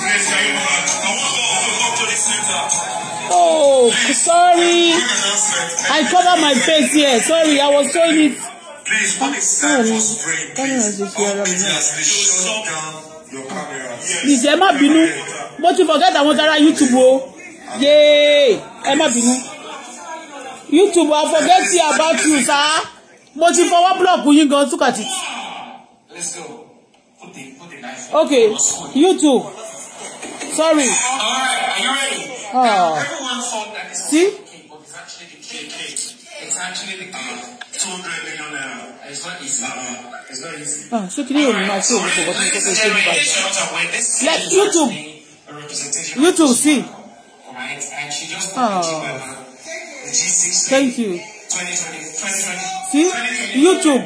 Oh, sorry. I covered my face here. Sorry, I was showing it. Please, what is time for spraying, please? Shut down your cameras. Please, ẹ má bínú. Mo ti forget àwọn tara YouTube o. Yay! Emma Binu. YouTube, I forget about you, sir. Mo ti fọwọ́ block you go look at it. Let's go. Put the, put Okay, YouTube. Sorry. All are you ready? Oh. Ah. Now, everyone thought that it's See? the king, but it's actually the king. It's actually the king. Uh, uh, ah, sotiri yóò ní ma ṣe òun kò bọ́tún kókó ṣe nípa yìí let youtube youtube see oh thank you see youtube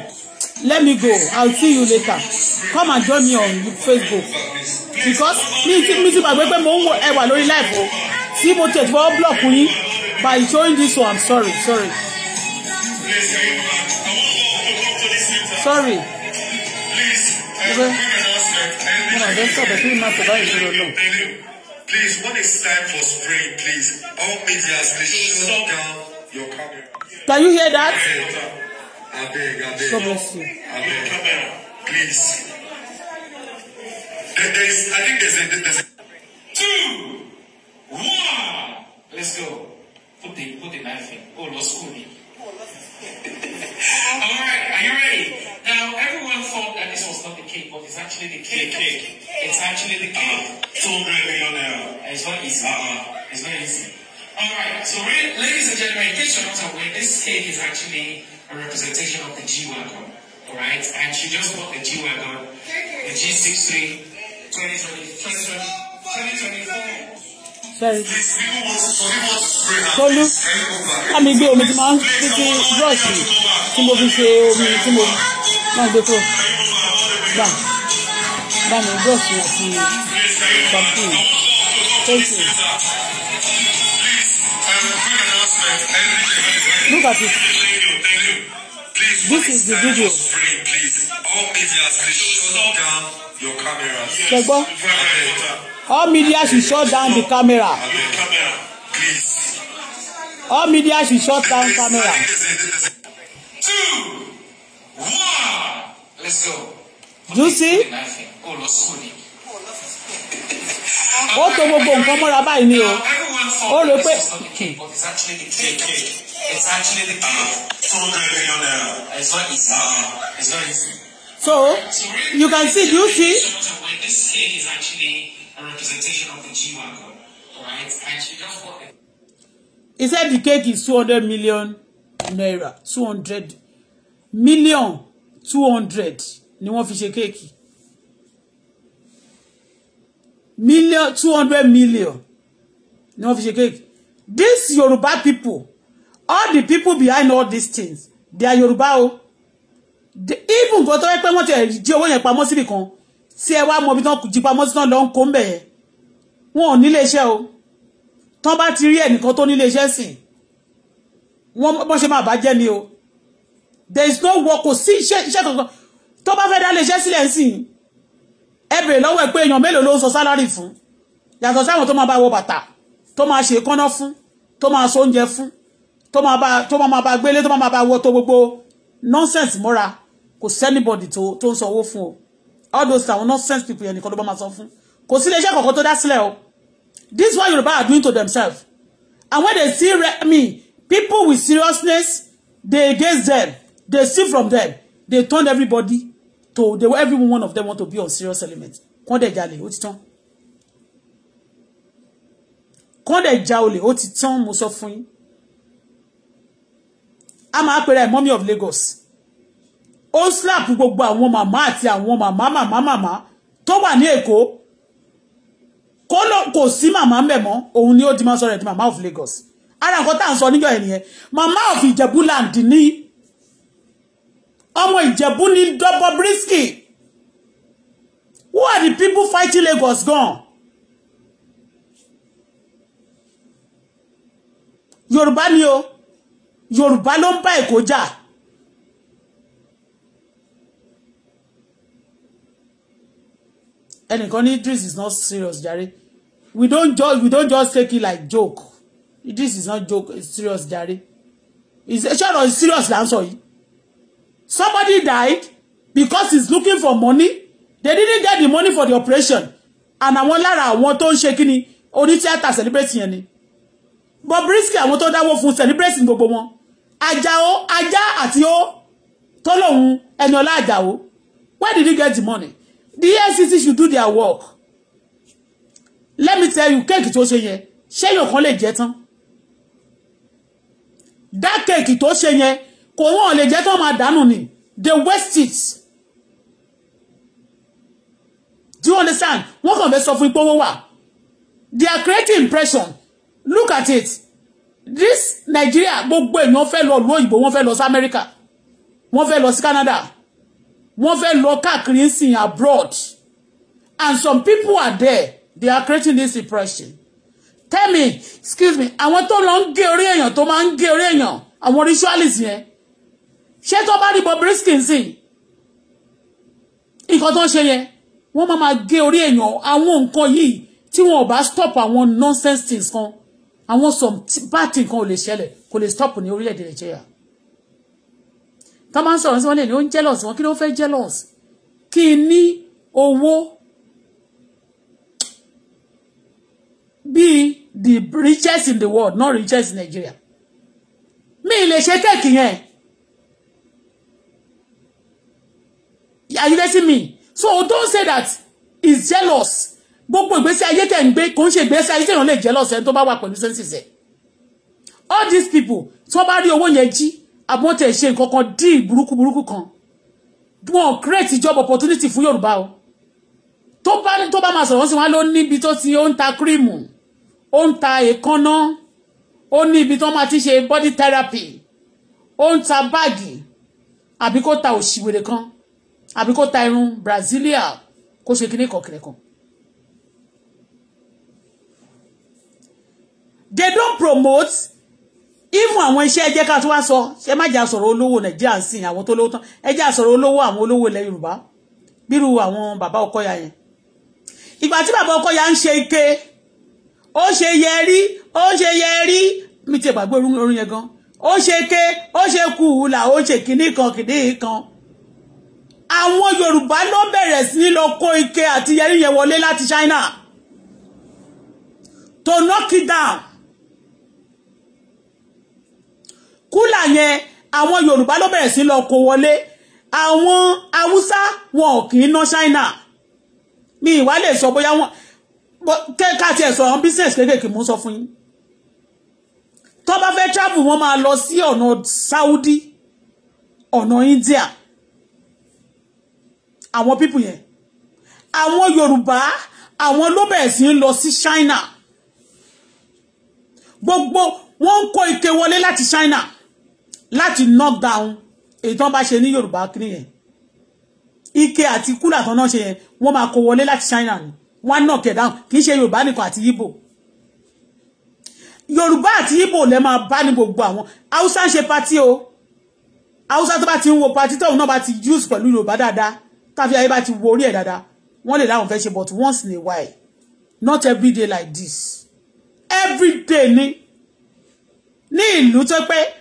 let me go i'll see you later come and join me on facebook because mi ti mi ti gbàgbé pé mo ń wo ẹwà lórí live o tí mo tètè fọwọ́ block yín by showing this one i'm sorry sorry. Please can come to this center. Sorry. Please, um, we can ask them. No, don't stop. It's Please, when it's time for spring, please, all media, please shut down your camera. Can you hear that? I beg, I beg. God I beg, please. There, there is, I think there's a, there's a two, one. Let's go. Put the put the knife in. Oh, lost school. All right, are you ready? Now, everyone thought that this was not the cake, but it's actually the cake. The cake. It's actually the cake. So uh, ah, It's not easy. Uh-uh. It's not easy. All right, so ladies and gentlemen, in case you're not aware, this cake is actually a representation of the G-Wagon. All right, and she just bought the G-Wagon, the G63 2020, 2024. very tolu àmì gbé omi tí máa ń fi sí búrọ̀ṣì tí mo fi ṣe omi tí mo máa ń gbé kúrò gbà bá mi búrọ̀ṣì àti pàmpù thank you. Look at it. This is the video. Please, all media, please shut down your cameras. Yes. All media should shut down the camera. All media should shut down camera. Two, one. Let's go. Do you see? ó tó gbogbo nǹkan mọ́ra báyìí ni o ó rò pé. so you can see do you see a representation of the G1 God. Right? And she just bought it. He said the cake is 200 million naira, 200 million, 200 ni wọ́n fi ṣe kéèkì. Million, 200 million ni wọ́n fi ṣe kéèkì. These Yoruba people, all the people behind all these things, they are Yoruba o. Even go to pé wọ́n ti jẹ́ owó yẹn pamọ́ síbì kan sí ẹ wá mọ tán jipamọ́ sí tán lọ ń kó ń bẹ̀ wọn ò nílé o tán bá ti rí ẹnìkan tó nílé iṣẹ́ sìn wọ́n ṣe máa bàjẹ́ ni o there is no work kò sí iṣẹ́ iṣẹ́ kankan tó bá fẹ́ dá lè iṣẹ́ sílẹ̀ sìn ẹ lọ́wọ́ ẹ pé èèyàn mélòó ló ń sọ sálárì fún yàtọ̀ sáwọn tó máa bá wọ bàtà tó máa ṣe kọ́nà fún tó máa so oúnjẹ fún tó máa tó máa bá gbélé tó máa bá wọ tó gbogbo nonsense mọ́ra kò sẹ́nibọ̀dì tó ń sanwó fún o all those àwọn nonsense people yẹn nìkan ló bá máa sọ fún kò sí iléeṣẹ́ kankan tó dá sílẹ̀ o this is Yorùbá are doing to themselves and when they see re me people with seriousness dey against them dey steal from them dey turn everybody to they every one of them want to be on serious element kàn dẹ̀ jalè ó ti tán kàn dẹ̀ ja olè ó ti tán mo sọ fún yín a máa pèrè ẹ̀ of Lagos ó slap gbogbo àwọn màmá àti àwọn màmá màmá màmá tó wà ní èkó kó ló kò sí màmá ń bẹ̀ mọ́ òun ni ó di máa sọ di màmá of Lagos ara nǹkan tá à ń sọ níjọ́ yẹn màmá of Ìjẹ̀búland ní ọmọ Ìjẹ̀bú ní dọ́bọ̀ brisky who are the people fighting Lagos gan Yorùbá ni o Yorùbá ló ń bá Èkó jà. ẹnìkan ní Idris is not serious jare we don't just we don't just take it like joke Idris is not joke it's serious jare is ṣọ́nà is serious là ń yìí somebody died because he's looking for money they didn't get the money for the operation and àwọn lára àwọn tó ń ṣe kí ni onítíátà celebrate yẹn ni But Bobrisky àwọn tó dáwó fún celebrate gbogbo wọn Àjàó ajá àti ó tó lòun Ẹniọlá Àjàó where did he get the money the EFCC should do their work let me tell you kéèkì tó ṣe yẹn ṣéyàn kan lè jẹ tán that kéèkì tó ṣe yẹn kò wọ́n lè jẹ́ tán máa dànù ni they waste it do you understand wọ́n kàn fẹ́ sọ fún ipò owó wà they are creating impression look at it this Nigeria gbogbo èèyàn fẹ́ lọ lu òyìnbó wọ́n fẹ́ lọ sí America wọ́n fẹ́ lọ sí Canada wọ́n fẹ́ lọ káàkiri ń sìn abroad and some people are there they are creating this impression tell me excuse me àwọn tó lọ ń gé orí èèyàn tó máa ń gé orí èèyàn àwọn ritualist yẹn ṣé tó bá rí Bobrisky sìn nǹkan tó ń ṣe yẹn wọ́n máa máa gé orí èèyàn àwọn nǹkan yìí tí wọn ò bá stop àwọn nonsense things kan àwọn some bad things kan ò lè ṣẹlẹ̀ kò lè stop ní orílẹ̀-èdè Nàìjíríà tó máa ń sọ̀rọ̀ sí wọn lè ní ó ń jealous wọn kí ló fẹ́ jealous kí n ní owó bíi the richest in the world not richest in Nigeria mi lè ṣe kéèkì yẹn are you getting me so don't say that is jealous gbogbo ìgbésí ayé tẹ̀ ń gbé kò ń ṣe ìgbésí ayé tẹ̀yàn lè jealous ẹni tó bá wà pẹ̀lú senses ẹ̀ all these people tí wọ́n bá rí owó yẹn jí àbọ̀tẹ̀ ṣe nǹkan kan díì burúkú burúkú kan wọn create job opportunity fún Yorùbá o tó bá tó bá máa sọ̀rọ̀ wọ́n sì wọ́n ló níbi tó ti ó ń ta kírìmù ó ń ta èékánná ó ní ibi tó máa ti ṣe body therapy ó ń ta báàgì àbí kó ta òṣìwèrè kan àbí kó ta irun Brazilia kó ṣe kíní kọ̀kẹ̀rẹ̀ kan. They don't promote ìmú àwọn iṣẹ́ ẹ jẹ́ ká tún wá sọ ṣe má jà sọ̀rọ̀ olówó nàìjíríà ń sìn àwọn tó lówó tán ẹ jẹ́ àsọ̀rọ̀ olówó àwọn olówó ilẹ̀ yorùbá bírú àwọn bàbá ọkọya yẹn ìgbà tí bàbá ọkọya ń ṣe ike ó ṣe yẹrí ó ṣe yẹrí mi ti gbàgbé orin yẹn gan ó ṣe ike ó ṣe kùhùlà ó ṣe kìíní kan kìíní kan àwọn yorùbá ló bẹ̀rẹ̀ sí ní lọ kó ike àti yẹrí yẹn wọlé láti china to knock it down kúlà yẹn àwọn yorùbá ló bẹ̀rẹ̀ sí lọ kó wọlé àwọn haúsá wọn kì í ná china mi ìwà lè sọ bóyá wọn kẹ́ka tiẹ̀ sọ àwọn business kéékèèké mú sọ fún yín tó bá fẹ́ travel wọ́n máa lọ sí ọ̀nà saudi ọ̀nà india àwọn pípù yẹn àwọn yorùbá àwọn ló bẹ̀rẹ̀ sí lọ sí china gbogbo wọ́n ń kó ike wọlé láti china láti knock down èyí tó ń bá ṣe ní Yorùbá kiri yẹn ike àti kúlà tó ń náà ṣe yẹn wọ́n máa kó wọlé láti China ni wọ́n knock ẹ̀ down kì í ṣe Yorùbá nìkan àti Igbo Yorùbá àti Igbo lè máa bá ní gbogbo àwọn Haúsá ń ṣe pati o Haúsá tó bá ti ń wo pati tóun náà bá ti use pẹ̀lú Yorùbá dáadáa káfí ayé bá ti wo orí ẹ̀ dáadáa wọ́n lè láwọn fẹ́ ṣe but once in a while not every day like this every day ni ní ìlú tó pé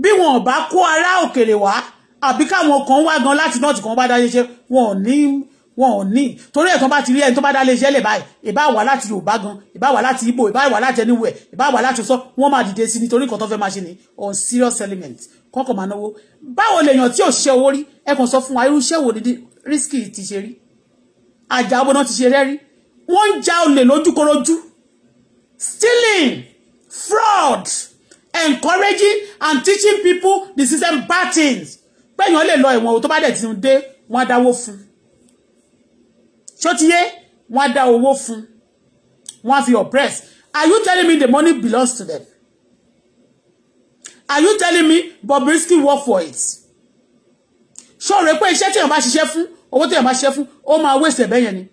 bí wọn ò bá kó ará òkèrè wá àbí káwọn kan wá gan láti náà tí kan bá dá iléeṣẹ́ wọn ò ní wọn ò ní torí ẹ̀ tán bá ti rí ẹni tó bá dá iléeṣẹ́ lè báyìí ìbá wà láti Yorùbá gan ìbá wà láti Ìgbò ìbá wà láti ẹni wẹ̀ ìbá wà láti sọ wọn máa dìde sí nítorí nǹkan tó fẹ́ máa ṣe ni on serious element kọ́kọ́ máa náwó báwo lèèyàn tí ò ṣe owó rí ẹ kàn sọ fún wa irúṣẹ́ wo ni risky ti ṣe rí àjàbọ̀ náà ti ṣe rẹ́rí wọ́n ń ja olè lójúkorojú stealing fraud encouraging and teaching people the system bad things pẹ̀yàn lè lọ ìwọ̀n o tó bá dẹ̀ ti dé wọ́n á dáwó fún ṣótiyé wọ́n á dá owó fún wọ́n á fi oppress are you telling me the money belongs to them are you telling me Bobrisky work for it ṣọ́ọ̀rẹ́ pé iṣẹ́ téèyàn bá ṣiṣẹ́ fún owó téèyàn bá ṣiṣẹ́ fún ó máa waste ẹ̀bẹ́ yẹn ni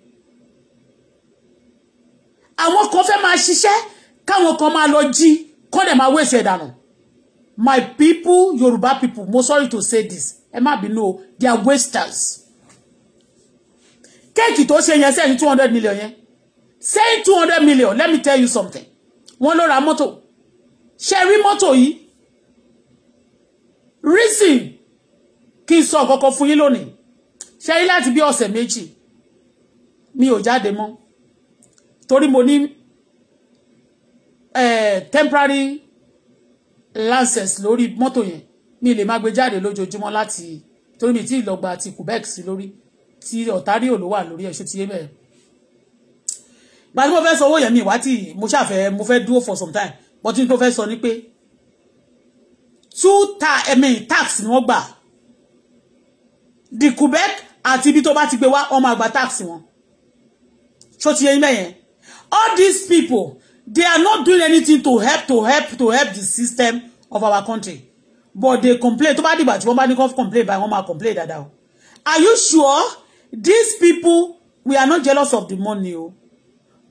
àwọn kan fẹ́ máa ṣiṣẹ́ káwọn kan máa lọ jí kọ́ dẹ̀ máa wéṣẹ̀ dànù my people Yorùbá people mo sorry to say this ẹ má bínú o they are wasters kéèkì tó ṣe yẹn sẹ́yìn two hundred million yẹn sẹ́yìn two hundred million let me tell you something wọ́n ló ra mọ́tò ṣe rí mọ́tò yìí reason kí n sọ kọ́kọ́ fún yín lónìí ṣe rí láti bí ọ̀sẹ̀ méjì mi ò jáde mọ́ torí mo ní Eh, temporary license lórí mọ́tò yẹn mi lè máa gbé jáde lójoojúmọ́ láti torí mi tí ìlọgba ti quebec sí lórí tí ontario ló wà lórí ẹ̀ṣọ́ ti yé bẹ́ẹ̀. ìgbà tí mo fẹ́ sọ owó yẹn mi wá tí mo ṣàfẹ́ mo fẹ́ dúró for some time but tí mo fẹ́ sọ ni pé two ta ẹ̀mí tax ni wọ́n gbà the quebec àti ibi tó bá ti gbé wá wọ́n máa gba tax wọn ṣó ti yín bẹ́ẹ̀ all these people They are not doing anything to help to help to help the system of our country. But they complain. Tó bá dìgbà tí wọ́n bá complain By wọ́n máa complain that o. Are you sure these people we are not jealous of the money o?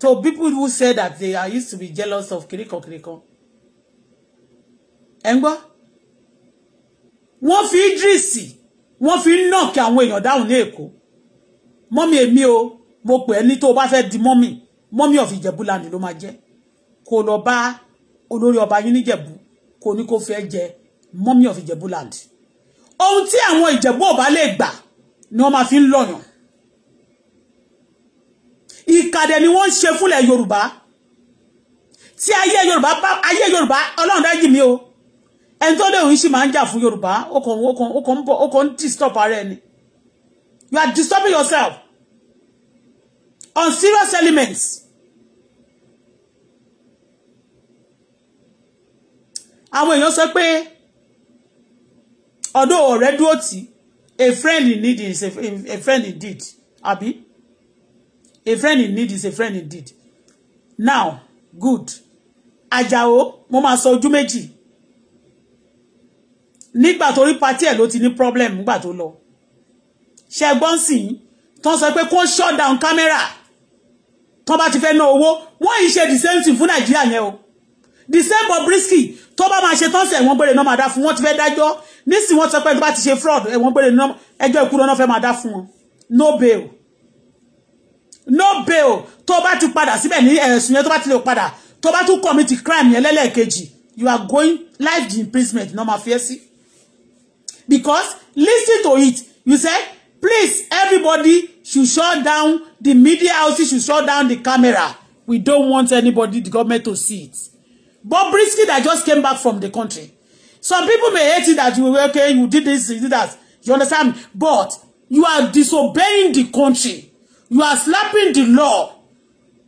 To people who say that they are used to be jealous of kiriko kiriko. Ẹ ń gbọ́? Wọ́n fi Idris wọ́n fi ń nọ̀kì àwọn èèyàn dáhùn ní Èkó. Mọ́mí èmi o, mo pè é ní tó o bá fẹ́ di mọ́mí. Mọ́mí of Ìjẹ̀bú Land ló máa jẹ́ kó lọ bá olórí ọba yín níjẹ̀bú kó ní kó fẹ́ jẹ mọ́mí of ìjẹ̀bú land ohun tí àwọn ìjẹ̀bú ọba lè gbà ni wọ́n máa fi ń lọ̀yàn ìkàdẹ̀ ni wọ́n ń ṣe fúnlẹ̀ yorùbá tí ayé yorùbá bá ayé yorùbá ọlọ́run dájì mí o ẹni tó léwu sì máa ń jà fún yorùbá ó kàn ń bọ̀ ó kàn ń disturb ara ẹni you are disturbing yourself on serious elements. àwọn èèyàn sọ pé ọ̀dọ̀ ọ̀rẹ́ dúró tì a friend in need is a, a friend indeed àbí a friend in need is a friend indeed now good àjàó mo máa sọ ojú méjì nígbà tó rí patí ẹ̀ ló ti ní problem nígbà tó lọ ṣe gbọ́n sì ń tán sọ pé kó shut down camera tán bá ti fẹ́ ná owó wọ́n yìí ṣe the same thing fún nàìjíríà yẹn o the same Bobrisky tó bá máa ṣe tán sí ẹ̀wọ̀n gbére náà máa dá fún wọn ti fẹ́ dájọ́ nísìnyí wọ́n sọ pé bá ti ṣe fraud ẹ̀wọ̀n gbére náà ẹjọ́ ìkú náà fẹ́ máa dá fún wọn no bail no bail tó bá ti padà síbẹ̀ ní ẹ̀sùn yẹn tó bá ti lè padà tó bá tún commit crime yẹn lẹ́lẹ́ẹ̀kejì you are going life imprisonment náà máa fi ẹ́ sí because listen to it you say please everybody should shut down the media houses should shut down the camera we don't want anybody the government to see it. Bobrisky that just came back from the country. Some people may hate it that you were okay, you did this, you did that. You understand But you are disobeying the country. You are slapping the law.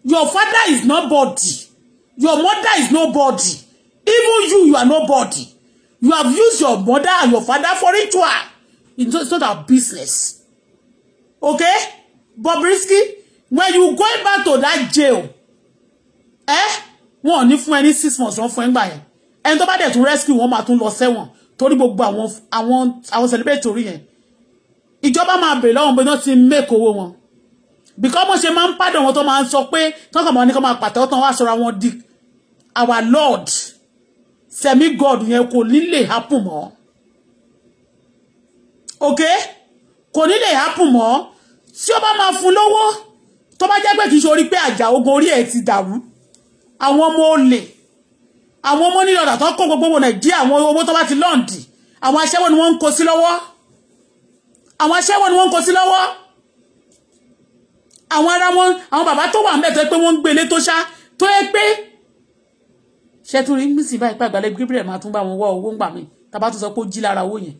Your father is nobody. Your mother is nobody. Even you, you are nobody. You have used your mother and your father for ritual. It's not our business. Okay? Bobrisky, when you going back to that jail, eh? wọn ò ní fún ẹ ní six months wọn fún ẹ ń gbà yẹn ẹni tó bá dẹ̀ tún rescue wọn máa tún lọ sẹ́wọ̀n torí gbogbo àwọn àwọn àwọn celebrate torí yẹn ìjọba máa bèrè lọ́wọ́ bí wọ́n ti make owó wọn because wọ́n ṣe máa ń pàdé wọn tó máa ń sọ pé tọ́kàn máa ní kó máa pàtẹ́wọ́ tán wá sọra wọn di our lord semi god yẹn kò ní lè happen mọ́ ok kò ní lè happen mọ́ tí ó bá máa fún lówó tó bá jẹ́ pé kì í ṣe orí pé àjà ogun orí ẹ̀ ti dàrú àwọn ọmọ olè àwọn ọmọ nílọ̀dà tó kó gbogbo nàìjíríà àwọn owó tó bá ti lọ́ǹdì àwọn aṣẹ́wó ni wọ́n ń kó sí lọ́wọ́ àwọn aṣẹ́wó ni wọ́n ń kó sí lọ́wọ́ àwọn ará wọn àwọn bàbá tó wà mẹ́tọ́ pé wọ́n ń gbélé tó ṣá tó yẹ pé ṣẹ́tù rí mísì báyìí pé àgbàlẹ̀ Gabriel máa tún bá wọn wọ owó ń gbà mí tàbá tó sọ pé ó jí lára owó yẹn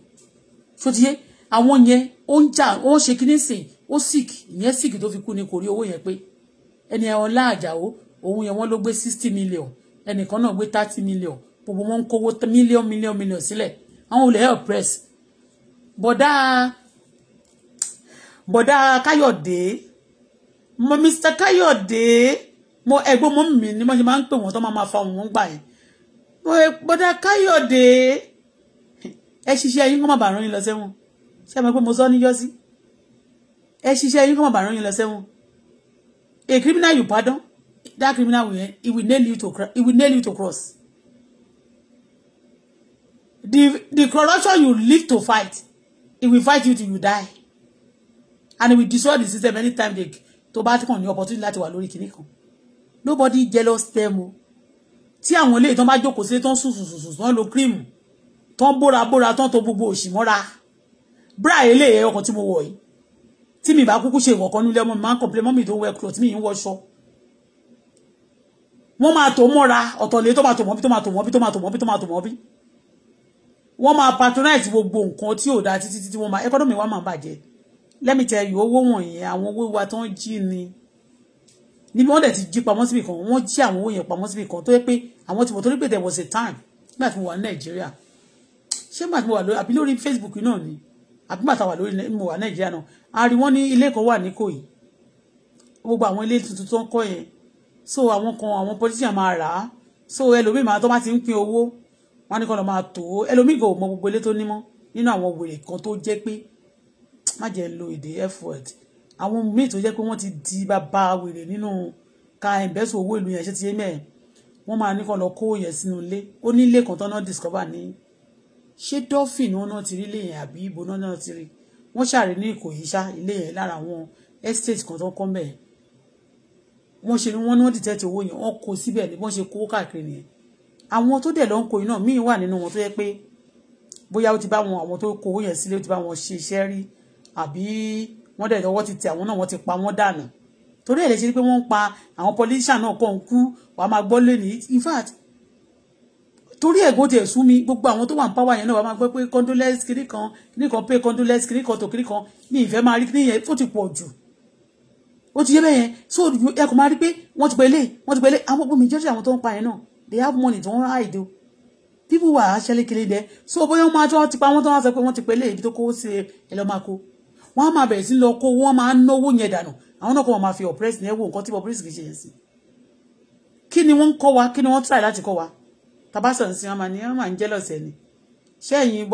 ṣòtìyẹ àwọn yẹn ó ń jà ó ń ṣe kíní sìn ó sìkì ìyẹn sìkì tó fi kú ni kò rí owó yẹn pé ẹni ẹ̀họ́n láàjà ó òun yẹn wọ́n ló gbé sixty million ẹnìkan náà gbé thirty million gbogbo wọn ń kówó million million million sílẹ̀ àwọn olè help press bọ̀dá bọ̀dá káyọ̀dé mo mr káyọ̀dé mo ẹ̀gbọ́n mo mi ni mo ṣe máa ń pè wọ́n tó máa ma fa òun gbà yẹn mo bọ̀dá káyọ̀dé ẹ ṣiṣẹ́ yín kó má bàa rán yín lọ sẹ́wọ̀n ṣé ẹ mọ̀ pé mo sọ níjọ́ sí ẹ ṣiṣẹ́ yín kó má bàa rán yín lọ sẹ́wọ̀n a criminal you pardon that criminal will it will nail you to it will nail you to cross the the corruption you live to fight it will fight you till you die and it will destroy the system anytime they to bá on ní opportunity láti wà lórí kìnìkan nobody jealous them o tí àwọn eléyìí tó bá jókòó sílé tó ń sùn sùn sùn tó ń lo cream tó ń bóra bóra tó ń to gbogbo òṣì mọ́ra bra eléyìí ọkọ̀ tí mo wọ̀ yìí tí mi bá kúkú ṣe ìwọ̀kan nílé ọmọ mi máa ń complain mọ́mì tó wear cloth mi ń wọṣọ wọ́n máa tò mọ́ra ọ̀tọ̀lẹ́ tó máa tò mọ́bí tó máa tò mọ́bí tó máa tò mọ́bí tó máa tò mọ́bí wọ́n máa patronize gbogbo nǹkan tí ò dáa títí tí wọ́n máa economy wa máa bàjẹ́ let me tell you owó wọ̀nyẹn àwọn owó wa tó ń jí ni níbi wọ́n dẹ̀ ti jí pamọ́ síbì kan wọ́n jí àwọn owó yẹn pamọ́ síbì kan tó yẹ pé àwọn tí mo torí pé there was a time nígbà tí mo wà ní nàìjíríà ṣé nígbà tí mo wà lórí àbí lórí facebook náà ni àbí nígbà tí mo wà lórí mo wà nàìjíríà náà a rí wọ́n ní ilé kan wà ní kòyí gbogbo àwọn ilé tuntun tó ń kọ́ yẹn so àwọn kan àwọn politician máa rà á so ẹlòmíì máa tó bá ti ń pín owó wọn ní kọ́ lọ́ máa tó ẹlòmíì kò mọ gbogbo ilé tó ní mọ́ nínú àwọn wèrè kan tó jẹ́ pé má jẹ́ lo èdè f word àwọn míì tó jẹ́ pé wọ́n ti di bàbá wèrè nínú ka invest owó ìlú yẹn ṣe ti yé mẹ́ẹ̀ wọ́n máa ní kọ́ lọ kó yẹn sínú ilé ó ní ilé kan tó náà discover ní ṣé dolphin wọn náà ti rí ilé yẹn àbí ibo náà náà ti rí wọ́n ṣàrí ní ìkòyí ilé yẹn lára àwọn estate kan tó kọ́ mẹ́ẹ̀ wọ́n ṣe ni wọ́n ní wọ́n dìtẹ́tì owó yẹn wọ́n kó síbẹ̀ ni wọ́n ṣe kó káàkiri nìyẹn àwọn tó dẹ̀ lọ ń kó iná míì wà nínú wọn tó yẹ pé bóyá ó ti bá wọn àwọn tó kó owó yẹn sílé ó ti bá wọn ṣe iṣẹ́ rí àbí wọ́n dẹ̀ lọ́wọ́ ti tẹ àwọn náà wọ́n ti pa wọ́n dànù torí ẹ̀ lè ṣe pé wọ́n ń pa àwọn politician náà kàn ń kú wàá máa gbọ́ lẹ́ni in fact torí ẹ̀gbọ́n tiẹ̀ sún mi gbogbo àwọn tó wà ń pàwọ̀ yẹn náà wà máa gbọ́ pé condolence kiri kan kiri kan pay condolence kiri kan tó kiri kan mi ìfẹ́ máa rí kiri yẹn ó ti pọ̀ jù ó ti yé bẹ́ẹ̀ yẹn so ẹ kò máa rí pé wọ́n ti pa eléyìí wọ́n ti pa eléyìí àwọn gbogbo majority àwọn tó ń pa yẹn náà they have money tó ń hide o people were actually killing them so bóyá wọ́n máa tí wọ́n ti pa wọ́n tó wá sọ pé wọ́n ti pa eléyìí ibi tó kówó sí ẹ lọ́ máa kó wọ́n á máa bẹ̀rẹ̀ sí lọ kó wọ́n máa ń náwó yẹn dànù àwọn náà kò máa fi oppress ní ẹ̀wọ̀ nǹkan tí oppress kì í ṣe yẹn sí kí ni wọ́n kọ́ wa kí ni wọ́n try láti kọ́ wa tabasan sí wọn máa ní wọn máa ń jealous ẹni ṣẹ́yìn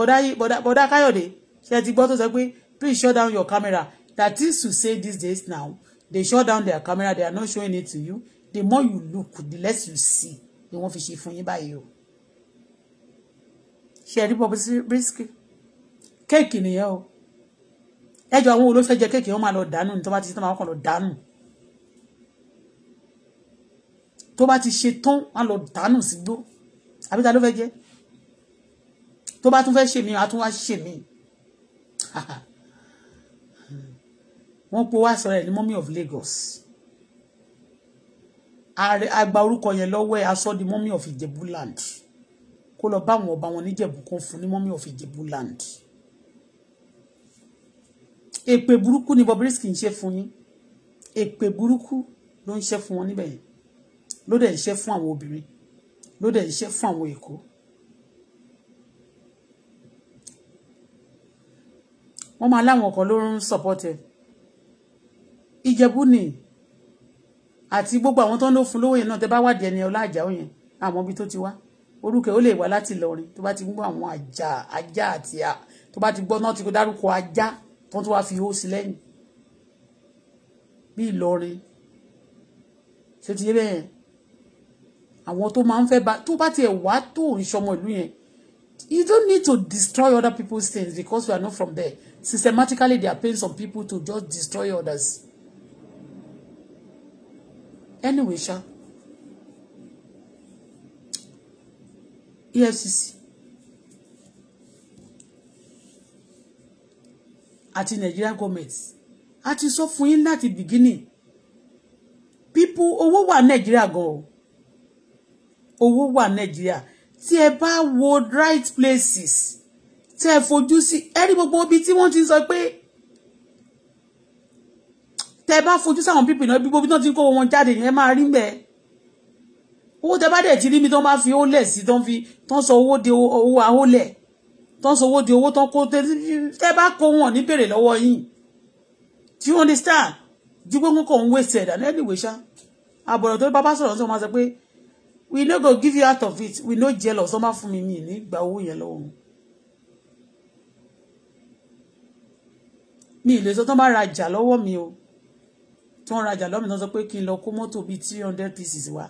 bọ́dá káyọ̀dé ṣe ti gbọ́ tó sọ pé please shut down your camera that is to say these days now they shut down their camera they are not showing it to you the more you look the less you see ni wọ́n fi ṣe fún yín báyìí o ṣe ẹ rí Bob Risky kéèkì nìyẹn o ẹjọ àwọn olóṣèlú jẹ kéèkì wọ́n máa lọ dànù ní tó bá ti ṣe tán máa kàn lọ dànù tó bá ti ṣe tán wọ́n lọ dànù sígbó àbí ta ló fẹ́ jẹ tó bá tún fẹ́ ṣe mí àtúnwá ṣe mí wọ́n pe wá sọ̀rọ̀ ẹ̀ ní mummy of Lagos àgbà orúkọ yẹn lọ́wọ́ ẹ̀ aṣọ di mummy of Ijebuland kó lọ bá àwọn ọba wọn níjẹ̀bú kan fún ní mummy of Ijebuland èpè burúkú ni Bobrisky ń ṣe fún yín èpè burúkú ló ń ṣe fún wọn níbẹ̀ yẹn ló dẹ̀ ń ṣe fún àwọn obìnrin ló dẹ̀ ń ṣe fún àwọn èkó. wọ́n máa láwọn kan ló ń sọ̀pọ̀tẹ̀ ìjẹ̀bú ni àti gbogbo àwọn tó ń lò fún lówó yẹn náà tẹ bá wádìí ẹni ọlá àjà òyìn àwọn ibi tó ti wá orúkẹ ó lè wá láti Ìlọrin tó bá ti gbọ́ àwọn àjà ajá àti à tó bá ti gbọ́ náà ti kó dárúkọ ajá tó tún wá fi hó sí lẹ́yìn bí Ìlọrin ṣe ti yé bẹ́ẹ̀ àwọn tó máa ń fẹ́ bá tó bá tiẹ̀ wá tó ìṣọmọ ìlú yẹn you don't need to destroy other people's things because we are not from there systematically they are paying some people to just destroy others anyway ṣá EFCC àti Nigeria goment a ti sọ fún yín láti beginning people owó wà Nigeria gan o owó wà Nigeria. tí ẹ bá wo right places tí ẹ fojú sí ẹ rí gbogbo ibi tí wọ́n ti sọ pé tẹ bá fojú sáwọn pípì náà bíbó bí tán ti ń kó wọn jáde yẹn máa rí mbẹ owó tẹ bá dẹ̀ ti rí mi tán bá fi owó lẹ̀ sí tán fi tán sọ owó di owó ahólẹ̀ tán sọ owó di owó tán kó tẹ bá kó wọn ní bèrè yìí do you understand ju pé wọn kò ń wéṣẹ̀ dà ní ẹnìwé ṣá àbọ̀rọ̀ tó bábá sọ̀rọ̀ sọ ma sọ pé we no go give you out of it we no jealous ọmọ fún mi mi nígbà owó yẹn lọ́wọ́ wọn. mi ì lè sọ tán bá ra jà lọ́wọ́ mi o tó ń rajà lọ́mìn náà sọ pé kí n lọ kó mọ́tò bíi three hundred pieces wá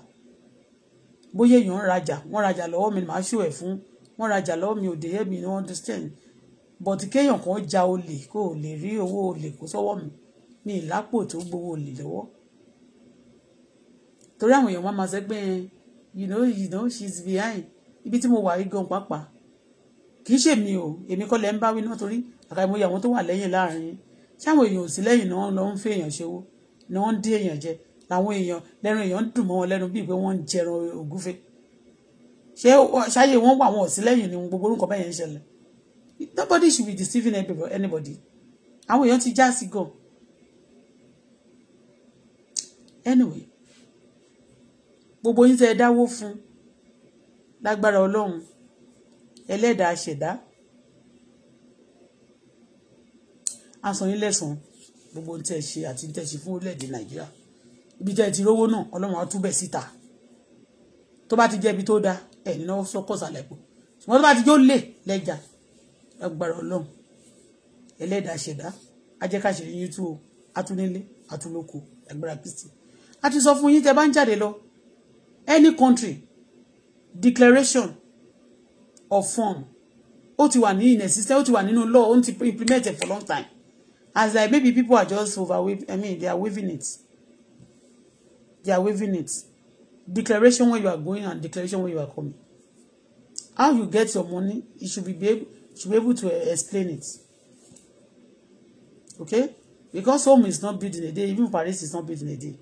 bóyá èèyàn ń rajà wọ́n rajà lọ́wọ́ mi màá ṣò ẹ̀ fún wọ́n rajà lọ́wọ́ mi ò dé no understand but kéèyàn kan ja olè kó o lè rí owó olè kó sọ́wọ́ mi ní ìlápò tó gbowó olè lọ́wọ́ torí àwọn èèyàn máa ma sọ you know you know she's behind ibi tí mo wà yí gan pàápàá kì í ṣèmi o èmi kọ́ lẹ́ ń bá wí náà torí àkàìmọye àwọn tó wà lẹ́yìn láàrin ṣáwọn èèyàn ò sí lẹ́yìn náà lọ́ ń fẹ́ èèyàn ṣòwò ni wọ́n ń dín èèyàn jẹ làwọn èèyàn lẹ́nu èèyàn ń dùn mọ́ wọn lẹ́nu bíi pé wọ́n ń jẹran ògúnfe ṣé ṣáyé wọn wà wọn ò sí ni gbogbo orúkọ bẹ́ẹ̀ ń ṣẹlẹ̀ nobody should be deceiving anybody àwọn èèyàn ti já sí gan anyway gbogbo yín tẹ́ ẹ dáwó fún lágbára Ọlọ́run ẹlẹ́dàá ṣẹ̀dá àsọyìn lẹ́sàn-án gbogbo tẹ́ ṣe àti tẹ́ ṣe fún orílẹ̀-èdè nàìjíríà ibi tẹ́ ti rówó náà ọlọ́run á túbẹ̀ síta tó bá ti jẹ́ ibi tó dáa ẹ̀ nínú sọ́kọ̀ sàlẹ̀kù ṣùgbọ́n tó bá ti jó lè lẹ́jà agbára ọlọ́run ẹlẹ́dàá ṣẹ̀dá ajẹ́kàṣe yín tú atúnilé atúnlóko agbára kristi a ti sọ fún yín tẹ́ bá ń jáde lọ any country declaration of form ó ti wà ní ìnẹ̀sísẹ́ ó ti wà nínú law ó ti implement it for long time as like maybe people are just over wave I mean they are waving it they are waving it declaration where you are going and declaration where you are coming how you get your money you should be able should be able to uh, explain it okay because home is not built in a day even Paris is not built in a day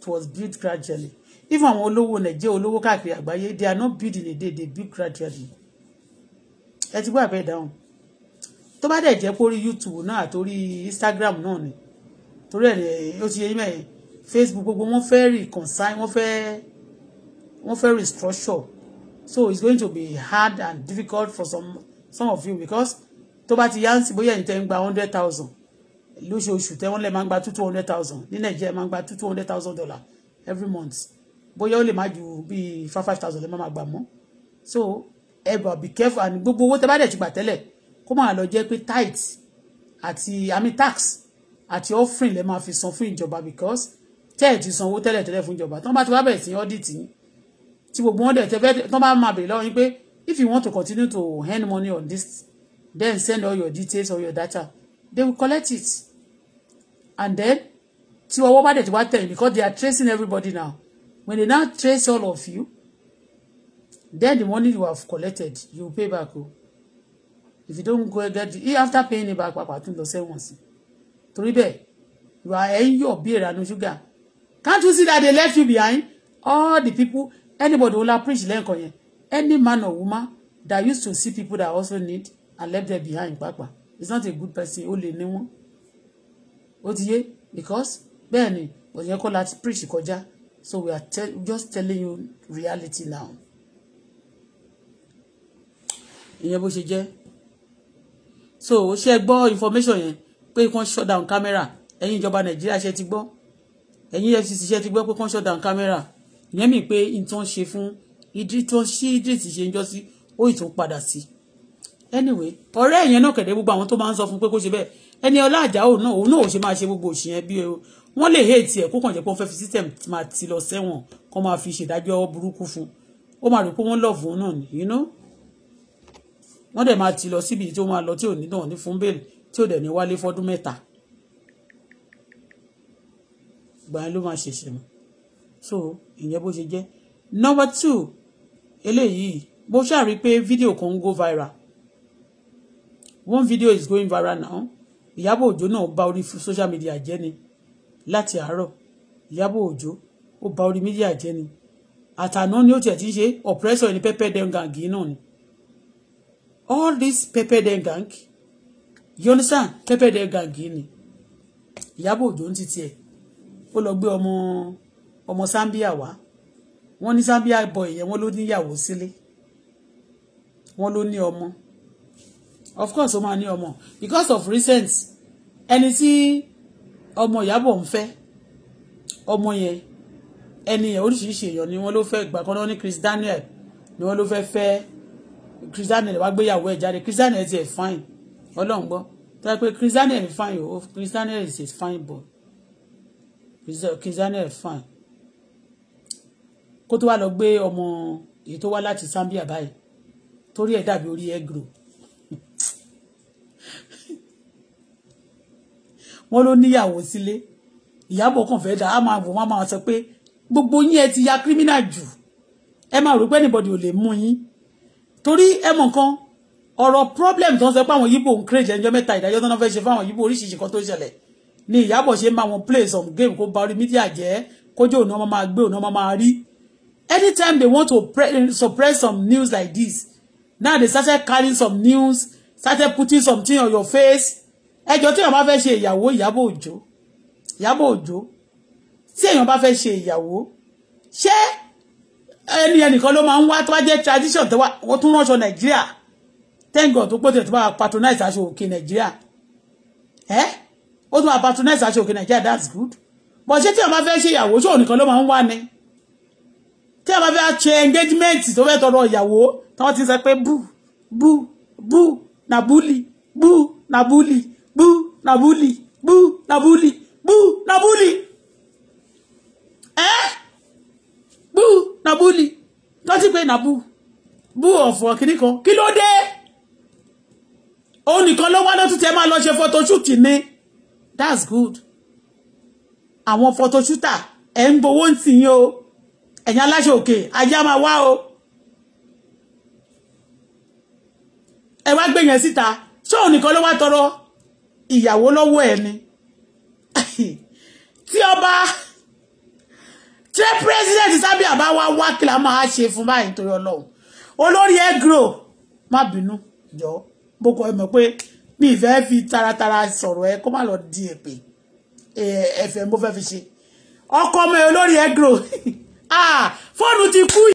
it was built gradually even àwọn olówó nàìjíríà olówó káàkiri àgbáyé they are not built in a day they build gradually ẹ ti gbọ́ àbẹ́ ìdáhùn tó bá dẹ̀ jẹ́ pórí YouTube náà àtórí Instagram náà ni torí ẹ̀ ó ti yẹ yín mẹ́rin Facebook gbogbo wọ́n fẹ́ reconcile wọ́n fẹ́ wọ́n fẹ́ restructure so it's going to be hard and difficult for some some of you because tó bá ti yá ń sì bóyá ẹ̀yin tẹ́ ń gba hundred thousand lóṣooṣù tẹ́ wọ́n lẹ̀ máa ń gba two two hundred thousand ní nàìjíríà máa ń gba two two hundred thousand dollar every month bóyá ó lè má ju bíi five five thousand lè má máa gbà mọ́ so ẹ bá be careful and gbogbo owó tẹ́ bá dẹ̀ ti gbà tẹ́lẹ̀ kó máa lọ jẹ́ pé tithe àti i tax àti offering lè máa fi san fún ìjọba because tẹ́ ẹ̀ ti sanwó tẹ́lẹ̀ tẹ́lẹ̀ fún ìjọba tí wọ́n bá ti wá bẹ̀rẹ̀ sí audit yín tí gbogbo wọn dẹ̀ tẹ́ fẹ́ tí wọ́n bá máa bèrè lọ́wọ́ yín pé if you want to continue to earn money on this then send all your details or your data they will collect it and then tí ọwọ́ bá dẹ̀ ti wá tẹ̀yìn because they are tracing everybody now when they now trace all of you then the money you have collected you pay back o. Oh if you don't go get the after paying ní back, pàpà tún lọ say sí torí bẹ́ẹ̀ you are ẹ̀yìn yọ̀ bí ìrànú sugar. can't you see that they left you behind all the people anybody who la preach lẹ́ǹkan yẹn any man or woman that used to see people that also need and left them behind pàpà it's not a good person ó lè ní wọn ó ti yé because bẹ́ẹ̀ ni òyìn kọ́ la preach kọjá so we are te just telling you reality now ìyẹn bó ṣe jẹ́ so ṣe gbọ́ information yẹn pé kán shut down camera ẹ̀yin ìjọba nàìjíríà ṣe ti gbọ́ ẹ̀yin efcc ṣe ti gbọ́ pé kán shut down camera ìyẹn mi pé ìtàn ṣe fún idris tó ṣí idris ṣe ń jọ sí ó ìtàn padà sí anyway ọ̀rẹ́ ẹ̀yẹn náà kẹ̀dẹ́ gbogbo àwọn tó máa ń sọ fún pé kó ṣe bẹ́ẹ̀ ẹni ọlá àjáò náà òun náà ò ṣe máa ṣe gbogbo òṣì yẹn bí wọ́n lè hate ẹ̀ kó kàn jẹ́ pé wọ́n fẹ́ fi system máa ti lọ sẹ́wọ̀n kó máa fi ṣèdájọ́ burúkú fún ó máa rò pé wọ́n love òun náà you know wọ́n dẹ̀ máa ti lọ síbi tí ó máa lọ tí ò ní náà ní fún bẹ́ẹ̀lì tí ò dẹ̀ ní wálé fọ́dún mẹ́ta gbà ló máa ṣẹ̀ṣẹ̀ mọ́ so ìyẹn bó ṣe jẹ́ number two eléyìí mo ṣàrí pé fídíò kan ń go viral one video is going viral now Ìyábọ̀ Òjó náà bà orí social media jẹ́ ni láti àárọ̀ Ìyábọ̀ Òjó ó bà orí media jẹ́ ni àtàná ni ó tiẹ̀ ti ṣe oppressor ẹni pẹ́pẹ́ dẹ́ngangi náà ni all this pepper den gang you understand pepper den gang yìí ni Ìyábọ̀ Òjó ń titi ẹ̀ ó lọ gbé ọmọ ọmọ Zambia wá wọ́n ní Zambia boy yẹn wọ́n ló níyàwó sílé wọ́n ló ní ọmọ of course ó máa ní ọmọ because of recent ẹni tí ọmọ Ìyábọ̀ ń fẹ́ ọmọ yẹn ẹni yẹn oríṣiríṣi èèyàn ni wọ́n ló fẹ́ ìgbà kan náà ní Chris Daniel ni wọ́n ló fẹ́ fẹ́ christian ẹ̀ wá gbéyàwó ẹ̀ jáde christian ẹ̀ ti ẹ̀ fine ọlọ́run gbọ́ tó yẹ pé christian ẹ̀ fine o christian ẹ̀ is a fine boy christian ẹ̀ fine kó tó wá lọ gbé ọmọ èyí tó wá láti Zambia báyìí torí ẹ̀ dàbí orí ẹ̀grò wọ́n ló níyàwó sílé ìyàbọ̀ kan fẹ́ẹ́ dà á máa wò wọ́n máa sọ pé gbogbo yín ẹ ti ya kírímínà jù ẹ máa rò pé anybody ò lè mú yín torí ẹ mọ̀ nǹkan ọ̀rọ̀ problem tó ń sọ pé àwọn yíbò ń create ẹjọ́ mẹ́ta ìdájọ́ tó ń fẹ́ ṣe fún àwọn yíbò oríṣiríṣi kan tó ṣẹlẹ̀ ni Ìyábọ̀ ṣe máa wọn play some game kó ba orí mídíà jẹ́ kójú òun ọmọ máa gbé òun ọmọ máa rí anytime they want to suppress some news like this now they started carrying some news started putting something on your face ẹjọ́ tí èèyàn bá fẹ́ ṣe ìyàwó Ìyábọ̀ Òjó Ìyábọ̀ Òjó tí èèyàn bá fẹ́ ṣe ìyàwó ṣé ẹni ẹnìkan ló máa ń wá tó bá jẹ́ tradition tó wá wọ́n tún ránṣọ nàìjíríà thank God tó pọ̀ tẹ̀ tó bá patronize aṣọ òkè nàìjíríà ẹ́ ó tún bá patronize aṣọ òkè nàìjíríà that's good But ṣé tí a bá fẹ́ ṣe ìyàwó ṣó nìkan ló máa ń wá ni tí a bá fẹ́ ṣe engagement tó fẹ́ tọrọ ìyàwó tí wọ́n ti sọ pé bú bú bú nàbúlì bú nàbúlì bú nàbúlì bú nàbúlì bú nàbúlì ẹ́ bú na búlì tó ti pé na bú bú ọ̀fọ̀ kìíní kan kí ló dé òun nìkan ló wá lọ́tún tẹ máa lọ ṣe photoshoot ni that's good àwọn photoshooter ẹ̀ ń gbowó ń tì yín o ẹ̀yin aláṣẹ òkè ajá máa wá o ẹ wá gbé yẹn síta ṣé òun nìkan ló wá tọrọ ìyàwó lọ́wọ́ ẹ̀ ni tí ọba tí president Sábíà bá wá wá kí la máa ṣe fún báyìí nítorí ọlọ́run olórí egro má bínú jọ mo kọ ẹ mọ̀ pé mi ì fẹ́ fi taratara sọ̀rọ̀ ẹ kó má lọ di èpè ẹ̀fẹ̀ mo fẹ́ fi ṣe ọkọ ọmọ ẹ olórí egro ah, fóònù ti kú.